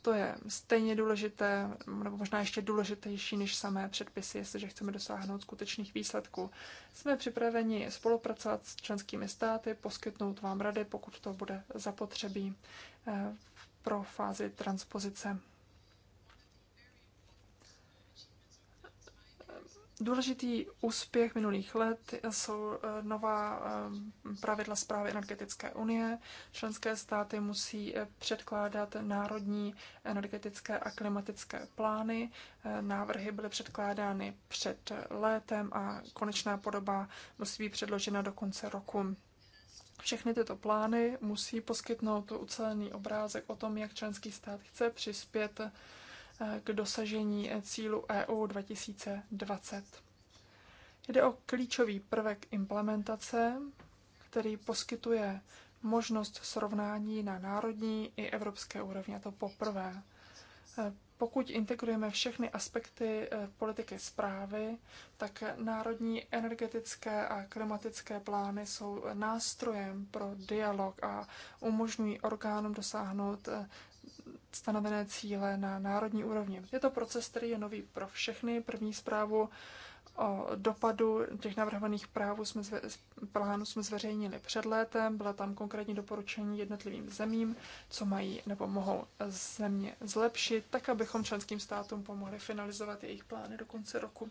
to je stejně důležité, nebo možná ještě důležitější než samé předpisy, jestliže chceme dosáhnout skutečných výsledků. Jsme připraveni spolupracovat s členskými státy, poskytnout vám rady, pokud to bude zapotřebí eh, pro fázi transpozice. Důležitý úspěch minulých let jsou eh, nová eh, pravidla zprávy energetické unie. Členské státy musí eh, předkládat národní energetické a klimatické plány. Návrhy byly předkládány před létem a konečná podoba musí být předložena do konce roku. Všechny tyto plány musí poskytnout ucelený obrázek o tom, jak členský stát chce přispět k dosažení cílu EU 2020. Jde o klíčový prvek implementace, který poskytuje možnost srovnání na národní i evropské úrovni, a to poprvé. Pokud integrujeme všechny aspekty eh, politiky zprávy, tak národní energetické a klimatické plány jsou nástrojem pro dialog a umožňují orgánům dosáhnout eh, stanovené cíle na národní úrovni. Je to proces, který je nový pro všechny. První zprávu o dopadu těch navrhovaných právů jsme zve, jsme zveřejnili před létem. Byla tam konkrétní doporučení jednotlivým zemím, co mají nebo mohou země zlepšit, tak abychom členským státům pomohli finalizovat jejich plány do konce roku.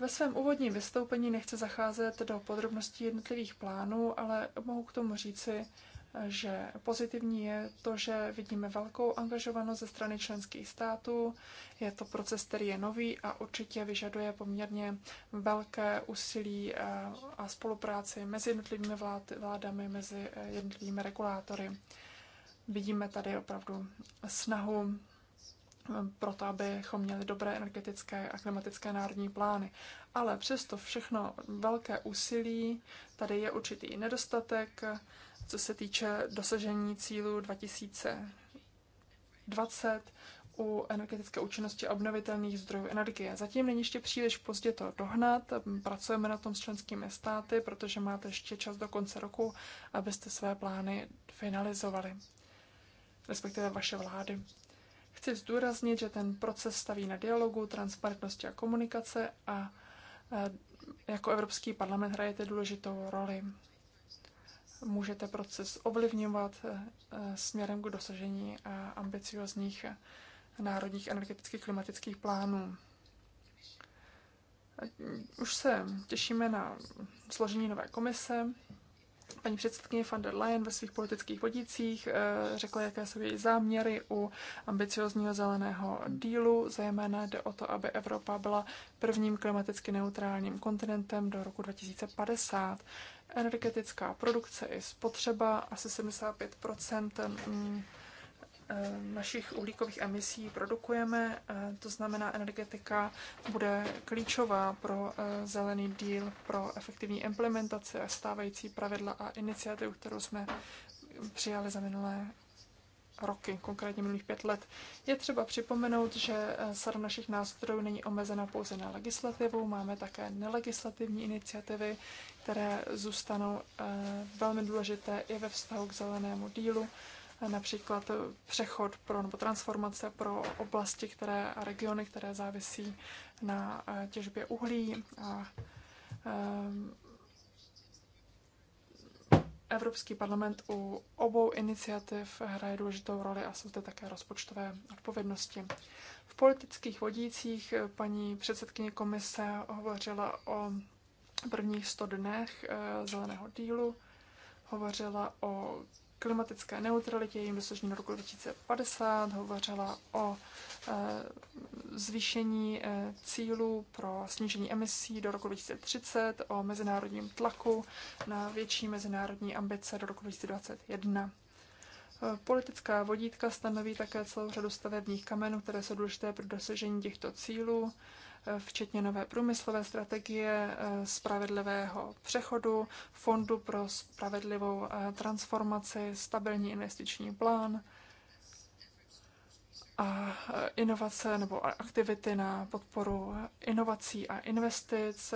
Ve svém úvodním vystoupení nechci zacházet do podrobností jednotlivých plánů, ale mohu k tomu říci, že pozitivní je to, že vidíme velkou angažovanost ze strany členských států. Je to proces, který je nový a určitě vyžaduje poměrně velké úsilí eh, a spolupráci mezi jednotlivými vládami, mezi eh, jednotlivými regulátory. Vidíme tady opravdu snahu eh, proto, abychom měli dobré energetické a klimatické národní plány. Ale přesto všechno velké úsilí, tady je určitý nedostatek, co se týče dosažení cílu 2020 u energetické účinnosti obnovitelných zdrojů energie. Zatím není ještě příliš pozdě to dohnat, pracujeme na tom s členskými státy, protože máte ještě čas do konce roku, abyste své plány finalizovali, respektive vaše vlády. Chci zdůraznit, že ten proces staví na dialogu, transparentnosti a komunikace a e, jako Evropský parlament hrajete důležitou roli můžete proces ovlivňovat eh, eh, směrem k dosažení eh, ambiciozních národních energetických klimatických plánů. Už se těšíme na složení nové komise. Paní předsedkyně van der Leyen ve svých politických vodících řekla, jaké jsou její záměry u ambiciozního zeleného dílu. Zejména jde o to, aby Evropa byla prvním klimaticky neutrálním kontinentem do roku 2050 energetická produkce i spotřeba, asi 75 mm, eh, našich uhlíkových emisí produkujeme, eh, to znamená, energetika bude klíčová pro eh, zelený díl, pro efektivní implementaci a stávající pravidla a iniciativu, kterou jsme přijali za minulé roky, konkrétně minulých pět let. Je třeba připomenout, že sada našich nástrojů není omezena pouze na legislativu, máme také nelegislativní iniciativy, které zůstanou eh, velmi důležité i ve vztahu k zelenému dílu, eh, například eh, přechod pro, nebo transformace pro oblasti které, a regiony, které závisí na těžbě uhlí a Evropský parlament u obou iniciativ hraje důležitou roli a jsou zde také rozpočtové odpovědnosti. V politických vodících paní předsedkyně komise hovořila o prvních 100 dnech eh, zeleného dílu hovořila o klimatické neutralitě, jejím dosažení do roku 2050, hovořila o eh, zvýšení eh, cílů pro snížení emisí do roku 2030, o mezinárodním tlaku na větší mezinárodní ambice do roku 2021. Politická vodítka stanoví také celou řadu stavebních kamenů, které jsou důležité pro dosažení těchto cílů včetně nové průmyslové strategie eh, spravedlivého přechodu, fondu pro spravedlivou eh, transformaci, stabilní investiční plán a eh, inovace nebo aktivity na podporu inovací a investic,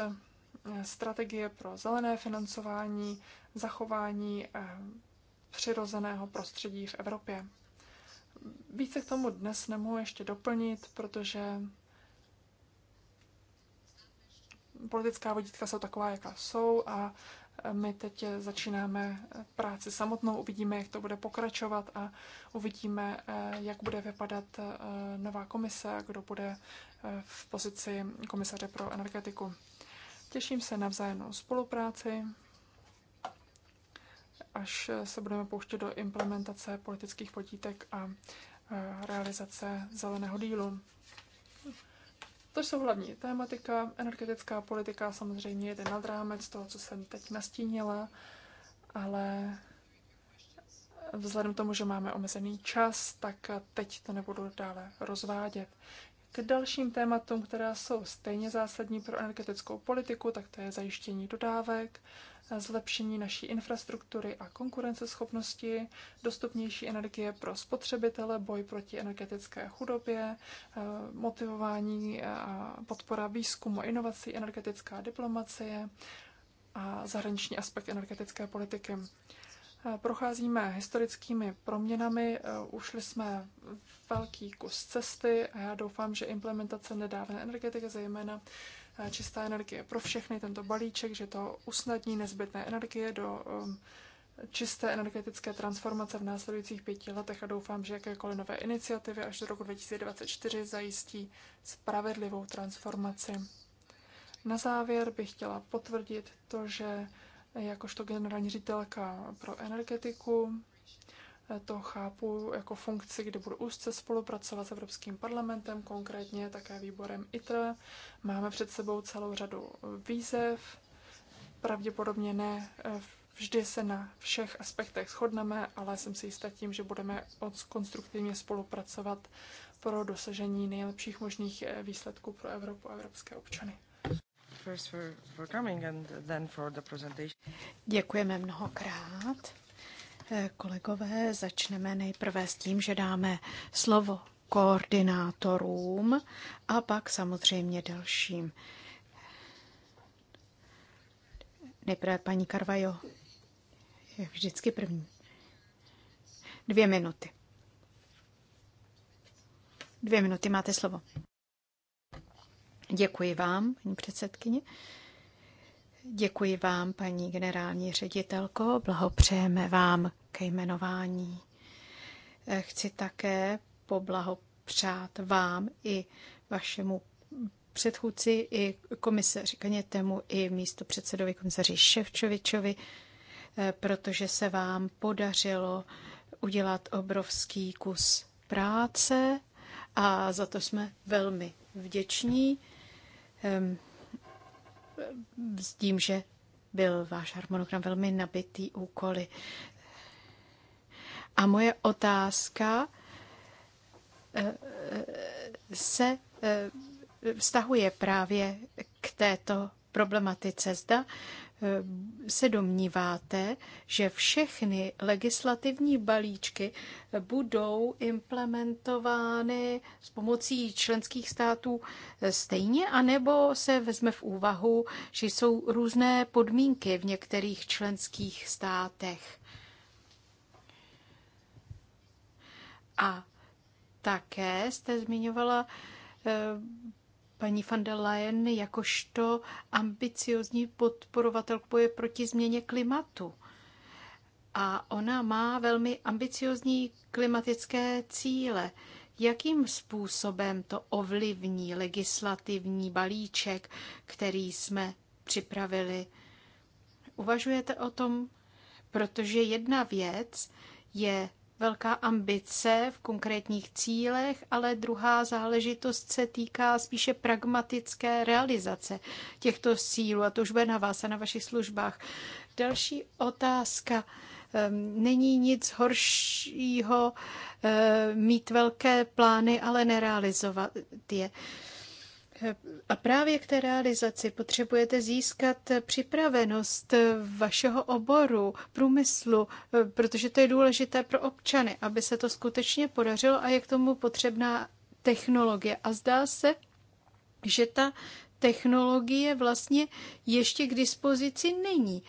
strategie pro zelené financování, zachování přirozeného prostředí v Evropě. Více k tomu dnes nemohu ještě doplnit, protože politická vodítka jsou taková, jaká jsou a e, my teď začínáme práci samotnou, uvidíme, jak to bude pokračovat a uvidíme, e, jak bude vypadat e, nová komise a kdo bude v pozici komisaře pro energetiku. Těším se na vzájemnou spolupráci, až se budeme pouštět do implementace politických podítek a realizace zeleného dílu. To jsou hlavní tématika. Energetická politika samozřejmě jde nad rámec toho, co jsem teď nastínila, ale vzhledem k tomu, že máme omezený čas, tak teď to nebudu dále rozvádět. K dalším tématům, která jsou stejně zásadní pro energetickou politiku, tak to je zajištění dodávek, zlepšení naší infrastruktury a konkurenceschopnosti, dostupnější energie pro spotřebitele, boj proti energetické chudobě, eh, motivování eh, a podpora výzkumu a inovací, energetická diplomacie a zahraniční aspekt energetické politiky. Procházíme historickými proměnami, ušli jsme velký kus cesty a já doufám, že implementace nedávné energetiky, zejména eh, čistá energie pro všechny, tento balíček, že to usnadní nezbytné energie do um, čisté energetické transformace v následujících pěti letech a doufám, že jakékoliv nové iniciativy až do roku 2024 zajistí spravedlivou transformaci. Na závěr bych chtěla potvrdit to, že jakožto generální ředitelka pro energetiku. To chápu jako funkci, kde budu úzce spolupracovat s Evropským parlamentem, konkrétně také výborem ITR. Máme před sebou celou řadu výzev, pravděpodobně ne eh, vždy se na všech aspektech shodneme, ale jsem si jistá tím, že budeme konstruktivně spolupracovat pro dosažení nejlepších možných eh, výsledků pro Evropu a evropské občany. Děkujeme mnohokrát. Eh, kolegové, začneme nejprve s tím, že dáme slovo koordinátorům a pak samozřejmě dalším. Nejprve paní Karvajo je vždycky první. Dvě minuty. Dvě minuty máte slovo. Děkuji vám, paní předsedkyně. Děkuji vám, paní generální ředitelko. Blahopřejeme vám ke jmenování. Chci také poblahopřát vám i vašemu předchůdci, i komisaři Kanětemu, i místo předsedovi komisaři Ševčovičovi, protože se vám podařilo udělat obrovský kus práce a za to jsme velmi vděční s tím, že byl váš harmonogram velmi nabitý úkoly. A moje otázka eh, eh, se eh, vztahuje právě k této problematice. Zda Eh, se domníváte, že všechny legislativní balíčky budou implementovány s pomocí členských států eh, stejně, anebo se vezme v úvahu, že jsou různé podmínky v některých členských státech? A také jste zmiňovala eh, paní van der Leyen jakožto ambiciozní podporovatel boje proti změně klimatu. A ona má velmi ambiciozní klimatické cíle. Jakým způsobem to ovlivní legislativní balíček, který jsme připravili? Uvažujete o tom? Protože jedna věc je velká ambice v konkrétních cílech, ale druhá záležitost se týká spíše pragmatické realizace těchto cílů a to už bude na vás a na vašich službách. Další otázka. Ehm, není nic horšího ehm, mít velké plány, ale nerealizovat je. A právě k té realizaci potřebujete získat připravenost vašeho oboru, průmyslu, protože to je důležité pro občany, aby se to skutečně podařilo a je k tomu potřebná technologie. A zdá se, že ta technologie vlastně ještě k dispozici není.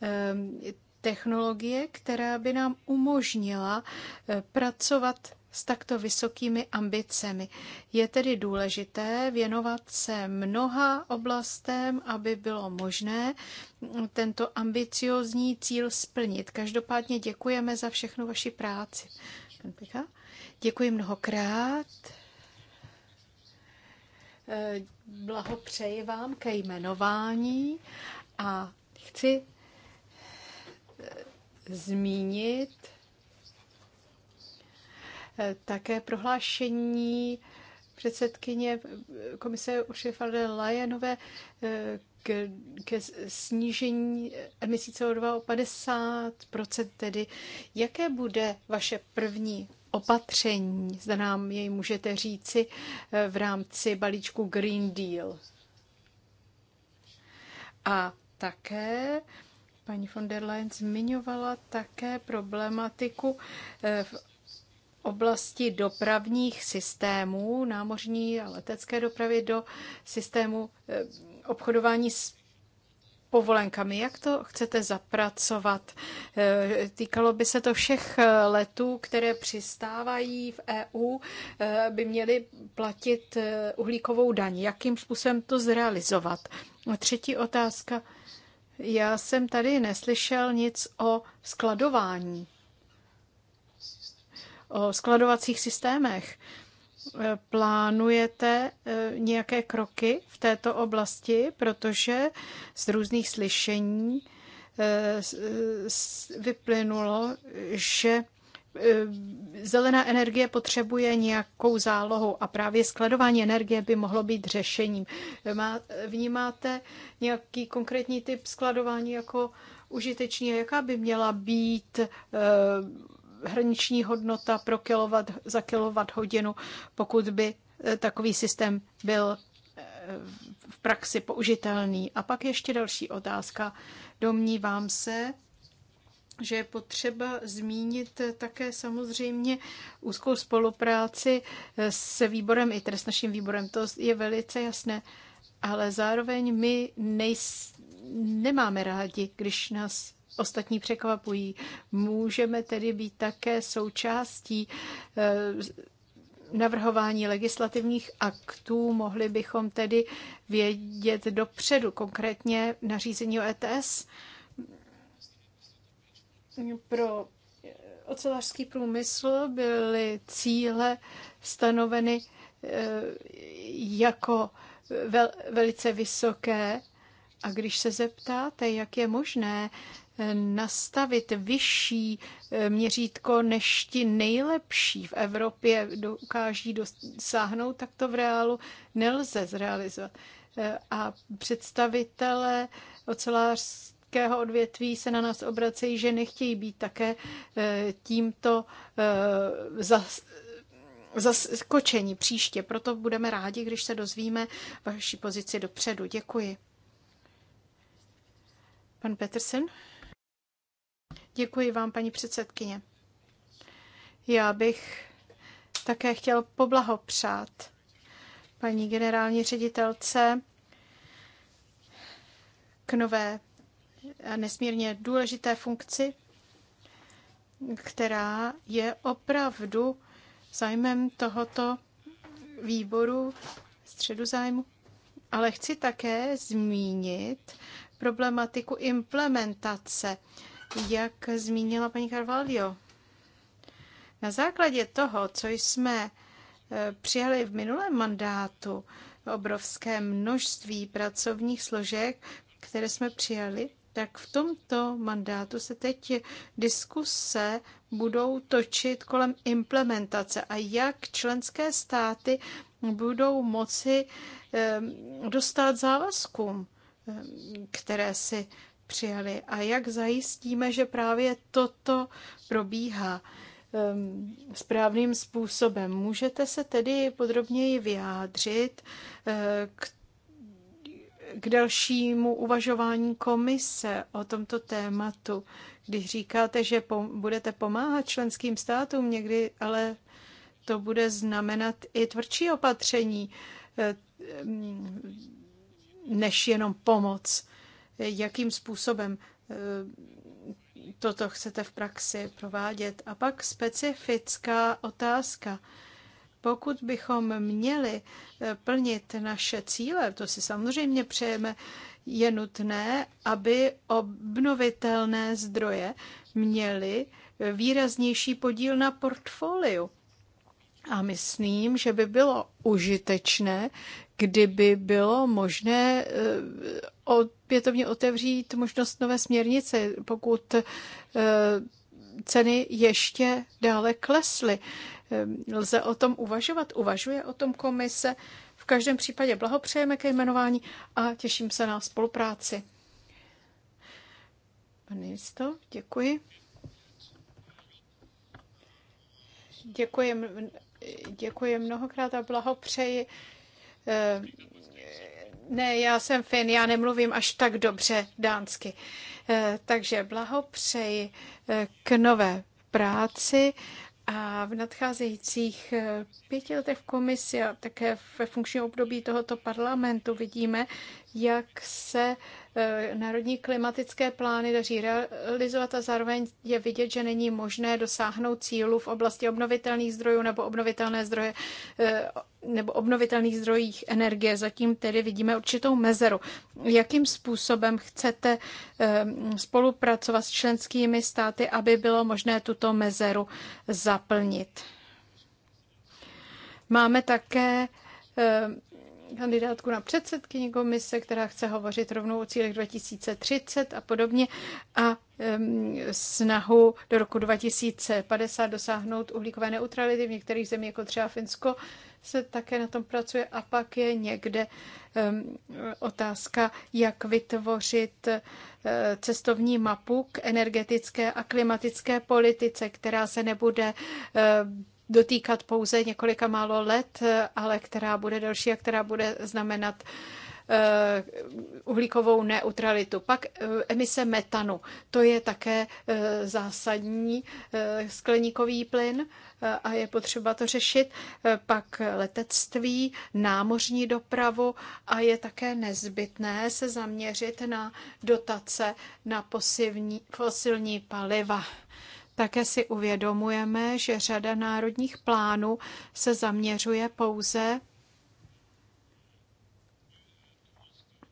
Ehm, technologie, která by nám umožnila eh, pracovat s takto vysokými ambicemi. Je tedy důležité věnovat se mnoha oblastem, aby bylo možné tento ambiciozní cíl splnit. Každopádně děkujeme za všechnu vaši práci. Děkuji mnohokrát. Blahopřeji vám ke jmenování a chci eh, zmínit, Eh, také prohlášení předsedkyně komise Ursula von Lajenové eh, ke, ke snížení emisí CO2 o 50 tedy. Jaké bude vaše první opatření, zda nám jej můžete říci, eh, v rámci balíčku Green Deal? A také paní von der Leyen zmiňovala také problematiku v oblasti dopravních systémů, námořní a letecké dopravy, do systému eh, obchodování s povolenkami. Jak to chcete zapracovat? Eh, týkalo by se to všech eh, letů, které přistávají v EU, by měly platit uhlíkovou daň. Jakým způsobem to zrealizovat? Třetí otázka. Já jsem tady neslyšel nic o skladování o skladovacích systémech. E, plánujete e, nějaké kroky v této oblasti, protože z různých slyšení e, vyplynulo, že zelená energie potřebuje nějakou zálohu a právě skladování energie by mohlo být řešením. vnímáte nějaký konkrétní typ skladování jako užitečný? Jaká by měla být hraniční hodnota pro kilowatt, za kilovat hodinu, pokud by eh, takový systém byl eh, v praxi použitelný. A pak ještě další otázka. Domnívám se, že je potřeba zmínit také samozřejmě úzkou spolupráci eh, s výborem i s naším výborem. To je velice jasné. Ale zároveň my nejs- nemáme rádi, když nás ostatní překvapují. Můžeme tedy být také součástí eh, navrhování legislativních aktů mohli bychom tedy vědět dopředu, konkrétně nařízení o ETS. Pro eh, ocelářský průmysl byly cíle stanoveny eh, jako vel, velice vysoké. A když se zeptáte, jak je možné, nastavit vyšší eh, měřítko než ti nejlepší v Evropě dokáží dosáhnout, tak to v reálu nelze zrealizovat. Eh, a představitelé ocelářského odvětví se na nás obracejí, že nechtějí být také eh, tímto zas, zaskočení příště. Proto budeme rádi, když se dozvíme vaši pozici dopředu. Děkuji. Pan Petersen? Děkuji vám, paní předsedkyně. Já bych také chtěl poblahopřát paní generální ředitelce k nové a nesmírně důležité funkci, která je opravdu zájmem tohoto výboru středu zájmu. Ale chci také zmínit problematiku implementace jak zmínila paní Carvalho. Na základě toho, co jsme e, přijali v minulém mandátu, obrovské množství pracovních složek, které jsme přijali, tak v tomto mandátu se teď diskuse budou točit kolem implementace a jak členské státy budou moci e, dostat závazkům, e, které si přijali a jak zajistíme, že právě toto probíhá ehm, správným způsobem. Můžete se tedy podrobněji vyjádřit eh, k, k dalšímu uvažování komise o tomto tématu, když říkáte, že pom- budete pomáhat členským státům někdy, ale to bude znamenat i tvrdší opatření eh, ehm, než jenom pomoc jakým způsobem eh, toto chcete v praxi provádět. A pak specifická otázka. Pokud bychom měli eh, plnit naše cíle, to si samozřejmě přejeme, je nutné, aby obnovitelné zdroje měly eh, výraznější podíl na portfoliu. A myslím, že by bylo užitečné, kdyby bylo možné eh, opětovně otevřít možnost nové směrnice, pokud eh, ceny ještě dále klesly. Eh, lze o tom uvažovat, uvažuje o tom komise. V každém případě blahopřejeme ke jmenování a těším se na spolupráci. Pane Jisto, děkuji. Děkuji, děkuji mnohokrát a blahopřeji Eh, ne, já jsem Fin, já nemluvím až tak dobře dánsky. Eh, takže blahopřeji eh, k nové práci a v nadcházejících pěti letech v komisi a také ve funkčním období tohoto parlamentu vidíme, jak se e, národní klimatické plány daří realizovat a zároveň je vidět, že není možné dosáhnout cílů v oblasti obnovitelných zdrojů nebo obnovitelné zdroje e, nebo obnovitelných zdrojích energie. Zatím tedy vidíme určitou mezeru. Jakým způsobem chcete e, spolupracovat s členskými státy, aby bylo možné tuto mezeru zaplnit? Máme také kandidátku na předsedkyni komise, která chce hovořit rovnou o cílech 2030 a podobně a snahu do roku 2050 dosáhnout uhlíkové neutrality v některých zemích, jako třeba Finsko, se také na tom pracuje a pak je někde um, otázka, jak vytvořit uh, cestovní mapu k energetické a klimatické politice, která se nebude uh, dotýkat pouze několika málo let, ale která bude další a která bude znamenat eh, uhlíkovou neutralitu. Pak eh, emise metanu, to je také eh, zásadní skleníkový plyn a je potřeba to řešit. Pak letectví, námořní dopravu a je také nezbytné se zaměřit na dotace na posivní, fosilní paliva. Také si uvědomujeme, že řada národních plánů se zaměřuje pouze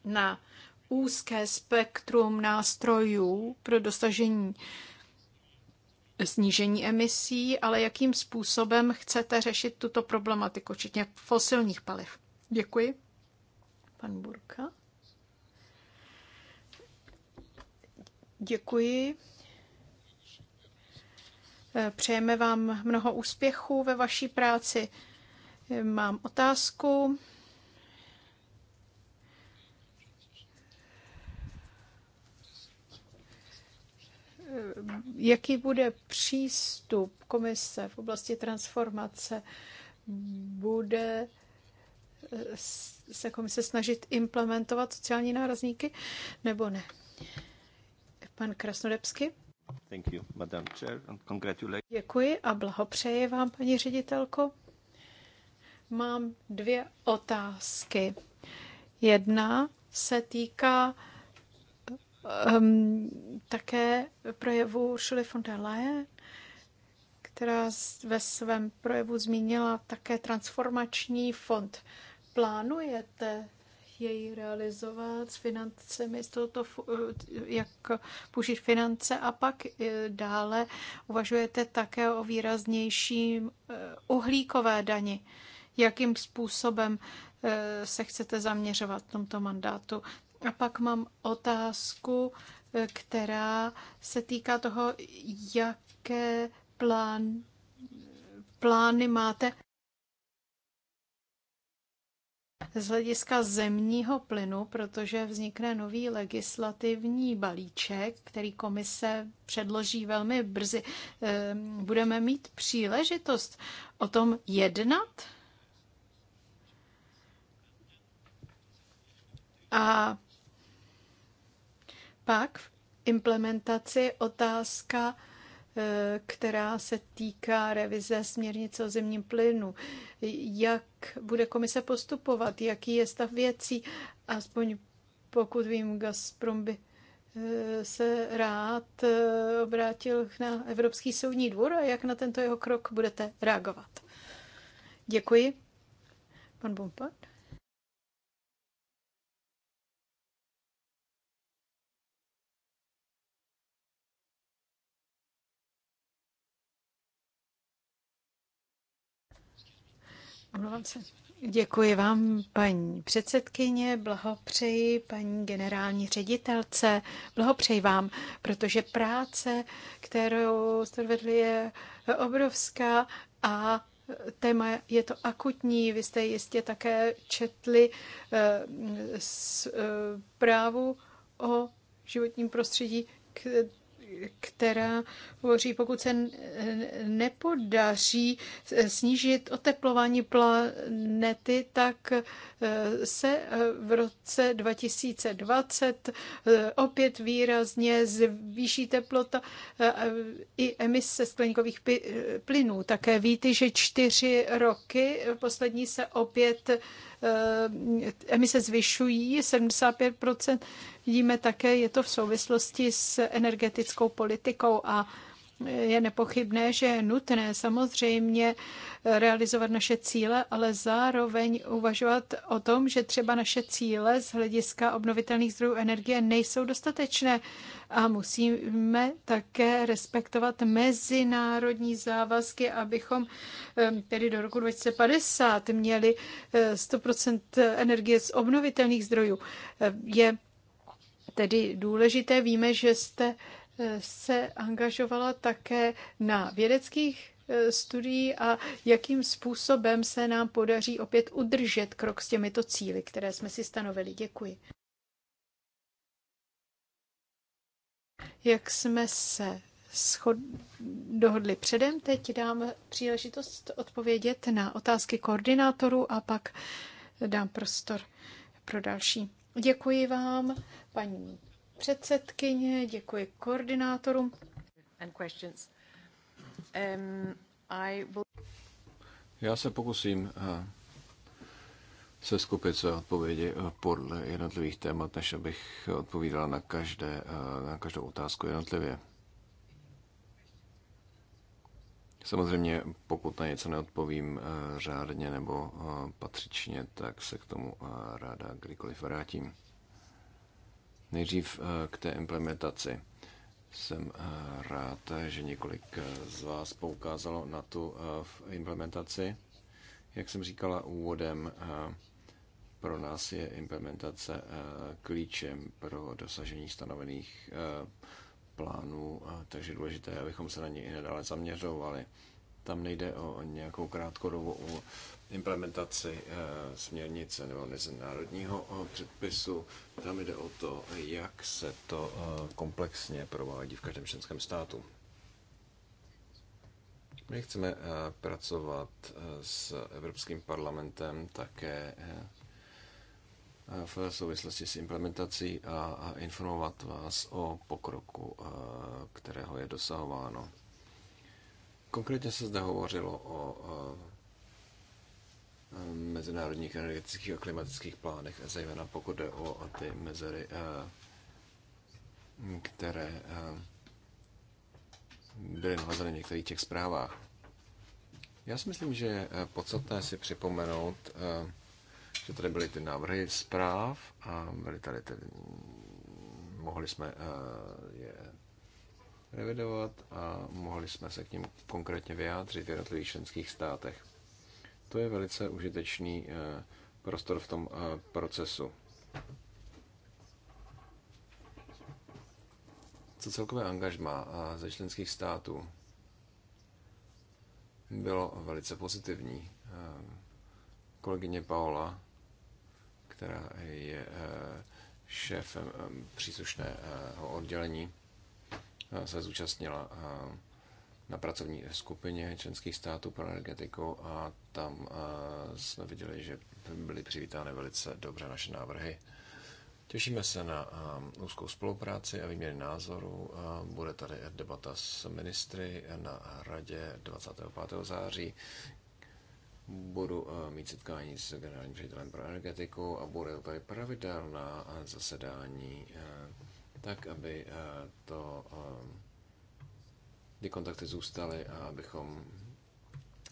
na úzké spektrum nástrojů pro dosažení snížení emisí, ale jakým způsobem chcete řešit tuto problematiku, včetně fosilních paliv. Děkuji. Pan Burka. Děkuji. Přejeme vám mnoho úspěchů ve vaší práci. Mám otázku. Jaký bude přístup komise v oblasti transformace? Bude eh, se komise snažit implementovat sociální nárazníky nebo ne? Pan Krasnodebsky? Děkuji a blahopřeji vám, paní ředitelko. Mám dvě otázky. Jedna se týká um, také projevu Ursula von der Leyen, která ve svém projevu zmínila také transformační fond. Plánujete jej realizovat s financemi, z tohoto, eh, jak použít finance a pak eh, dále uvažujete také o výraznějším eh, uhlíkové dani. Jakým způsobem se chcete zaměřovat v tomto mandátu? A pak mám otázku, která se týká toho, jaké plán, plány máte z hlediska zemního plynu, protože vznikne nový legislativní balíček, který komise předloží velmi brzy. Ehm, budeme mít příležitost o tom jednat? A pak v implementaci otázka Eh, která se týká revize směrnice o zemním plynu. Jak bude komise postupovat, jaký je stav věcí, aspoň pokud vím, Gazprom by eh, se rád eh, obrátil na Evropský soudní dvůr a jak na tento jeho krok budete reagovat. Děkuji. Pan Bumpard. Děkuji vám, paní předsedkyně, blahopřeji paní generální ředitelce, blahopřeji vám, protože práce, kterou jste vedli, je obrovská a téma je to akutní. Vy jste jistě také četli eh, eh, zprávu o životním prostředí, která hovoří, pokud se nepodaří snížit oteplování planety, tak e, se e, v roce 2020 e, opět výrazně zvýší teplota i emise skleníkových plynů. Také víte, že čtyři roky poslední se opět Eh, emise zvyšují 75%. Vidíme také, je to v souvislosti s energetickou politikou a je nepochybné, že je nutné samozřejmě realizovat naše cíle, ale zároveň uvažovat o tom, že třeba naše cíle z hlediska obnovitelných zdrojů energie nejsou dostatečné a musíme také respektovat mezinárodní závazky, abychom tedy do roku 2050 měli 100% eh, energie z obnovitelných zdrojů. Eh, je tedy důležité, víme, že jste se angažovala také na vědeckých e, studií a jakým způsobem se nám podaří opět udržet krok s těmito cíly, které jsme si stanovili. Děkuji. Jak jsme se schod... dohodli předem, teď dám příležitost odpovědět na otázky koordinátoru a pak dám prostor pro další. Děkuji vám, paní předsedkyně, děkuji koordinátorům. Um, Já se pokusím eh, se skupit své odpovědi eh, podle jednotlivých témat, než abych odpovídala na, každé, eh, na každou otázku jednotlivě. Samozřejmě, pokud na něco neodpovím řádně nebo patřičně, tak se k tomu ráda kdykoliv vrátím. Nejdřív eh, k té implementaci. Jsem eh, rád, že několik eh, z vás poukázalo na tu implementaci. Jak jsem říkala úvodem, pro nás je implementace klíčem pro dosažení stanovených plánů, takže důležité, abychom se na ně i nadále zaměřovali. Tam nejde o nějakou krátkodobou implementaci eh, směrnice nebo mezinárodního eh, předpisu. Tam jde o to, jak se to eh, komplexně provádí v každém členském státu. My chceme pracovat s Evropským parlamentem také v souvislosti s implementací a informovat vás o pokroku, kterého je dosahováno. Konkrétně se zde hovořilo o mezinárodních energetických a klimatických plánech, zejména pokud jde o ty mezery, které byly nalezeny v některých těch zprávách. Já si myslím, že je podstatné si připomenout, že tady byly ty návrhy zpráv a byly tady ty, mohli jsme je revidovat a mohli jsme se k ním konkrétně vyjádřit v jednotlivých členských státech. To je velice užitečný eh, prostor v tom eh, procesu. Co celkové angažma eh, ze členských států bylo velice pozitivní. Kolegyně Paola, která je šéfem příslušného oddělení, se zúčastnila na pracovní skupině členských států pro energetiku a tam eh, jsme viděli, že byly přivítány velice dobře naše návrhy. Těšíme se na eh, úzkou spolupráci a výměny názorů. Eh, bude tady debata s ministry na radě 25. září. Budu mít setkání s generálním ředitelem pro energetiku a bude tady pravidelná zasedání tak, aby to ty kontakty zůstaly a abychom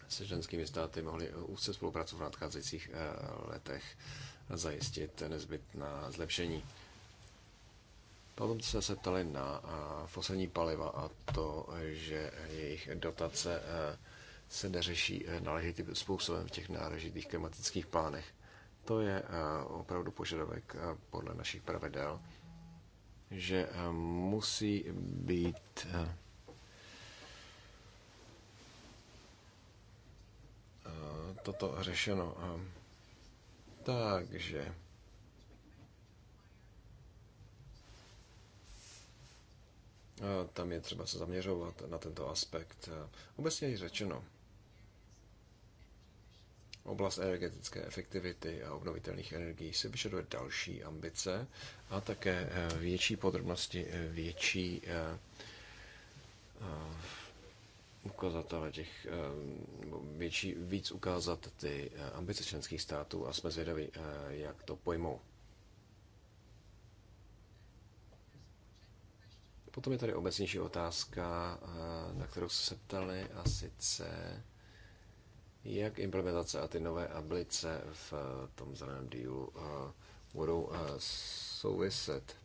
se ženskými státy mohli eh, úzce spolupracovat v nadcházejících eh, letech a zajistit nezbytná zlepšení. Potom se se ptali na eh, fosilní paliva a to, že jejich dotace se neřeší náležitým způsobem v těch náležitých klimatických plánech. To je opravdu požadavek podle našich pravidel, že musí být Eh, toto řešeno. Takže. Tam je třeba se zaměřovat na tento aspekt. Obecně je řečeno, Oblast energetické efektivity a obnovitelných energií se vyžaduje další ambice a také eh, větší podrobnosti, eh, větší ukazatele těch, eh, větší, víc ukázat ty eh, ambice členských států a jsme zvědaví, eh, jak to pojmou. Potom je tady obecnější otázka, na kterou jsme se ptali, a sice jak implementace a ty nové ablice v tom zeleném dílu budou souviset.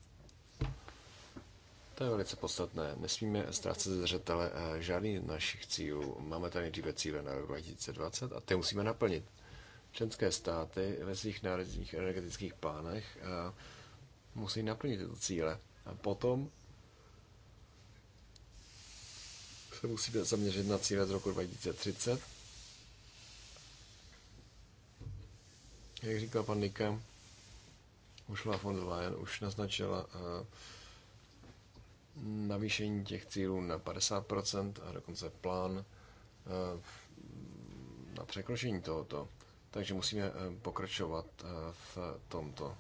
To je velice podstatné. Nesmíme ztrácet zřetele eh, žádný z našich cílů. Máme tady nejdříve cíle na rok 2020 a ty musíme naplnit. Členské státy ve svých národních energetických plánech eh, musí naplnit tyto cíle. A potom se musíme zaměřit na cíle z roku 2030. Jak říkal pan Nika, už von der Leyen už naznačila uh, navýšení těch cílů na 50% a dokonce plán eh, na překročení tohoto. Takže musíme eh, pokračovat eh, v tomto.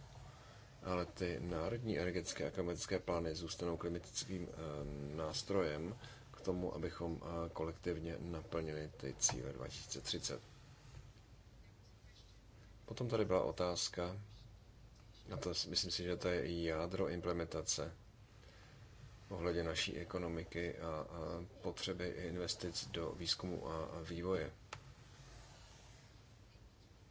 Ale ty národní energetické a klimatické plány zůstanou klimatickým nástrojem k tomu, abychom kolektivně naplnili ty cíle 2030. Potom tady byla otázka, a to myslím si, že to je jádro implementace ohledně naší ekonomiky a potřeby investic do výzkumu a vývoje.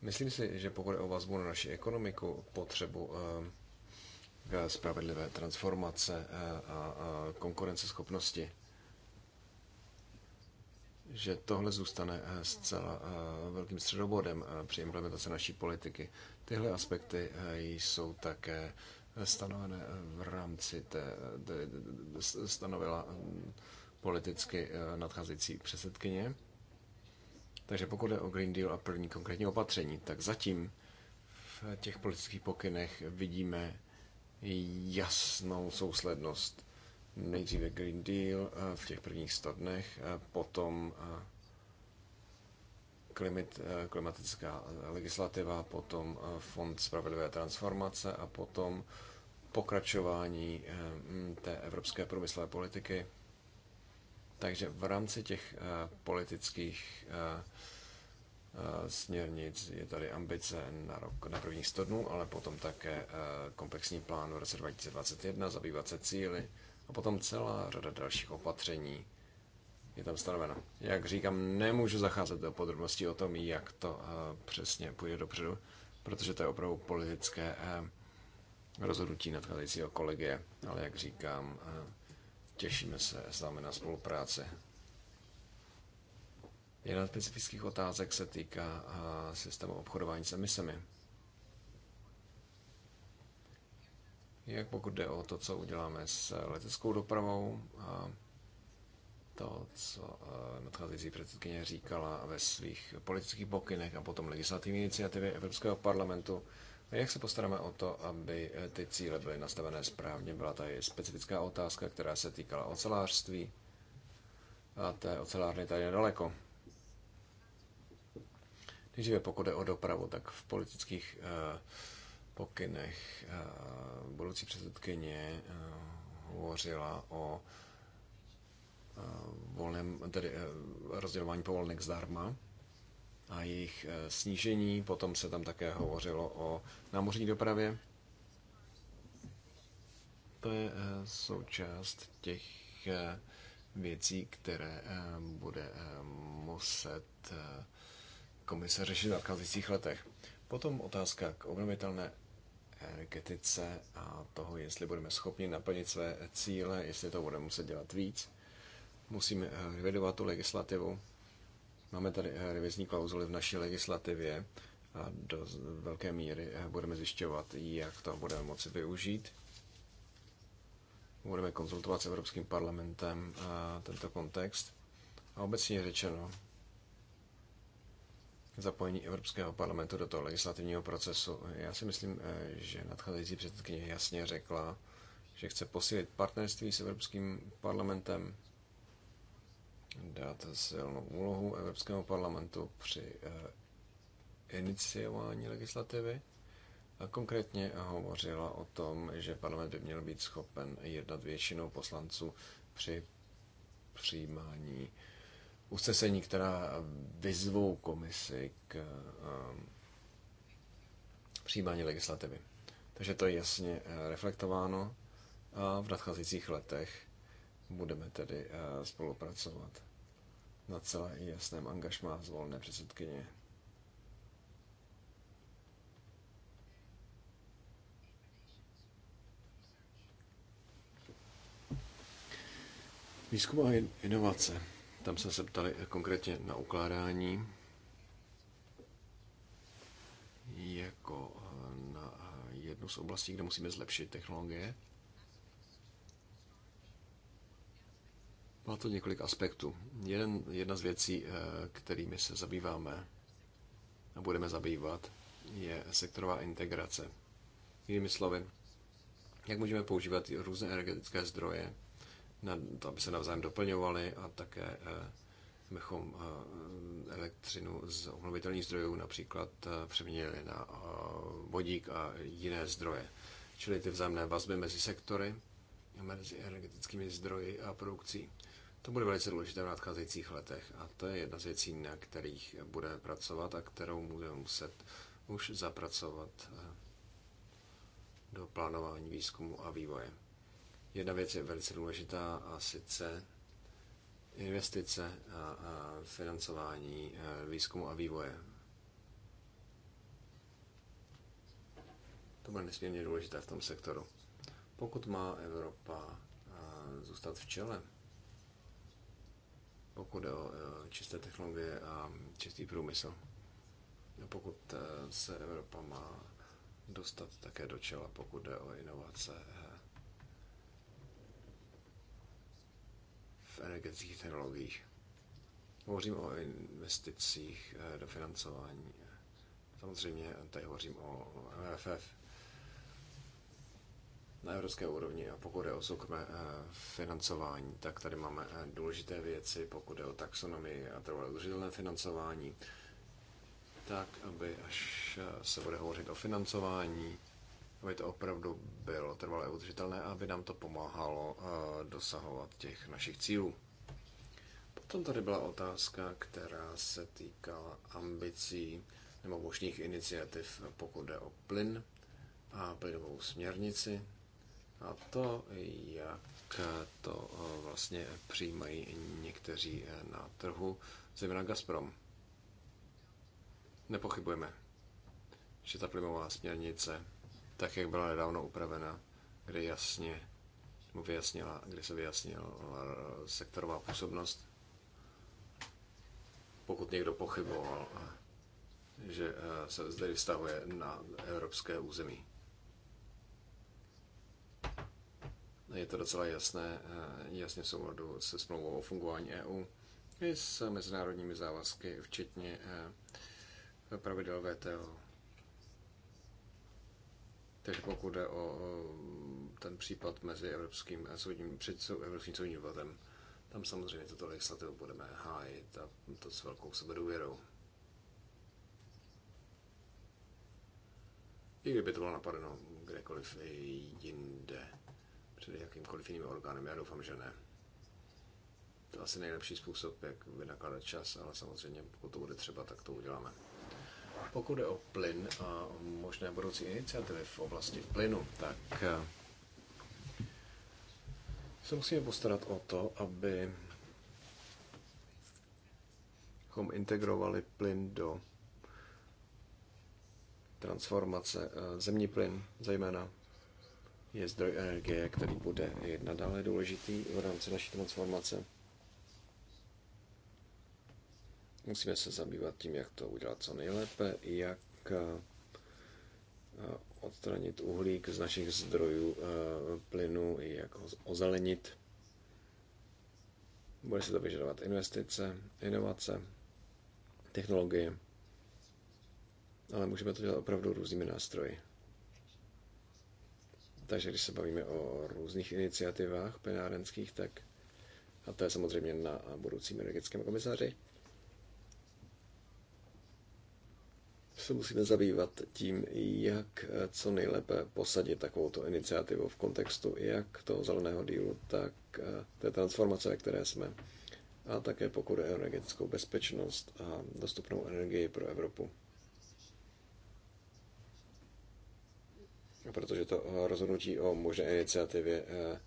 Myslím si, že pokud je o vazbu na naši ekonomiku, potřebu eh, k spravedlivé transformace eh, a konkurenceschopnosti, že tohle zůstane eh, zcela velkým středobodem při implementaci naší politiky. Tyhle aspekty jsou také stanovené eh, v rámci té, stanovila eh, politicky eh, nadcházející předsedkyně. Takže pokud je o Green Deal a první konkrétní opatření, tak zatím v těch politických pokynech vidíme jasnou souslednost. Nejdříve Green Deal v těch prvních sto dnech, potom klimat, eh, klimatická legislativa, potom eh, Fond spravedlivé transformace a potom pokračování eh, té evropské průmyslové politiky. Takže v rámci těch politických směrnic je tady ambice na rok na prvních 100 dnů, ale potom také komplexní plán v roce 2021, zabývat se cíly a potom celá řada dalších opatření, je tam stanovena. Jak říkám, nemůžu zacházet do podrobností o tom, jak to eh, přesně půjde dopředu, protože to je opravdu politické eh, rozhodnutí nadcházejícího kolegie, ale jak říkám, eh, těšíme se s vámi na spolupráci. Jedna z specifických otázek se týká systému obchodování s emisemi. Jak pokud jde o to, co uděláme s leteckou dopravou, uh, to, co eh, nadcházející předsedkyně říkala ve svých politických pokynech a potom legislativní iniciativy Evropského parlamentu. Jak se postaráme o to, aby eh, ty cíle byly nastavené správně? Byla tady specifická otázka, která se týkala ocelářství a té ocelárny tady nedaleko. Nejdříve pokud jde o dopravu, tak v politických eh, pokynech budoucí předsedkyně hovořila o volném, tedy eh, rozdělování povolenek zdarma a jejich eh, snížení. Potom se tam také hovořilo o námořní dopravě. To je eh, součást těch věcí, které bude muset komise řešit v nadcházejících letech. Potom otázka k obnovitelné energetice a toho, jestli budeme schopni naplnit své cíle, jestli to budeme muset dělat víc musíme eh, revidovat tu legislativu. Máme tady eh, revizní klauzuly v naší legislativě a do velké míry eh, budeme zjišťovat, jak to budeme moci využít. Budeme konzultovat s Evropským parlamentem tento kontext. A obecně řečeno, zapojení Evropského parlamentu do toho legislativního procesu. Já si myslím, že nadcházející předsedkyně jasně řekla, že chce posílit partnerství s Evropským parlamentem dát silnou úlohu Evropskému parlamentu při eh, iniciování legislativy a konkrétně hovořila o tom, že parlament by měl být schopen jednat většinou poslanců při přijímání usnesení, která vyzvou komisi k eh, přijímání legislativy. Takže to je jasně eh, reflektováno a v nadcházejících letech budeme tedy spolupracovat na celé jasném angažmá zvolené předsedkyně. Výzkum a inovace. Tam jsme se ptali konkrétně na ukládání jako eh, na eh, jednu z oblastí, kde musíme zlepšit technologie. Má to několik aspektů. Jeden, jedna z věcí, eh, kterými se zabýváme a budeme zabývat, je sektorová integrace. Jinými slovy, jak můžeme používat různé energetické zdroje, na to, aby se navzájem doplňovaly a také eh, bychom eh, elektřinu z obnovitelných zdrojů například přeměnili na vodík a jiné zdroje. Čili ty vzájemné vazby mezi sektory, mezi energetickými zdroji a produkcí. To bude velice důležité v nadcházejících letech a to je jedna z věcí, na kterých bude pracovat a kterou budeme muset už zapracovat eh, do plánování výzkumu a vývoje. Jedna věc je velice důležitá a sice investice a, financování eh, výzkumu a vývoje. To bude nesmírně důležité v tom sektoru. Pokud má Evropa eh, zůstat v čele, pokud jde o e, čisté technologie a čistý průmysl. Pokud e, se Evropa má dostat také do čela, pokud jde o inovace e, v energetických technologiích. Hovořím o investicích do financování. Samozřejmě tady hovořím o MFF na evropské úrovni. A pokud je o soukromé eh, financování, tak tady máme eh, důležité věci, pokud je o taxonomii a trvalé udržitelné financování, tak aby až eh, se bude hovořit o financování, aby to opravdu bylo trvalé udržitelné a aby nám to pomáhalo dosahovat těch našich cílů. Potom tady byla otázka, která se týkala ambicí nebo možných iniciativ, pokud jde o plyn a plynovou směrnici a to, jak to eh, vlastně přijímají někteří eh, na trhu, zejména Gazprom. Nepochybujeme, že ta plynová směrnice, tak jak byla nedávno upravena, kde jasně mu vyjasnila, kde se vyjasnila eh, sektorová působnost, pokud někdo pochyboval, že se zde vystavuje na evropské území. Je to docela jasné, eh, jasně v souladu se smlouvou o fungování EU i s mezinárodními závazky, včetně eh, pravidel VTO. Takže pokud jde o ten případ mezi Evropským soudním, před Evropským soudním dvorem, tam samozřejmě tuto legislativu budeme hájit a to s velkou sebedůvěrou. I kdyby to bylo napadeno kdekoliv jinde před jakýmkoliv jiným orgánem. Já doufám, že ne. To je asi nejlepší způsob, jak vynakládat čas, ale samozřejmě, pokud to bude třeba, tak to uděláme. Pokud je o plyn a možné budoucí iniciativy v oblasti plynu, tak eh, se musíme postarat o to, aby abychom integrovali plyn do transformace, eh, zemní plyn zejména je zdroj energie, který bude i nadále důležitý v rámci naší transformace. Musíme se zabývat tím, jak to udělat co nejlépe, jak eh, odstranit uhlík z našich zdrojů eh, plynu, jak ho ozelenit. Bude se to vyžadovat investice, inovace, technologie, ale můžeme to dělat opravdu různými nástroji. Takže když se bavíme o různých iniciativách penárenských, tak a to je samozřejmě na budoucím energetickém komisaři, se musíme zabývat tím, jak co nejlépe posadit takovou iniciativu v kontextu jak toho zeleného dílu, tak eh, té transformace, ve které jsme, a také pokud je energetickou bezpečnost a dostupnou energii pro Evropu. protože to rozhodnutí o možné iniciativě eh,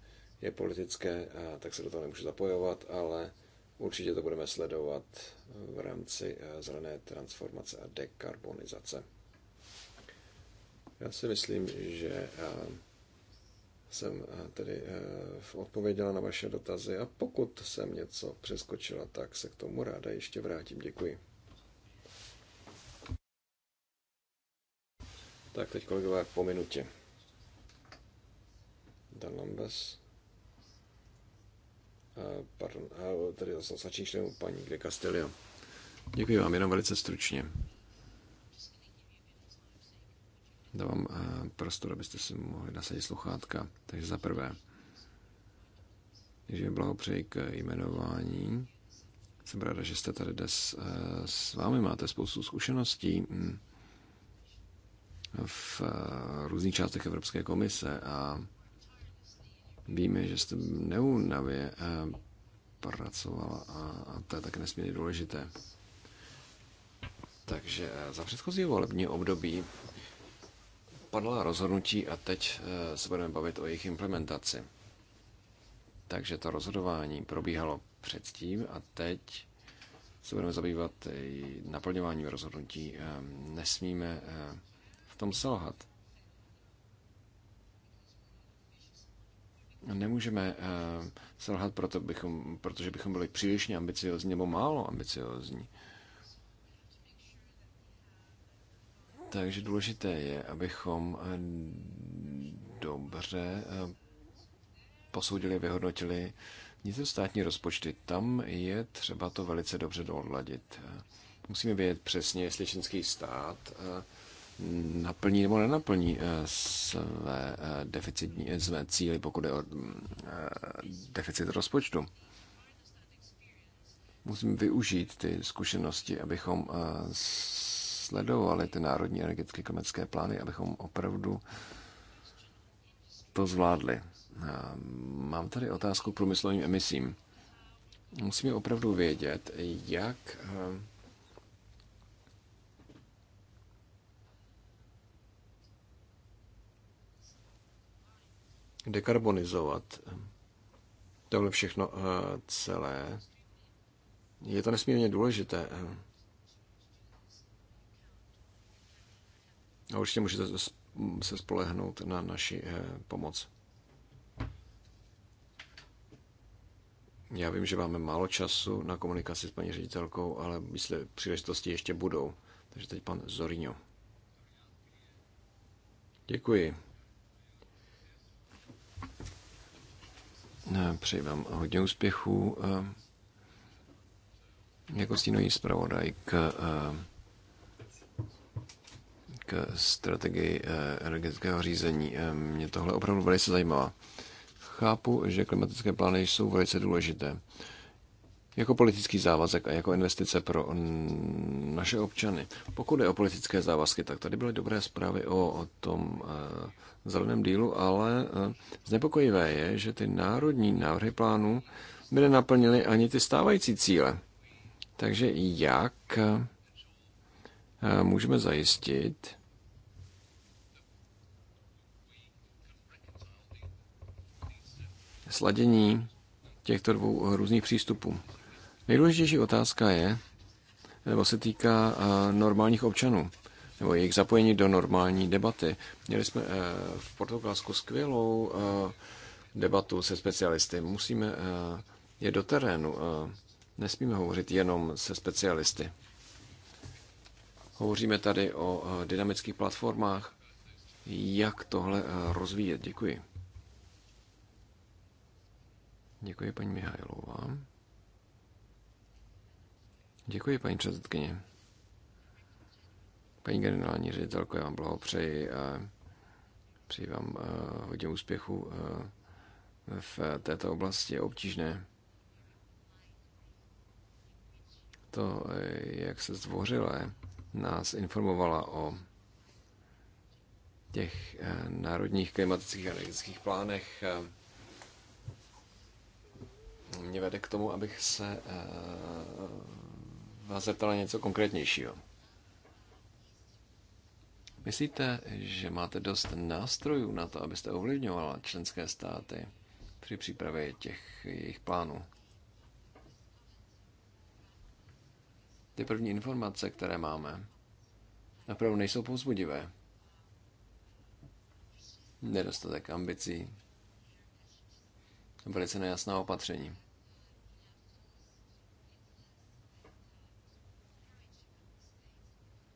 je politické, tak se do toho nemůžu zapojovat, ale určitě to budeme sledovat v rámci eh, zelené transformace a dekarbonizace. Já si myslím, že eh, jsem tedy odpověděla na vaše dotazy a pokud jsem něco přeskočila, tak se k tomu ráda ještě vrátím. Děkuji. Tak teď kolegové po minutě. Dan Lambes. Uh, pardon, uh, eh, tady zase začíná členu paní De Castillo. Děkuji vám, jenom velice stručně. Dávám uh, prostor, abyste si mohli nasadit sluchátka. Takže za prvé, že blahopřeji k jmenování. Jsem ráda, že jste tady dnes s vámi, máte spoustu zkušeností. Mm v eh, různých částech Evropské komise a víme, že jste neúnavě eh, pracovala a to je také nesmírně důležité. Takže eh, za předchozí volební období padla rozhodnutí a teď se budeme bavit o jejich implementaci. Takže to rozhodování probíhalo předtím a teď se budeme zabývat i naplňováním rozhodnutí. Nesmíme tom selhat. Nemůžeme uh, selhat, proto bychom, protože bychom byli přílišně ambiciozní nebo málo ambiciozní. Takže důležité je, abychom eh, dobře eh, posoudili a vyhodnotili vnitrostátní rozpočty. Tam je třeba to velice dobře dohladit. Musíme vědět přesně, jestli členský stát naplní nebo nenaplní eh, své, eh, deficitní, eh, své cíly, pokud je o mm, deficit rozpočtu. musím využít ty zkušenosti, abychom sledovali ty národní energetické klimatické plány, abychom opravdu to zvládli. Mám tady otázku k průmyslovým emisím. Musíme opravdu vědět, jak dekarbonizovat tohle všechno eh, celé, je to nesmírně důležité. A určitě můžete se spolehnout na naši eh, pomoc. Já vím, že máme málo času na komunikaci s paní ředitelkou, ale myslím, příležitosti ještě budou. Takže teď pan Zorino. Děkuji. Přeji vám hodně úspěchů eh, jako stínový zpravodaj k, eh, k strategii eh, energetického řízení. Mě tohle opravdu velice zajímalo. Chápu, že klimatické plány jsou velice důležité jako politický závazek a jako investice pro naše občany. Pokud je o politické závazky, tak tady byly dobré zprávy o, o tom eh, zeleném dílu, ale eh, znepokojivé je, že ty národní návrhy plánů by nenaplnily ani ty stávající cíle. Takže jak eh, můžeme zajistit, sladění těchto dvou různých přístupů. Nejdůležitější otázka je, nebo se týká eh, normálních občanů, nebo jejich zapojení do normální debaty. Měli jsme eh, v Portugalsku skvělou eh, debatu se specialisty. Musíme je do terénu. Nesmíme hovořit jenom se specialisty. Hovoříme tady o dynamických platformách. Jak tohle rozvíjet? Děkuji. Děkuji, paní Mihajlová. Děkuji, paní předsedkyně. Paní generální ředitelko, já vám blahopřeji a přeji vám eh, hodně úspěchu eh, v této oblasti. Je obtížné to, eh, jak se zdvořile nás informovala o těch národních klimatických a energetických plánech mě vede k tomu, abych se vás zeptala něco konkrétnějšího. Myslíte, že máte dost nástrojů na to, abyste ovlivňovala členské státy při přípravě těch jejich plánů? Ty první informace, které máme, opravdu nejsou pouzbudivé. Nedostatek ambicí, velice nejasná opatření.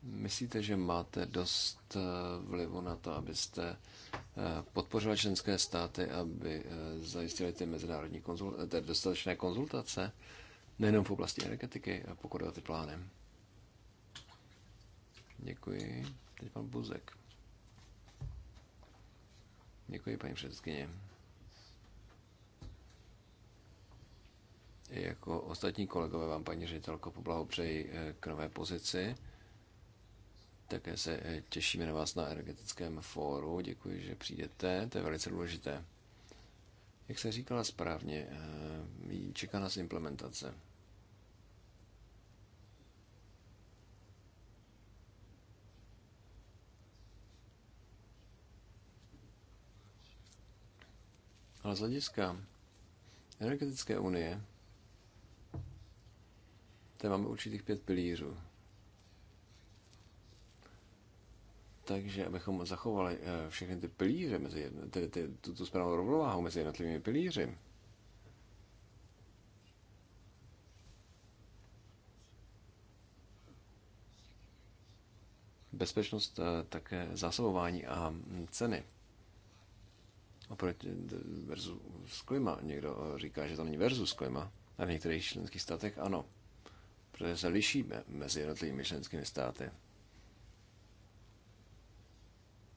Myslíte, že máte dost eh, vlivu na to, abyste eh, podpořila členské státy, aby eh, zajistili ty mezinárodní konzultace, dostatečné konzultace, nejenom v oblasti energetiky, pokud o ty plány? Děkuji. Teď pan Buzek. Děkuji, paní předsedkyně. Jako ostatní kolegové vám, paní ředitelko, poblahopřeji k nové pozici. Také se eh, těšíme na vás na energetickém fóru. Děkuji, že přijdete. To je velice důležité. Jak se říkala správně, eh, čeká nás implementace. Ale z hlediska energetické unie, tady máme určitých pět pilířů. Takže abychom zachovali eh, všechny ty pilíře, mezi, ty, ty, tu, tu správnou rovnováhu mezi jednotlivými pilíři, bezpečnost, eh, také zásobování a hm, ceny. Oproti versus klima. Někdo eh, říká, že to není versus klima. A v některých členských státech ano. Protože se lišíme mezi jednotlivými členskými státy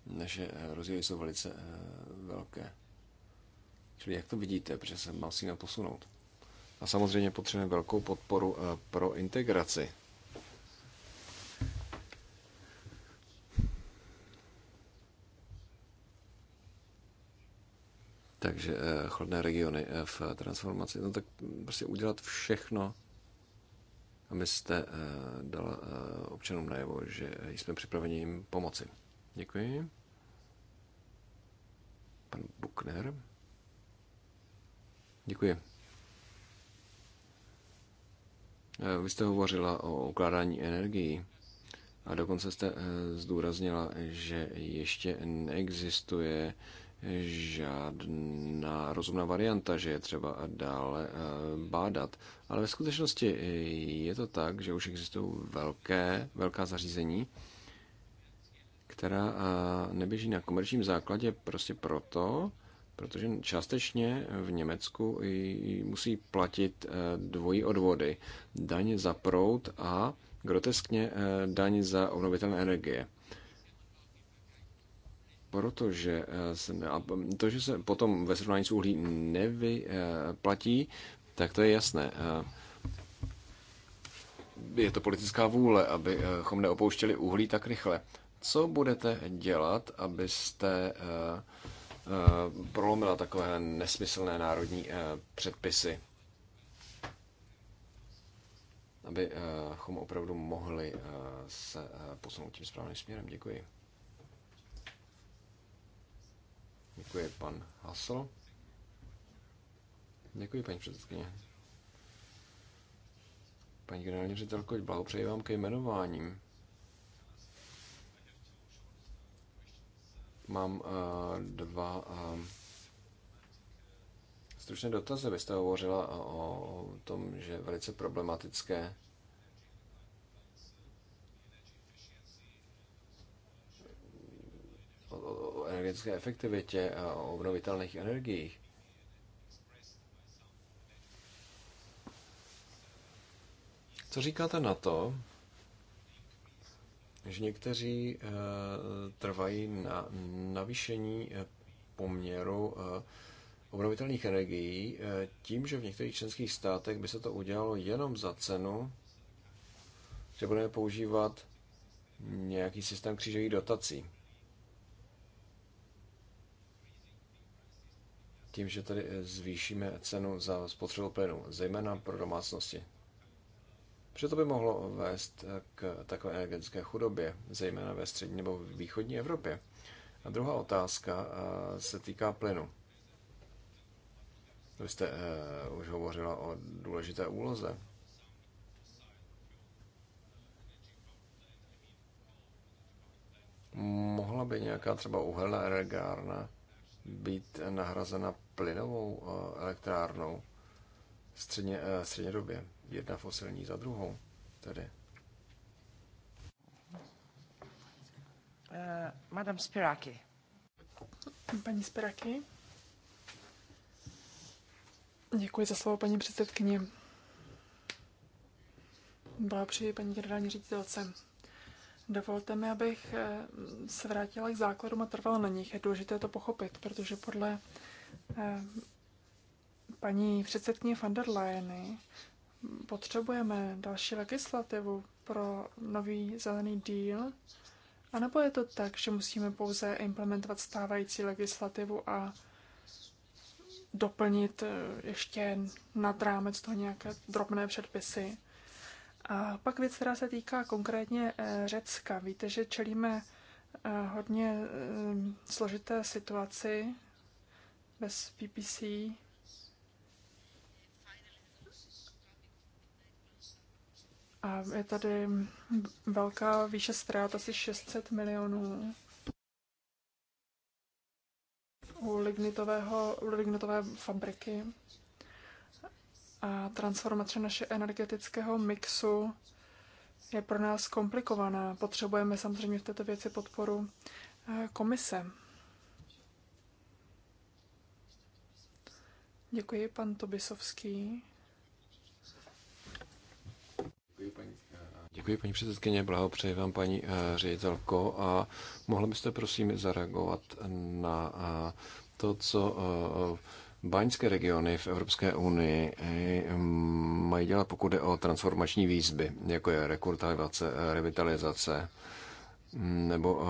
naše eh, rozdíly jsou velice eh, velké. Čili jak to vidíte, protože se mal na posunout. A samozřejmě potřebujeme velkou podporu eh, pro integraci. Takže chladné regiony v transformaci. No tak prostě udělat všechno, abyste dala občanům najevo, že jsme připraveni jim pomoci. Děkuji. Pan Bukner. Děkuji. Eh, vy jste hovořila o ukládání energií a dokonce jste eh, zdůraznila, že ještě neexistuje žádná rozumná varianta, že je třeba dále eh, bádat. Ale ve skutečnosti je to tak, že už existují velké, velká zařízení, která neběží na komerčním základě prostě proto, protože částečně v Německu musí platit e, dvojí odvody. Daň za prout a groteskně e, daň za obnovitelné energie. Protože e, a to, že se potom ve srovnání s uhlí nevyplatí, tak to je jasné. Je to politická vůle, abychom neopouštěli uhlí tak rychle. Co budete dělat, abyste eh, eh, prolomila takové nesmyslné národní eh, předpisy? Abychom opravdu mohli se posunout tím správným směrem. Děkuji. Děkuji, pan Hasl. Děkuji, paní předsedkyně. Paní generální ředitelko, blahopřeji vám ke jmenováním. Mám eh, dva eh, stručné dotazy. Vy jste hovořila eh, o tom, že je velice problematické o energetické efektivitě a o obnovitelných energiích. Co říkáte na to, že někteří eh, trvají na navýšení eh, poměru eh, obnovitelných energií tím, že v některých členských státech by se to udělalo jenom za cenu, že budeme používat nějaký systém křížových dotací. Tím, že tady zvýšíme cenu za spotřebu plynu, zejména pro domácnosti. Protože to by mohlo vést k takové energetické chudobě, zejména ve střední nebo východní Evropě. A druhá otázka se týká plynu. Vy jste e, už hovořila o důležité úloze. Mohla by nějaká třeba uhelná energárna být nahrazena plynovou e, elektrárnou středně, e, středně době? jedna fosilní za druhou. Tedy. Uh, Madame Spiraki. Paní Spiraki. Děkuji za slovo, paní předsedkyně. Blahopřeji paní generální ředitelce. Dovolte mi, abych eh, se vrátila k základům a trvala na nich. Je důležité to pochopit, protože podle eh, paní předsedkyně van der Leyeny potřebujeme další legislativu pro nový zelený díl? A nebo je to tak, že musíme pouze implementovat stávající legislativu a doplnit eh, ještě nad rámec toho nějaké drobné předpisy? A pak věc, která se týká konkrétně eh, Řecka. Víte, že čelíme eh, hodně složité situaci bez PPC, A je tady velká výše ztrát, asi 600 milionů u, lignitového, u lignitové fabriky. A transformace naše energetického mixu je pro nás komplikovaná. Potřebujeme samozřejmě v této věci podporu eh, komise. Děkuji, pan Tobisovský. Děkuji, paní předsedkyně, blahopřeji vám, paní eh, ředitelko. A mohla byste, prosím, zareagovat na eh, to, co eh, báňské regiony v Evropské unii mají dělat, pokud jde o transformační výzby, jako je rekultivace, revitalizace mm, nebo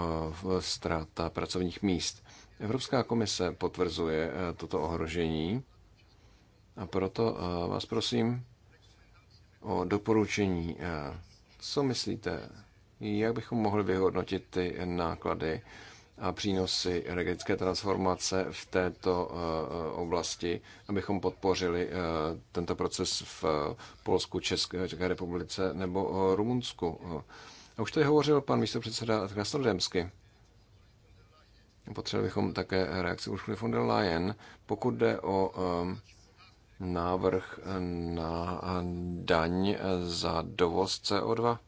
ztráta pracovních míst. Evropská komise potvrzuje toto ohrožení a proto vás prosím o doporučení co myslíte, jak bychom mohli vyhodnotit ty náklady a přínosy energetické transformace v této eh, oblasti, abychom podpořili eh, tento proces v Polsku, České, republice nebo eh, Rumunsku? A už tady hovořil pan místopředseda Krasnodemsky. Potřebovali bychom také reakci Ursula von der Leyen, pokud jde o um, návrh na daň za dovoz CO2?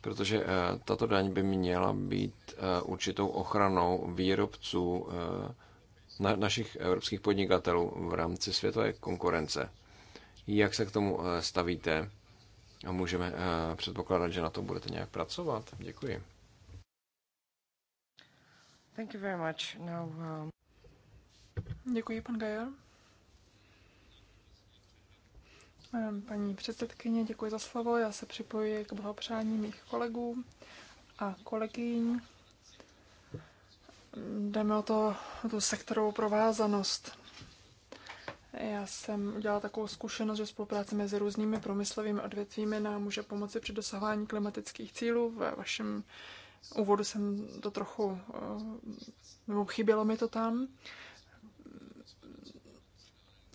Protože eh, tato daň by měla být eh, určitou ochranou výrobců eh, na našich evropských podnikatelů v rámci světové konkurence. Jak se k tomu stavíte? A můžeme předpokládat, že na to budete nějak pracovat. Děkuji. Thank you very much. Now, um... Děkuji, pan Gajer. Paní předsedkyně, děkuji za slovo. Já se připojuji k blahopřání mých kolegů a kolegyň. Jdeme o to, o tu sektorovou provázanost. Já jsem udělala takovou zkušenost, že spolupráce mezi různými průmyslovými odvětvími nám může pomoci při dosahování klimatických cílů. Ve vašem úvodu jsem to trochu, eh, nebo chybělo mi to tam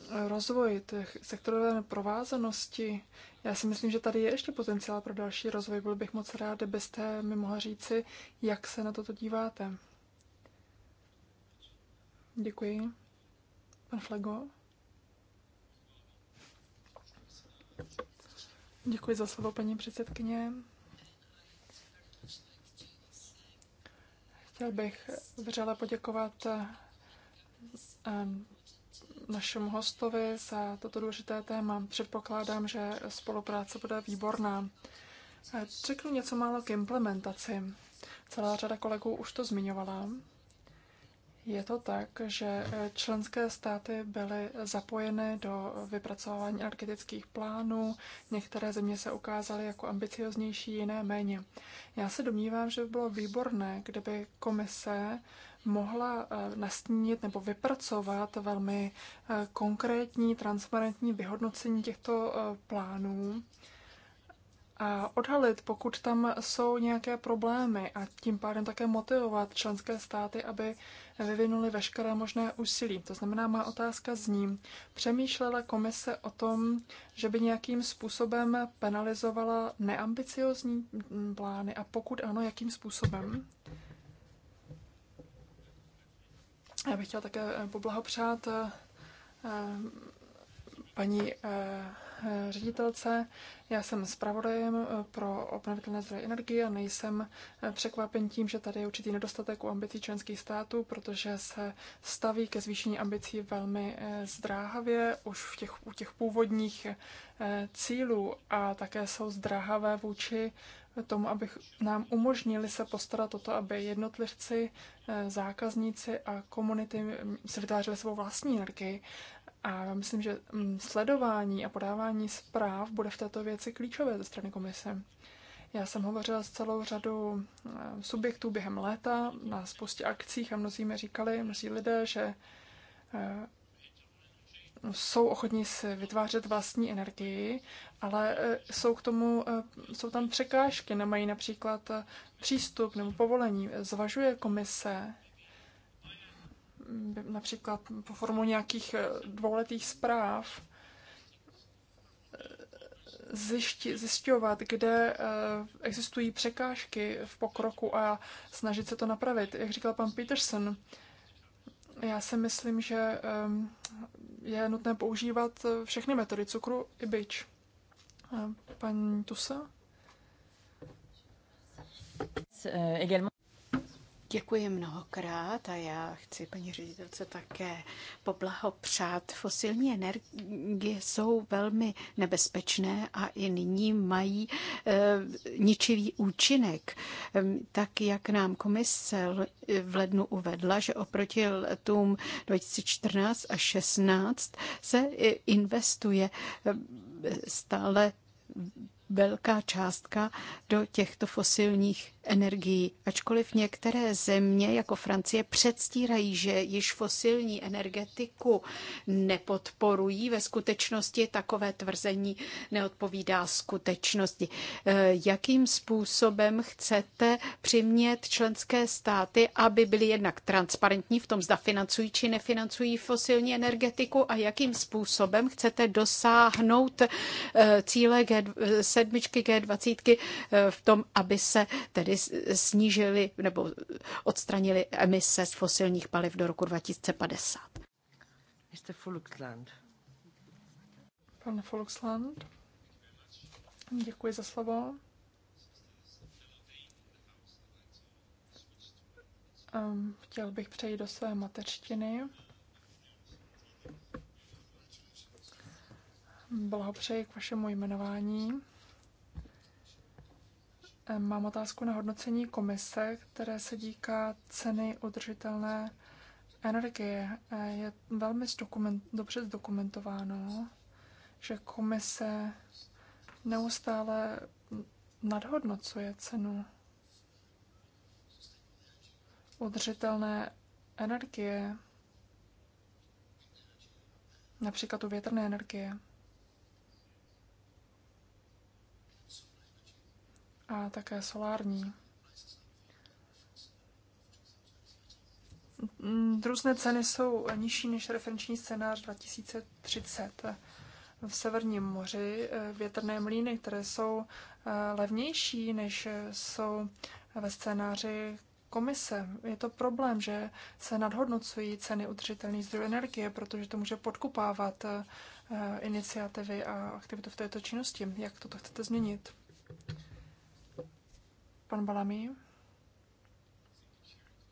rozvoj těch sektorové provázanosti. Já si myslím, že tady je ještě potenciál pro další rozvoj. Byl bych moc rád, kdybyste mi mohla říci, jak se na toto díváte. Děkuji. Pan Flago. Děkuji za slovo, paní předsedkyně. Chtěl bych vřele poděkovat eh, našemu hostovi za toto důležité téma. Předpokládám, že spolupráce bude výborná. Řeknu něco málo k implementaci. Celá řada kolegů už to zmiňovala. Je to tak, že členské státy byly zapojeny do vypracování energetických plánů, některé země se ukázaly jako ambicioznější, jiné méně. Já se domnívám, že by bylo výborné, kdyby komise mohla eh, nastínit nebo vypracovat velmi eh, konkrétní, transparentní vyhodnocení těchto eh, plánů a odhalit, pokud tam jsou nějaké problémy a tím pádem také motivovat členské státy, aby vyvinuli veškeré možné úsilí. To znamená, má otázka z ním. Přemýšlela komise o tom, že by nějakým způsobem penalizovala neambiciozní plány a pokud ano, jakým způsobem? Já bych chtěla také eh, poblahopřát eh, eh, paní ředitelce. Já jsem zpravodajem pro obnovitelné zdroje energie a nejsem překvapen tím, že tady je určitý nedostatek u ambicí členských států, protože se staví ke zvýšení ambicí velmi zdráhavě už v těch, u těch původních cílů a také jsou zdráhavé vůči tomu, aby nám umožnili se postarat o to, aby jednotlivci, eh, zákazníci a komunity mm, si vytvářeli svou vlastní energii. A já myslím, že mm, sledování a podávání zpráv bude v této věci klíčové ze strany komise. Já jsem hovořila s celou řadou eh, subjektů během léta na spoustě akcích a mnozí mi říkali, mnozí lidé, že eh, jsou ochotní si vytvářet vlastní energii, ale e, jsou k tomu, e, jsou tam překážky, nemají například e, přístup nebo povolení. Zvažuje komise například po formu nějakých dvouletých zpráv zjišťovat, kde existují překážky v pokroku a snažit se to napravit. Jak říkal pan Peterson, já si myslím, že ehm, je nutné používat eh, všechny metody cukru i byč. Eh, paní Tusa? Eh, Děkuji mnohokrát a já chci paní ředitelce také poblahopřát. Fosilní energie jsou velmi nebezpečné a i nyní mají e, ničivý účinek. Ehm, tak jak nám komise v lednu uvedla, že oproti letům 2014 a 16 se eh, investuje ehm, stále velká částka do těchto fosilních energií, ačkoliv některé země jako Francie předstírají, že již fosilní energetiku nepodporují, ve skutečnosti takové tvrzení neodpovídá skutečnosti. Eh, jakým způsobem chcete přimět členské státy, aby byly jednak transparentní v tom, zda financují či nefinancují fosilní energetiku a jakým způsobem chcete dosáhnout eh, cíle G7, G20 eh, v tom, aby se tedy snížili nebo odstranili emise z fosilních paliv do roku 2050. Mr. Fulksland. Pan Fulksland. Děkuji za slovo. Ehm, chtěl bych přejít do své mateřtiny. Blahopřeji k vašemu jmenování. Eh, mám otázku na hodnocení komise, které se díká ceny udržitelné energie. Eh, je velmi zdokument, dobře zdokumentováno, že komise neustále nadhodnocuje cenu udržitelné energie, například u větrné energie. a také solární. Různé ceny jsou nižší než referenční scénář 2030. V Severním moři eh, větrné mlýny, které jsou eh, levnější než jsou ve scénáři komise. Je to problém, že se nadhodnocují ceny udržitelných zdrojů energie, protože to může podkupávat eh, iniciativy a aktivitu v této činnosti. Jak toto chcete změnit? pan Balami.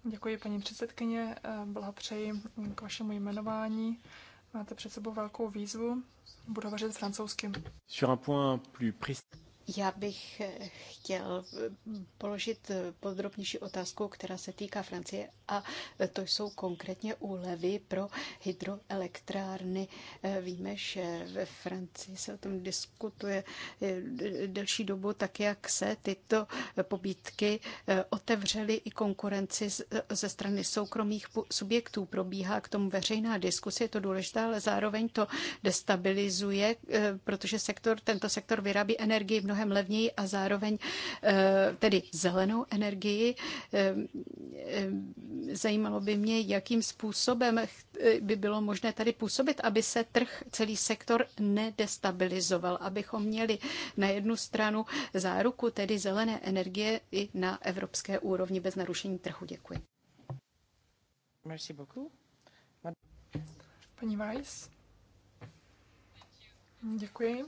Děkuji, paní předsedkyně. Blahopřeji k vašemu jmenování. Máte před sebou velkou výzvu. Budu hovořit francouzsky. Sur un point plus já bych chtěl položit podrobnější otázku, která se týká Francie a to jsou konkrétně úlevy pro hydroelektrárny. Víme, že ve Francii se o tom diskutuje delší dobu, tak jak se tyto pobítky otevřely i konkurenci ze strany soukromých subjektů. Probíhá k tomu veřejná diskuse, je to důležité, ale zároveň to destabilizuje, eh, protože sektor, tento sektor vyrábí energii mnohem mnohem levněji a zároveň eh, tedy zelenou energii. Eh, eh, zajímalo by mě, jakým způsobem by bylo možné tady působit, aby se trh, celý sektor nedestabilizoval, abychom měli na jednu stranu záruku tedy zelené energie i na evropské úrovni bez narušení trhu. Děkuji. Merci beaucoup. Paní Weiss. Děkuji.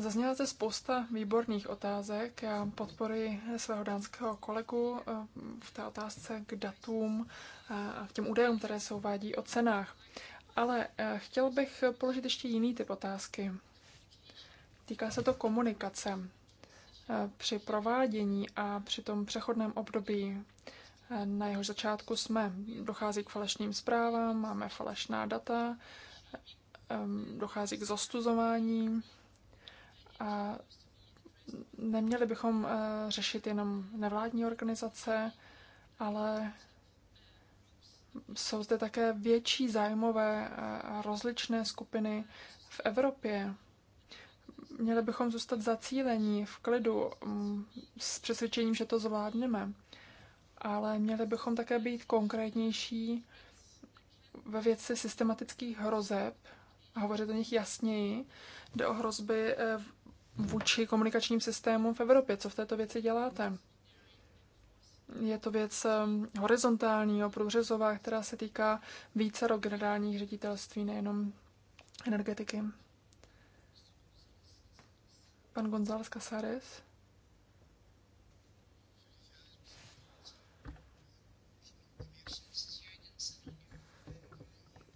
Zazněla zde spousta výborných otázek. Já podporuji svého dánského kolegu eh, v té otázce k datům eh, a k těm údajům, které se uvádí o cenách. Ale eh, chtěl bych položit ještě jiný typ otázky. Týká se to komunikace při provádění a při tom přechodném období. Na jeho začátku jsme, dochází k falešným zprávám, máme falešná data, dochází k zostuzování a neměli bychom eh, řešit jenom nevládní organizace, ale jsou zde také větší zájmové a rozličné skupiny v Evropě. Měli bychom zůstat zacílení v klidu mm, s přesvědčením, že to zvládneme, ale měli bychom také být konkrétnější ve věci systematických hrozeb a hovořit o nich jasněji. Jde o hrozby eh, vůči komunikačním systémům v Evropě. Co v této věci děláte? Je to věc um, horizontální, průřezová, která se týká více rok generálních ředitelství, nejenom energetiky. Pan González Casares.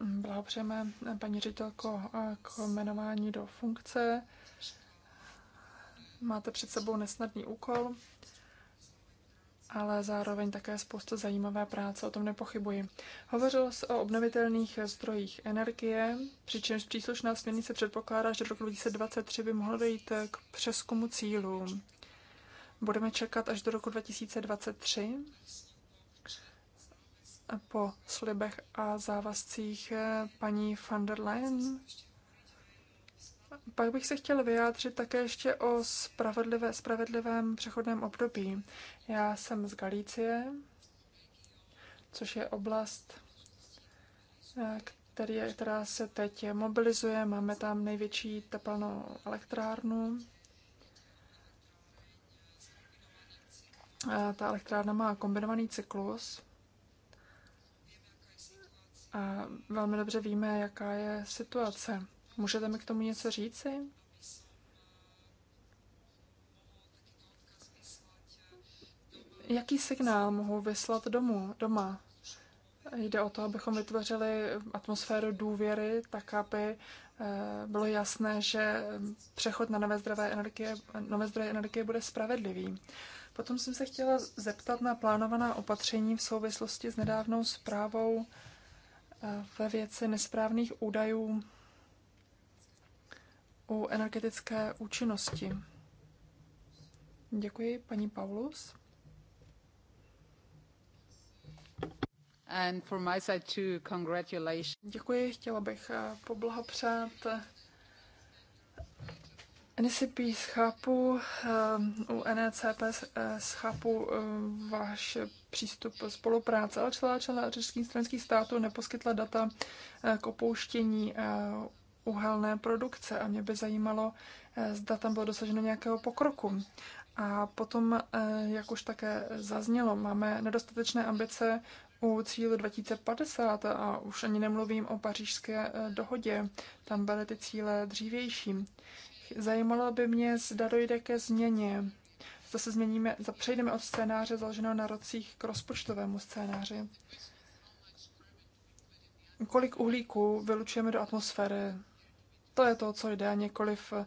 Blahopřejeme paní ředitelko k jmenování do funkce. Máte před sebou nesnadný úkol, ale zároveň také spousta zajímavé práce, o tom nepochybuji. Hovořil se o obnovitelných zdrojích energie, přičemž příslušná směrnice předpokládá, že do roku 2023 by mohlo dojít k přeskumu cílů. Budeme čekat až do roku 2023 po slibech a závazcích eh, paní van der Leyen pak bych se chtěl vyjádřit také ještě o spravedlivé, spravedlivém přechodném období. Já jsem z Galicie, což je oblast, eh, který, která se teď mobilizuje. Máme tam největší tepelnou elektrárnu. A ta elektrárna má kombinovaný cyklus. A velmi dobře víme, jaká je situace. Můžete mi k tomu něco říci? Jaký signál mohu vyslat domů, doma? Jde o to, abychom vytvořili atmosféru důvěry, tak aby eh, bylo jasné, že přechod na nové, zdravé energie, nové zdroje energie bude spravedlivý. Potom jsem se chtěla zeptat na plánovaná opatření v souvislosti s nedávnou zprávou eh, ve věci nesprávných údajů u energetické účinnosti. Děkuji, paní Paulus. And for my side too, congratulations. Děkuji, chtěla bych eh, poblahopřát NCP schápu, eh, u NECP eh, schápu váš přístup spolupráce, ale člena řeckých stranických států neposkytla data k opouštění uhelné produkce a mě by zajímalo, eh, zda tam bylo dosaženo nějakého pokroku. A potom, eh, jak už také zaznělo, máme nedostatečné ambice u cílu 2050 a už ani nemluvím o pařížské eh, dohodě. Tam byly ty cíle dřívější. Zajímalo by mě, zda dojde ke změně. Zase změníme, přejdeme od scénáře založeného na rocích k rozpočtovému scénáři. Kolik uhlíku vylučujeme do atmosféry to je to, co jde a nikoliv eh,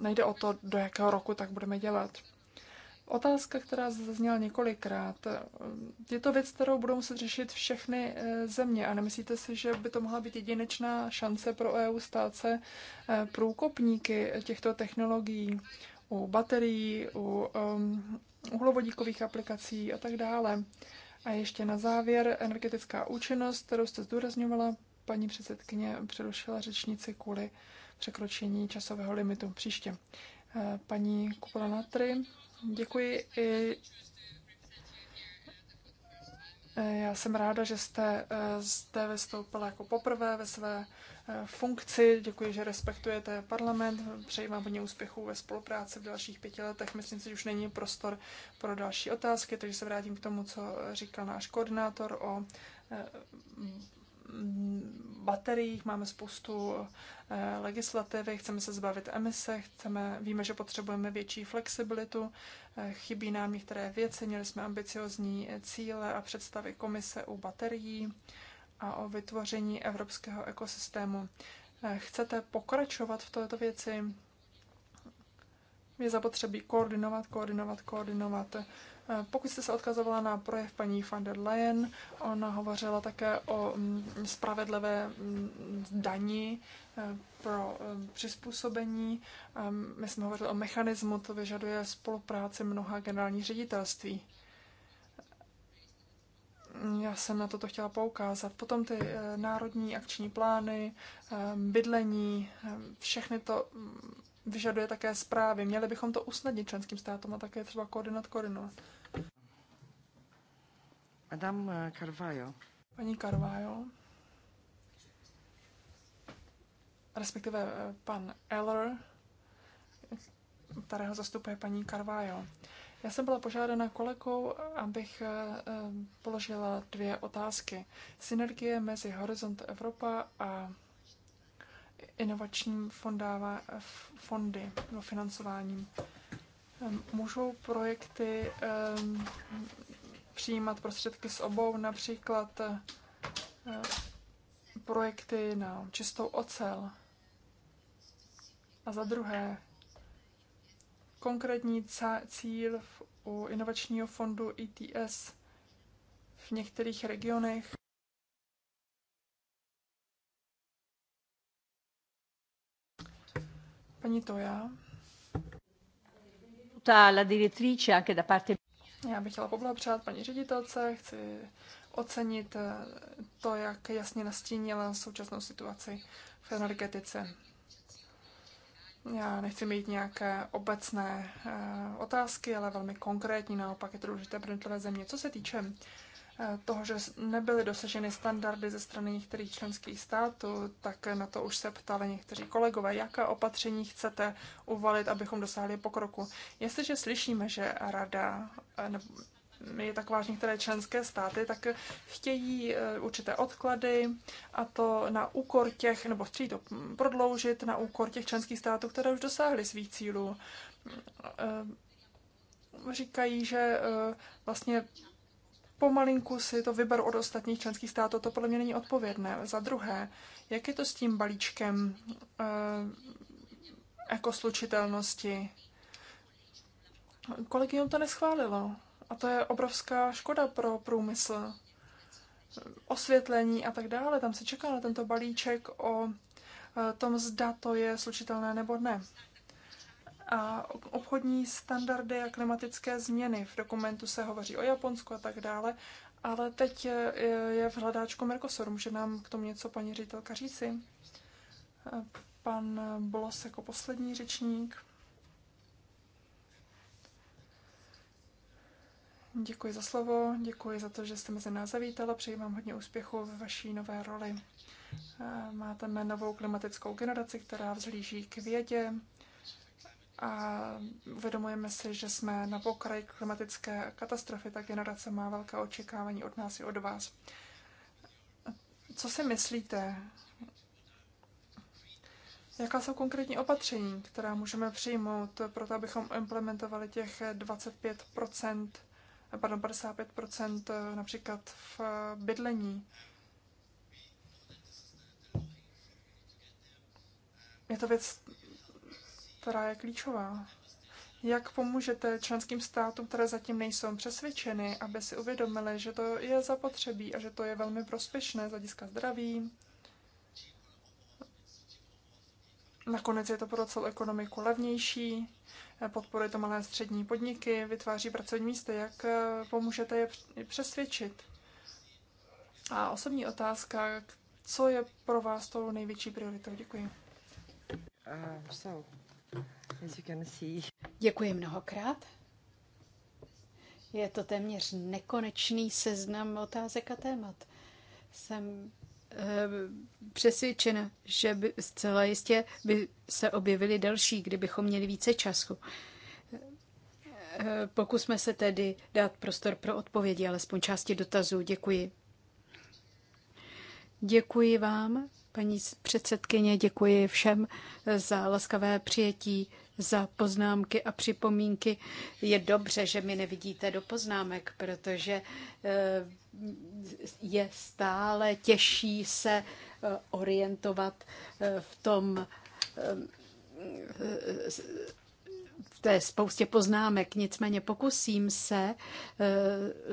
nejde o to, do jakého roku tak budeme dělat. Otázka, která zazněla několikrát. Je to věc, kterou budou muset řešit všechny eh, země a nemyslíte si, že by to mohla být jedinečná šance pro EU stát se eh, průkopníky těchto technologií u baterií, u ehm, uhlovodíkových aplikací a tak dále. A ještě na závěr energetická účinnost, kterou jste zdůrazňovala, Paní předsedkyně přerušila řečnici kvůli překročení časového limitu. Příště. Eh, paní Natry, děkuji i eh, já jsem ráda, že jste eh, zde vystoupila jako poprvé ve své funkci. Děkuji, že respektujete parlament. Přeji vám hodně úspěchů ve spolupráci v dalších pěti letech. Myslím si, že už není prostor pro další otázky, takže se vrátím k tomu, co říkal náš koordinátor o bateriích, máme spoustu eh, legislativy, chceme se zbavit emise, chceme, víme, že potřebujeme větší flexibilitu, eh, chybí nám některé věci, měli jsme ambiciozní eh, cíle a představy komise u baterií a o vytvoření evropského ekosystému. Chcete pokračovat v této věci? je zapotřebí koordinovat, koordinovat, koordinovat. Eh, pokud jste se odkazovala na projev paní van der Leyen, ona hovořila také o mm, spravedlivé mm, daní eh, pro eh, přizpůsobení. Ehm, my jsme hovořili o mechanismu, to vyžaduje spolupráci mnoha generálních ředitelství. Já jsem na toto chtěla poukázat. Potom ty národní akční plány, ehm, bydlení, ehm, všechny to mm, vyžaduje také zprávy. Měli bychom to usnadnit členským státům a také třeba koordinat koordinovat. Madame eh, Carvajo. Paní Carvajo. Respektive eh, pan Eller, kterého zastupuje paní Carvajo. Já jsem byla požádána kolegou, abych eh, položila dvě otázky. Synergie mezi Horizont Evropa a inovačním fondává, fondy no, financováním. Můžou projekty um, přijímat prostředky s obou, například eh, projekty na čistou ocel. A za druhé, konkrétní cíl v, u inovačního fondu ETS v některých regionech Paní Toja. Ta la direttrice anche da parte já bych chtěla poblahopřát paní ředitelce, chci ocenit eh, to, jak jasně nastínila současnou situaci v energetice. Já nechci mít nějaké obecné eh, otázky, ale velmi konkrétní, naopak je to důležité pro země. Co se týče toho, že nebyly dosaženy standardy ze strany některých členských států, tak na to už se ptali někteří kolegové, jaká opatření chcete uvalit, abychom dosáhli pokroku. Jestliže slyšíme, že rada eh, je tak vážně některé členské státy tak chtějí eh, určité odklady a to na úkor těch, nebo chtějí to prodloužit na úkor těch členských států, které už dosáhly svých cílů. Eh, říkají, že vlastně pomalinku si to vyberu od ostatních členských států, to podle mě není odpovědné. Za druhé, jak je to s tím balíčkem e, ekoslučitelnosti? Kolegium to neschválilo a to je obrovská škoda pro průmysl, osvětlení a tak dále. Tam se čeká na tento balíček o eh, tom, zda to je slučitelné nebo ne a obchodní standardy a klimatické změny. V dokumentu se hovoří o Japonsku a tak dále, ale teď je v hledáčku Mercosur. Může nám k tomu něco paní ředitelka říci? Pan Bolos jako poslední řečník. Děkuji za slovo, děkuji za to, že jste mezi nás zavítala, přeji vám hodně úspěchu ve vaší nové roli. Máte novou klimatickou generaci, která vzhlíží k vědě, a uvědomujeme si, že jsme na pokraji klimatické katastrofy, ta generace má velká očekávání od nás i od vás. Co si myslíte? Jaká jsou konkrétní opatření, která můžeme přijmout pro to, abychom implementovali těch 25 pardon, 55 eh, například v bydlení? Je to věc která je klíčová. Jak pomůžete členským státům, které zatím nejsou přesvědčeny, aby si uvědomili, že to je zapotřebí a že to je velmi prospěšné z hlediska zdraví? Nakonec je to pro celou ekonomiku levnější, podporuje to malé a střední podniky, vytváří pracovní místa. Jak eh, pomůžete je přesvědčit? A osobní otázka, co je pro vás tou největší prioritou? Děkuji. Uh, so, Děkuji mnohokrát. Je to téměř nekonečný seznam otázek a témat. Jsem eh, přesvědčena, že by zcela jistě by se objevily další, kdybychom měli více času. Eh, pokusme se tedy dát prostor pro odpovědi, alespoň části dotazů. Děkuji. Děkuji vám Paní předsedkyně, děkuji všem za laskavé přijetí, za poznámky a připomínky. Je dobře, že mi nevidíte do poznámek, protože eh, je stále těžší se eh, orientovat eh, v tom v té spoustě poznámek, nicméně pokusím se eh,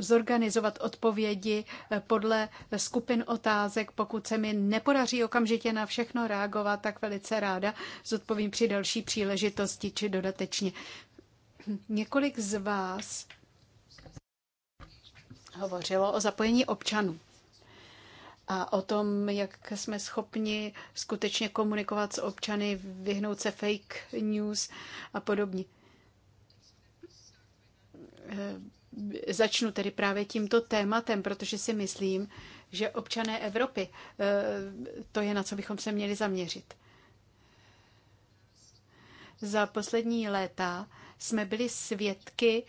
zorganizovat odpovědi eh, podle skupin otázek. Pokud se mi nepodaří okamžitě na všechno reagovat, tak velice ráda zodpovím při další příležitosti či dodatečně. Několik z vás hovořilo o zapojení občanů a o tom, jak jsme schopni skutečně komunikovat s občany, vyhnout se fake news a podobně. Eh, začnu tedy právě tímto tématem, protože si myslím, že občané Evropy, eh, to je na co bychom se měli zaměřit. Za poslední léta jsme byli svědky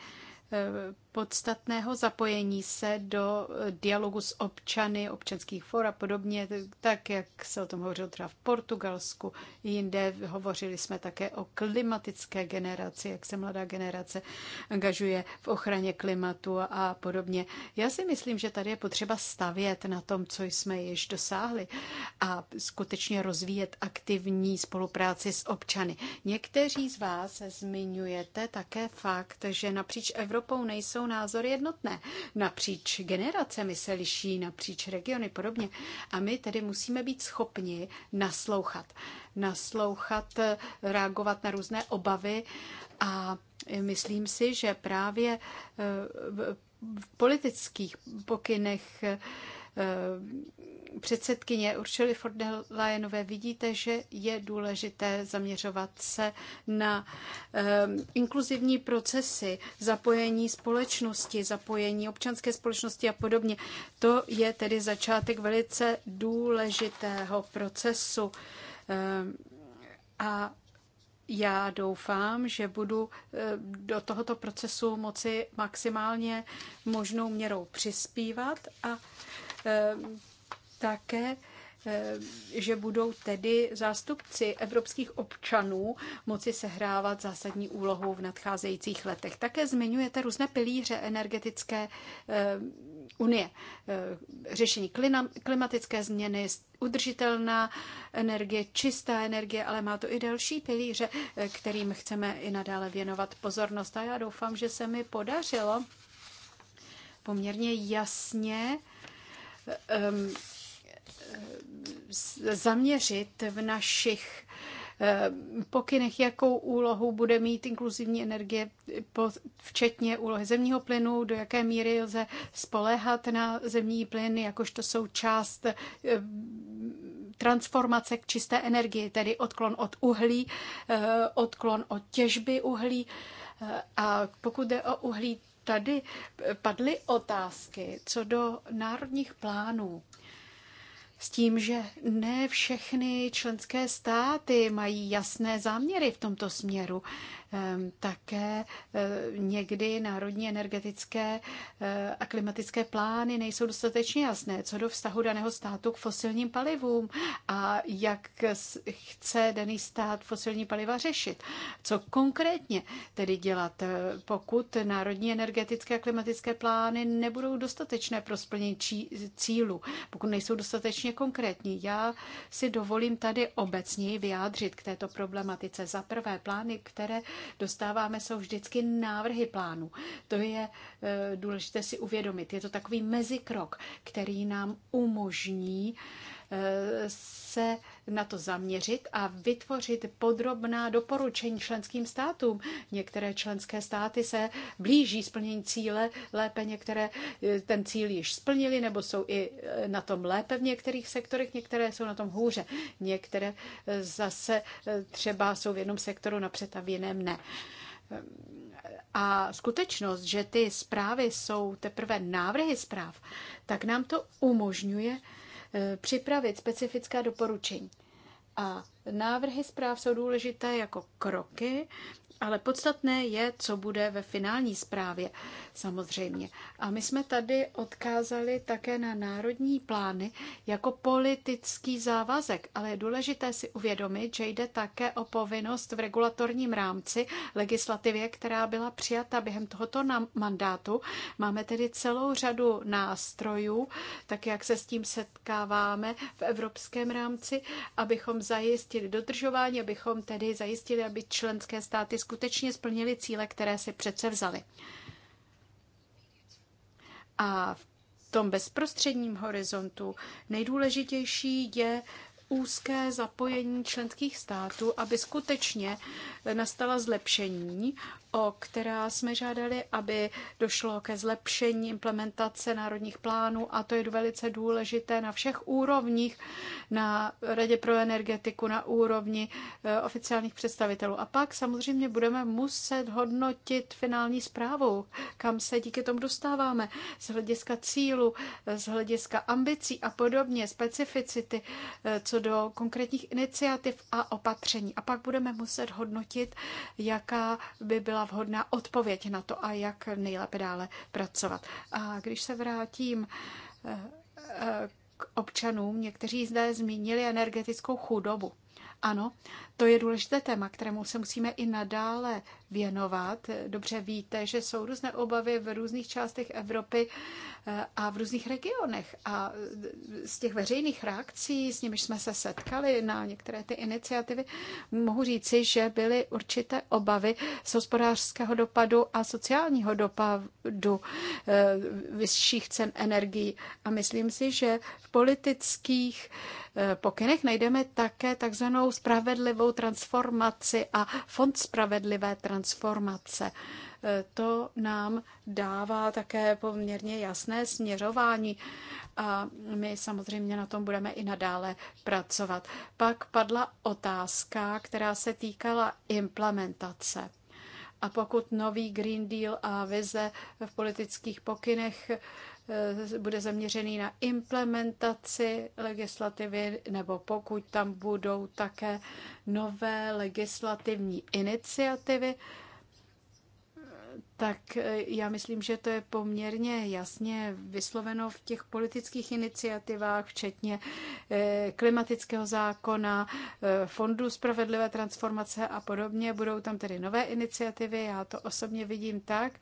eh, podstatného zapojení se do eh, dialogu s občany, občanských for a podobně, tak jak se o tom hovořil třeba v Portugalsku, jinde hovořili jsme také o klimatické generaci, jak se mladá generace angažuje v ochraně klimatu a podobně. Já si myslím, že tady je potřeba stavět na tom, co jsme již dosáhli a skutečně rozvíjet aktivní spolupráci s občany. Někteří z vás zmiňujete také fakt, že napříč Evropou nejsou jsou názory jednotné. Napříč generacemi se liší, napříč regiony podobně. A my tedy musíme být schopni naslouchat. Naslouchat, reagovat na různé obavy a myslím si, že právě eh, v politických pokynech Eh, předsedkyně Uršily von der Leyenové, vidíte, že je důležité zaměřovat se na eh, inkluzivní procesy, zapojení společnosti, zapojení občanské společnosti a podobně. To je tedy začátek velice důležitého procesu. Eh, a já doufám, že budu do tohoto procesu moci maximálně možnou měrou přispívat a Ehm, také ehm, že budou tedy zástupci evropských občanů moci sehrávat zásadní úlohu v nadcházejících letech. Také zmiňujete různé pilíře energetické ehm, unie. Řešení klimatické změny, udržitelná energie, čistá energie, ale má to i další pilíře, kterým chceme i nadále věnovat pozornost. A já doufám, že se mi podařilo poměrně jasně Um, zaměřit v našich um, pokynech, jakou úlohu bude mít inkluzivní energie, včetně úlohy zemního plynu, do jaké míry lze spoléhat na zemní plyn, jakožto část um, transformace k čisté energii, tedy odklon od uhlí, uh, odklon od těžby uhlí. Uh, a pokud jde o uhlí, tady eh, padly otázky co do národních plánů s tím, že ne všechny členské státy mají jasné záměry v tomto směru. Ehm, také eh, někdy národní energetické eh, a klimatické plány nejsou dostatečně jasné, co do vztahu daného státu k fosilním palivům a jak chce daný stát fosilní paliva řešit. Co konkrétně tedy dělat, eh, pokud národní energetické a klimatické plány nebudou dostatečné pro splnění cílu, pokud nejsou dostatečně konkrétní. Já si dovolím tady obecněji vyjádřit k této problematice. Za prvé, plány, které dostáváme, jsou vždycky návrhy plánů. To je e, důležité si uvědomit. Je to takový mezikrok, který nám umožní se na to zaměřit a vytvořit podrobná doporučení členským státům. Některé členské státy se blíží splnění cíle lépe, některé eh, ten cíl již splnili nebo jsou i eh, na tom lépe v některých sektorech, některé jsou na tom hůře, některé eh, zase třeba jsou v jednom sektoru napřed a v jiném ne. A skutečnost, že ty zprávy jsou teprve návrhy zpráv, tak nám to umožňuje připravit specifická doporučení. A návrhy zpráv jsou důležité jako kroky ale podstatné je, co bude ve finální zprávě, samozřejmě. A my jsme tady odkázali také na národní plány jako politický závazek, ale je důležité si uvědomit, že jde také o povinnost v regulatorním rámci legislativě, která byla přijata během tohoto mandátu. Máme tedy celou řadu nástrojů, tak jak se s tím setkáváme v evropském rámci, abychom zajistili dodržování, abychom tedy zajistili, aby členské státy skutečně splnili cíle, které si přece vzali. A v tom bezprostředním horizontu nejdůležitější je úzké zapojení členských států, aby skutečně nastala zlepšení, o která jsme žádali, aby došlo ke zlepšení implementace národních plánů a to je velice důležité na všech úrovních, na Radě pro energetiku, na úrovni eh, oficiálních představitelů. A pak samozřejmě budeme muset hodnotit finální zprávu, kam se díky tomu dostáváme z hlediska cílu, eh, z hlediska ambicí a podobně, specificity, eh, co do konkrétních iniciativ a opatření. A pak budeme muset hodnotit, jaká by byla vhodná odpověď na to a jak nejlépe dále pracovat. A když se vrátím eh, eh, k občanům, někteří zde zmínili energetickou chudobu. Ano, to je důležité téma, kterému se musíme i nadále věnovat. Dobře víte, že jsou různé obavy v různých částech Evropy eh, a v různých regionech. A z těch veřejných reakcí, s nimiž jsme se setkali na některé ty iniciativy, mohu říci, že byly určité obavy z hospodářského dopadu a sociálního dopadu eh, vyšších cen energií. A myslím si, že v politických eh, pokynech najdeme také takzvanou spravedlivou spravedlivou transformaci a Fond spravedlivé transformace. E, to nám dává také poměrně jasné směřování a my samozřejmě na tom budeme i nadále pracovat. Pak padla otázka, která se týkala implementace. A pokud nový Green Deal a vize v politických pokynech eh, bude zaměřený na implementaci legislativy, nebo pokud tam budou také nové legislativní iniciativy, tak e, já myslím, že to je poměrně jasně vysloveno v těch politických iniciativách, včetně e, klimatického zákona, e, fondu spravedlivé transformace a podobně. Budou tam tedy nové iniciativy. Já to osobně vidím tak,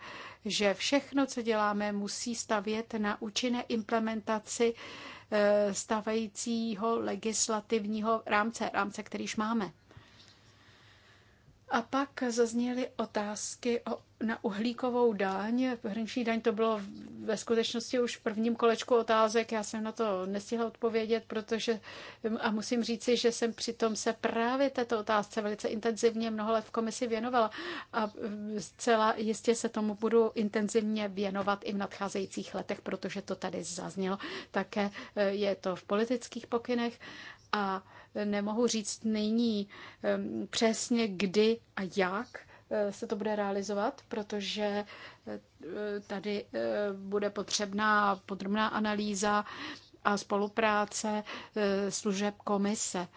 že všechno, co děláme, musí stavět na účinné implementaci stavajícího legislativního rámce, rámce, kterýž máme. A pak zazněly otázky o na uhlíkovou daň, hrnční daň, to bylo ve skutečnosti už v prvním kolečku otázek, já jsem na to nestihla odpovědět, protože a musím říci, že jsem přitom se právě této otázce velice intenzivně mnoho let v komisi věnovala a zcela jistě se tomu budu intenzivně věnovat i v nadcházejících letech, protože to tady zaznělo. Také eh, je to v politických pokynech a nemohu říct nyní eh, přesně kdy a jak, Eh, se to bude realizovat, protože eh, tady eh, bude potřebná podrobná analýza a spolupráce služeb komise.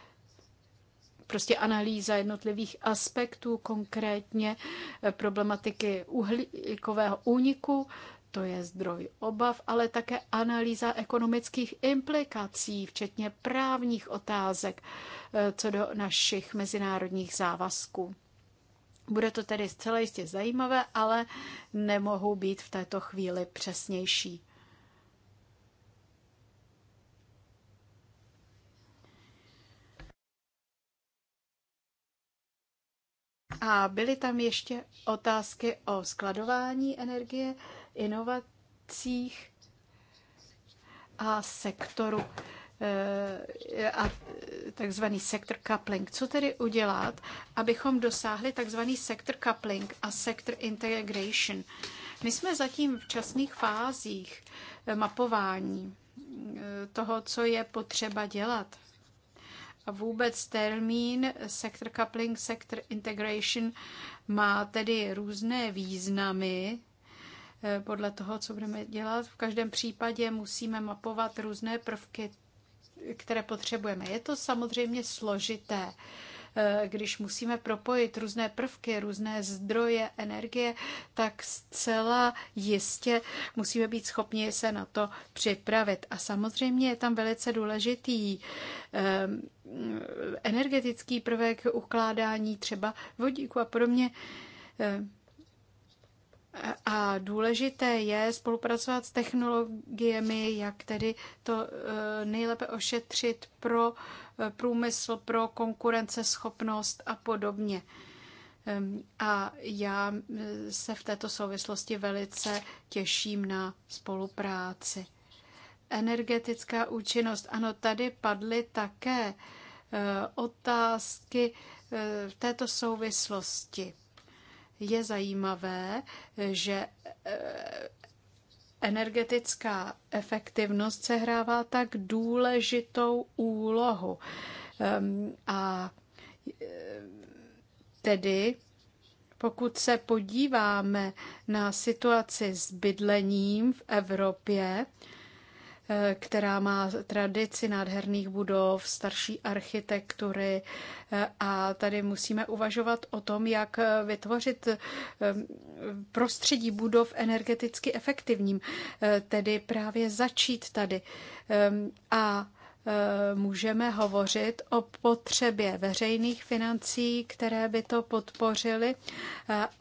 Prostě analýza jednotlivých aspektů, konkrétně problematiky uhlíkového úniku, to je zdroj obav, ale také analýza ekonomických implikací, včetně právních otázek, co do našich mezinárodních závazků. Bude to tedy zcela jistě zajímavé, ale nemohu být v této chvíli přesnější. A byly tam ještě otázky o skladování energie, inovacích a sektoru Eh, a takzvaný sector coupling. Co tedy udělat, abychom dosáhli takzvaný sector coupling a sector integration? My jsme zatím v časných fázích eh, mapování eh, toho, co je potřeba dělat. A vůbec termín sector coupling, sector integration má tedy různé významy podle toho, co budeme dělat. V každém případě musíme mapovat různé prvky které potřebujeme. Je to samozřejmě složité eh, když musíme propojit různé prvky, různé zdroje energie, tak zcela jistě musíme být schopni se na to připravit. A samozřejmě je tam velice důležitý eh, energetický prvek ukládání třeba vodíku a podobně. Eh, a důležité je spolupracovat s technologiemi, jak tedy to e, nejlépe ošetřit pro e, průmysl, pro konkurenceschopnost a podobně. A já se v této souvislosti velice těším na spolupráci. Energetická účinnost. Ano, tady padly také e, otázky v této souvislosti. Je zajímavé, že eh, energetická efektivnost sehrává tak důležitou úlohu. Ehm, a eh, tedy pokud se podíváme na situaci s bydlením v Evropě, Eh, která má tradici nádherných budov, starší architektury eh, a tady musíme uvažovat o tom, jak eh, vytvořit prostředí budov energeticky efektivním, tedy právě začít tady. A můžeme hovořit o potřebě veřejných financí, které by to podpořily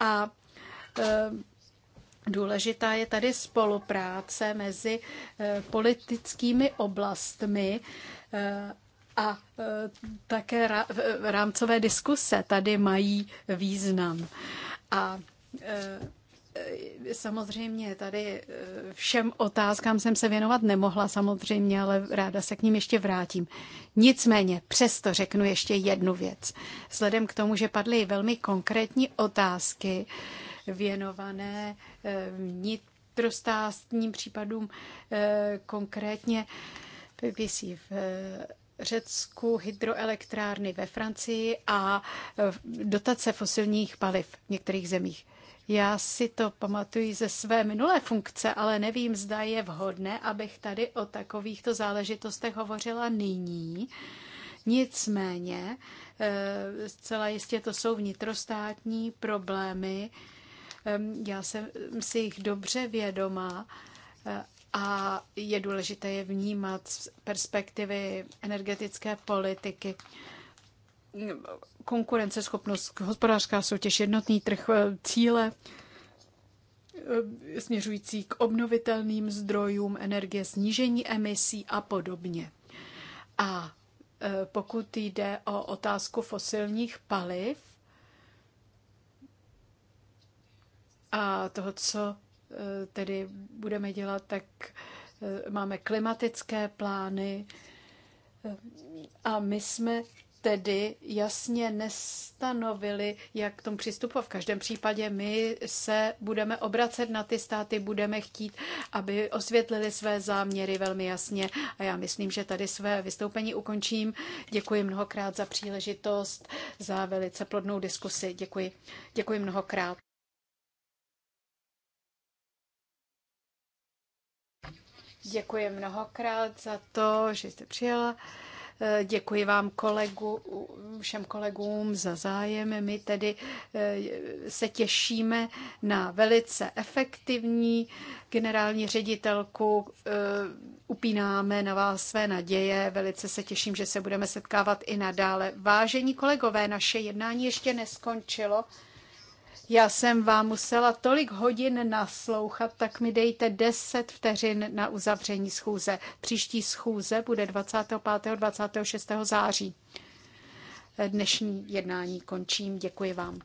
a Důležitá je tady spolupráce mezi eh, politickými oblastmi eh, a eh, také rámcové diskuse tady mají význam. A Samozřejmě tady všem otázkám jsem se věnovat nemohla samozřejmě, ale ráda se k ním ještě vrátím. Nicméně přesto řeknu ještě jednu věc. Vzhledem k tomu, že padly velmi konkrétní otázky, věnované eh, vnitrostátním případům, eh, konkrétně PPC v eh, Řecku, hydroelektrárny ve Francii a dotace fosilních paliv v některých zemích. Já si to pamatuji ze své minulé funkce, ale nevím, zda je vhodné, abych tady o takovýchto záležitostech hovořila nyní. Nicméně, zcela jistě to jsou vnitrostátní problémy, já jsem si jich dobře vědomá eh, a je důležité je vnímat z perspektivy energetické politiky konkurenceschopnost, hospodářská soutěž, jednotný trh, eh, cíle eh, směřující k obnovitelným zdrojům energie, snížení emisí a podobně. A pokud jde o otázku fosilních paliv, a toho, co eh, tedy budeme dělat, tak eh, máme klimatické plány eh, a my jsme tedy jasně nestanovili, jak k tomu přistupovat. V každém případě my se budeme obracet na ty státy, budeme chtít, aby osvětlili své záměry velmi jasně. A já myslím, že tady své vystoupení ukončím. Děkuji mnohokrát za příležitost, za velice plodnou diskusi. Děkuji. Děkuji mnohokrát. Děkuji mnohokrát za to, že jste přijela. Eh, děkuji vám kolegu, všem kolegům za zájem. My tedy eh, se těšíme na velice efektivní generální ředitelku. Eh, upínáme na vás své naděje. Velice se těším, že se budeme setkávat i nadále. Vážení kolegové, naše jednání ještě neskončilo. Já jsem vám musela tolik hodin naslouchat, tak mi dejte 10 vteřin na uzavření schůze. Příští schůze bude 25. 26. září. Dnešní jednání končím. Děkuji vám.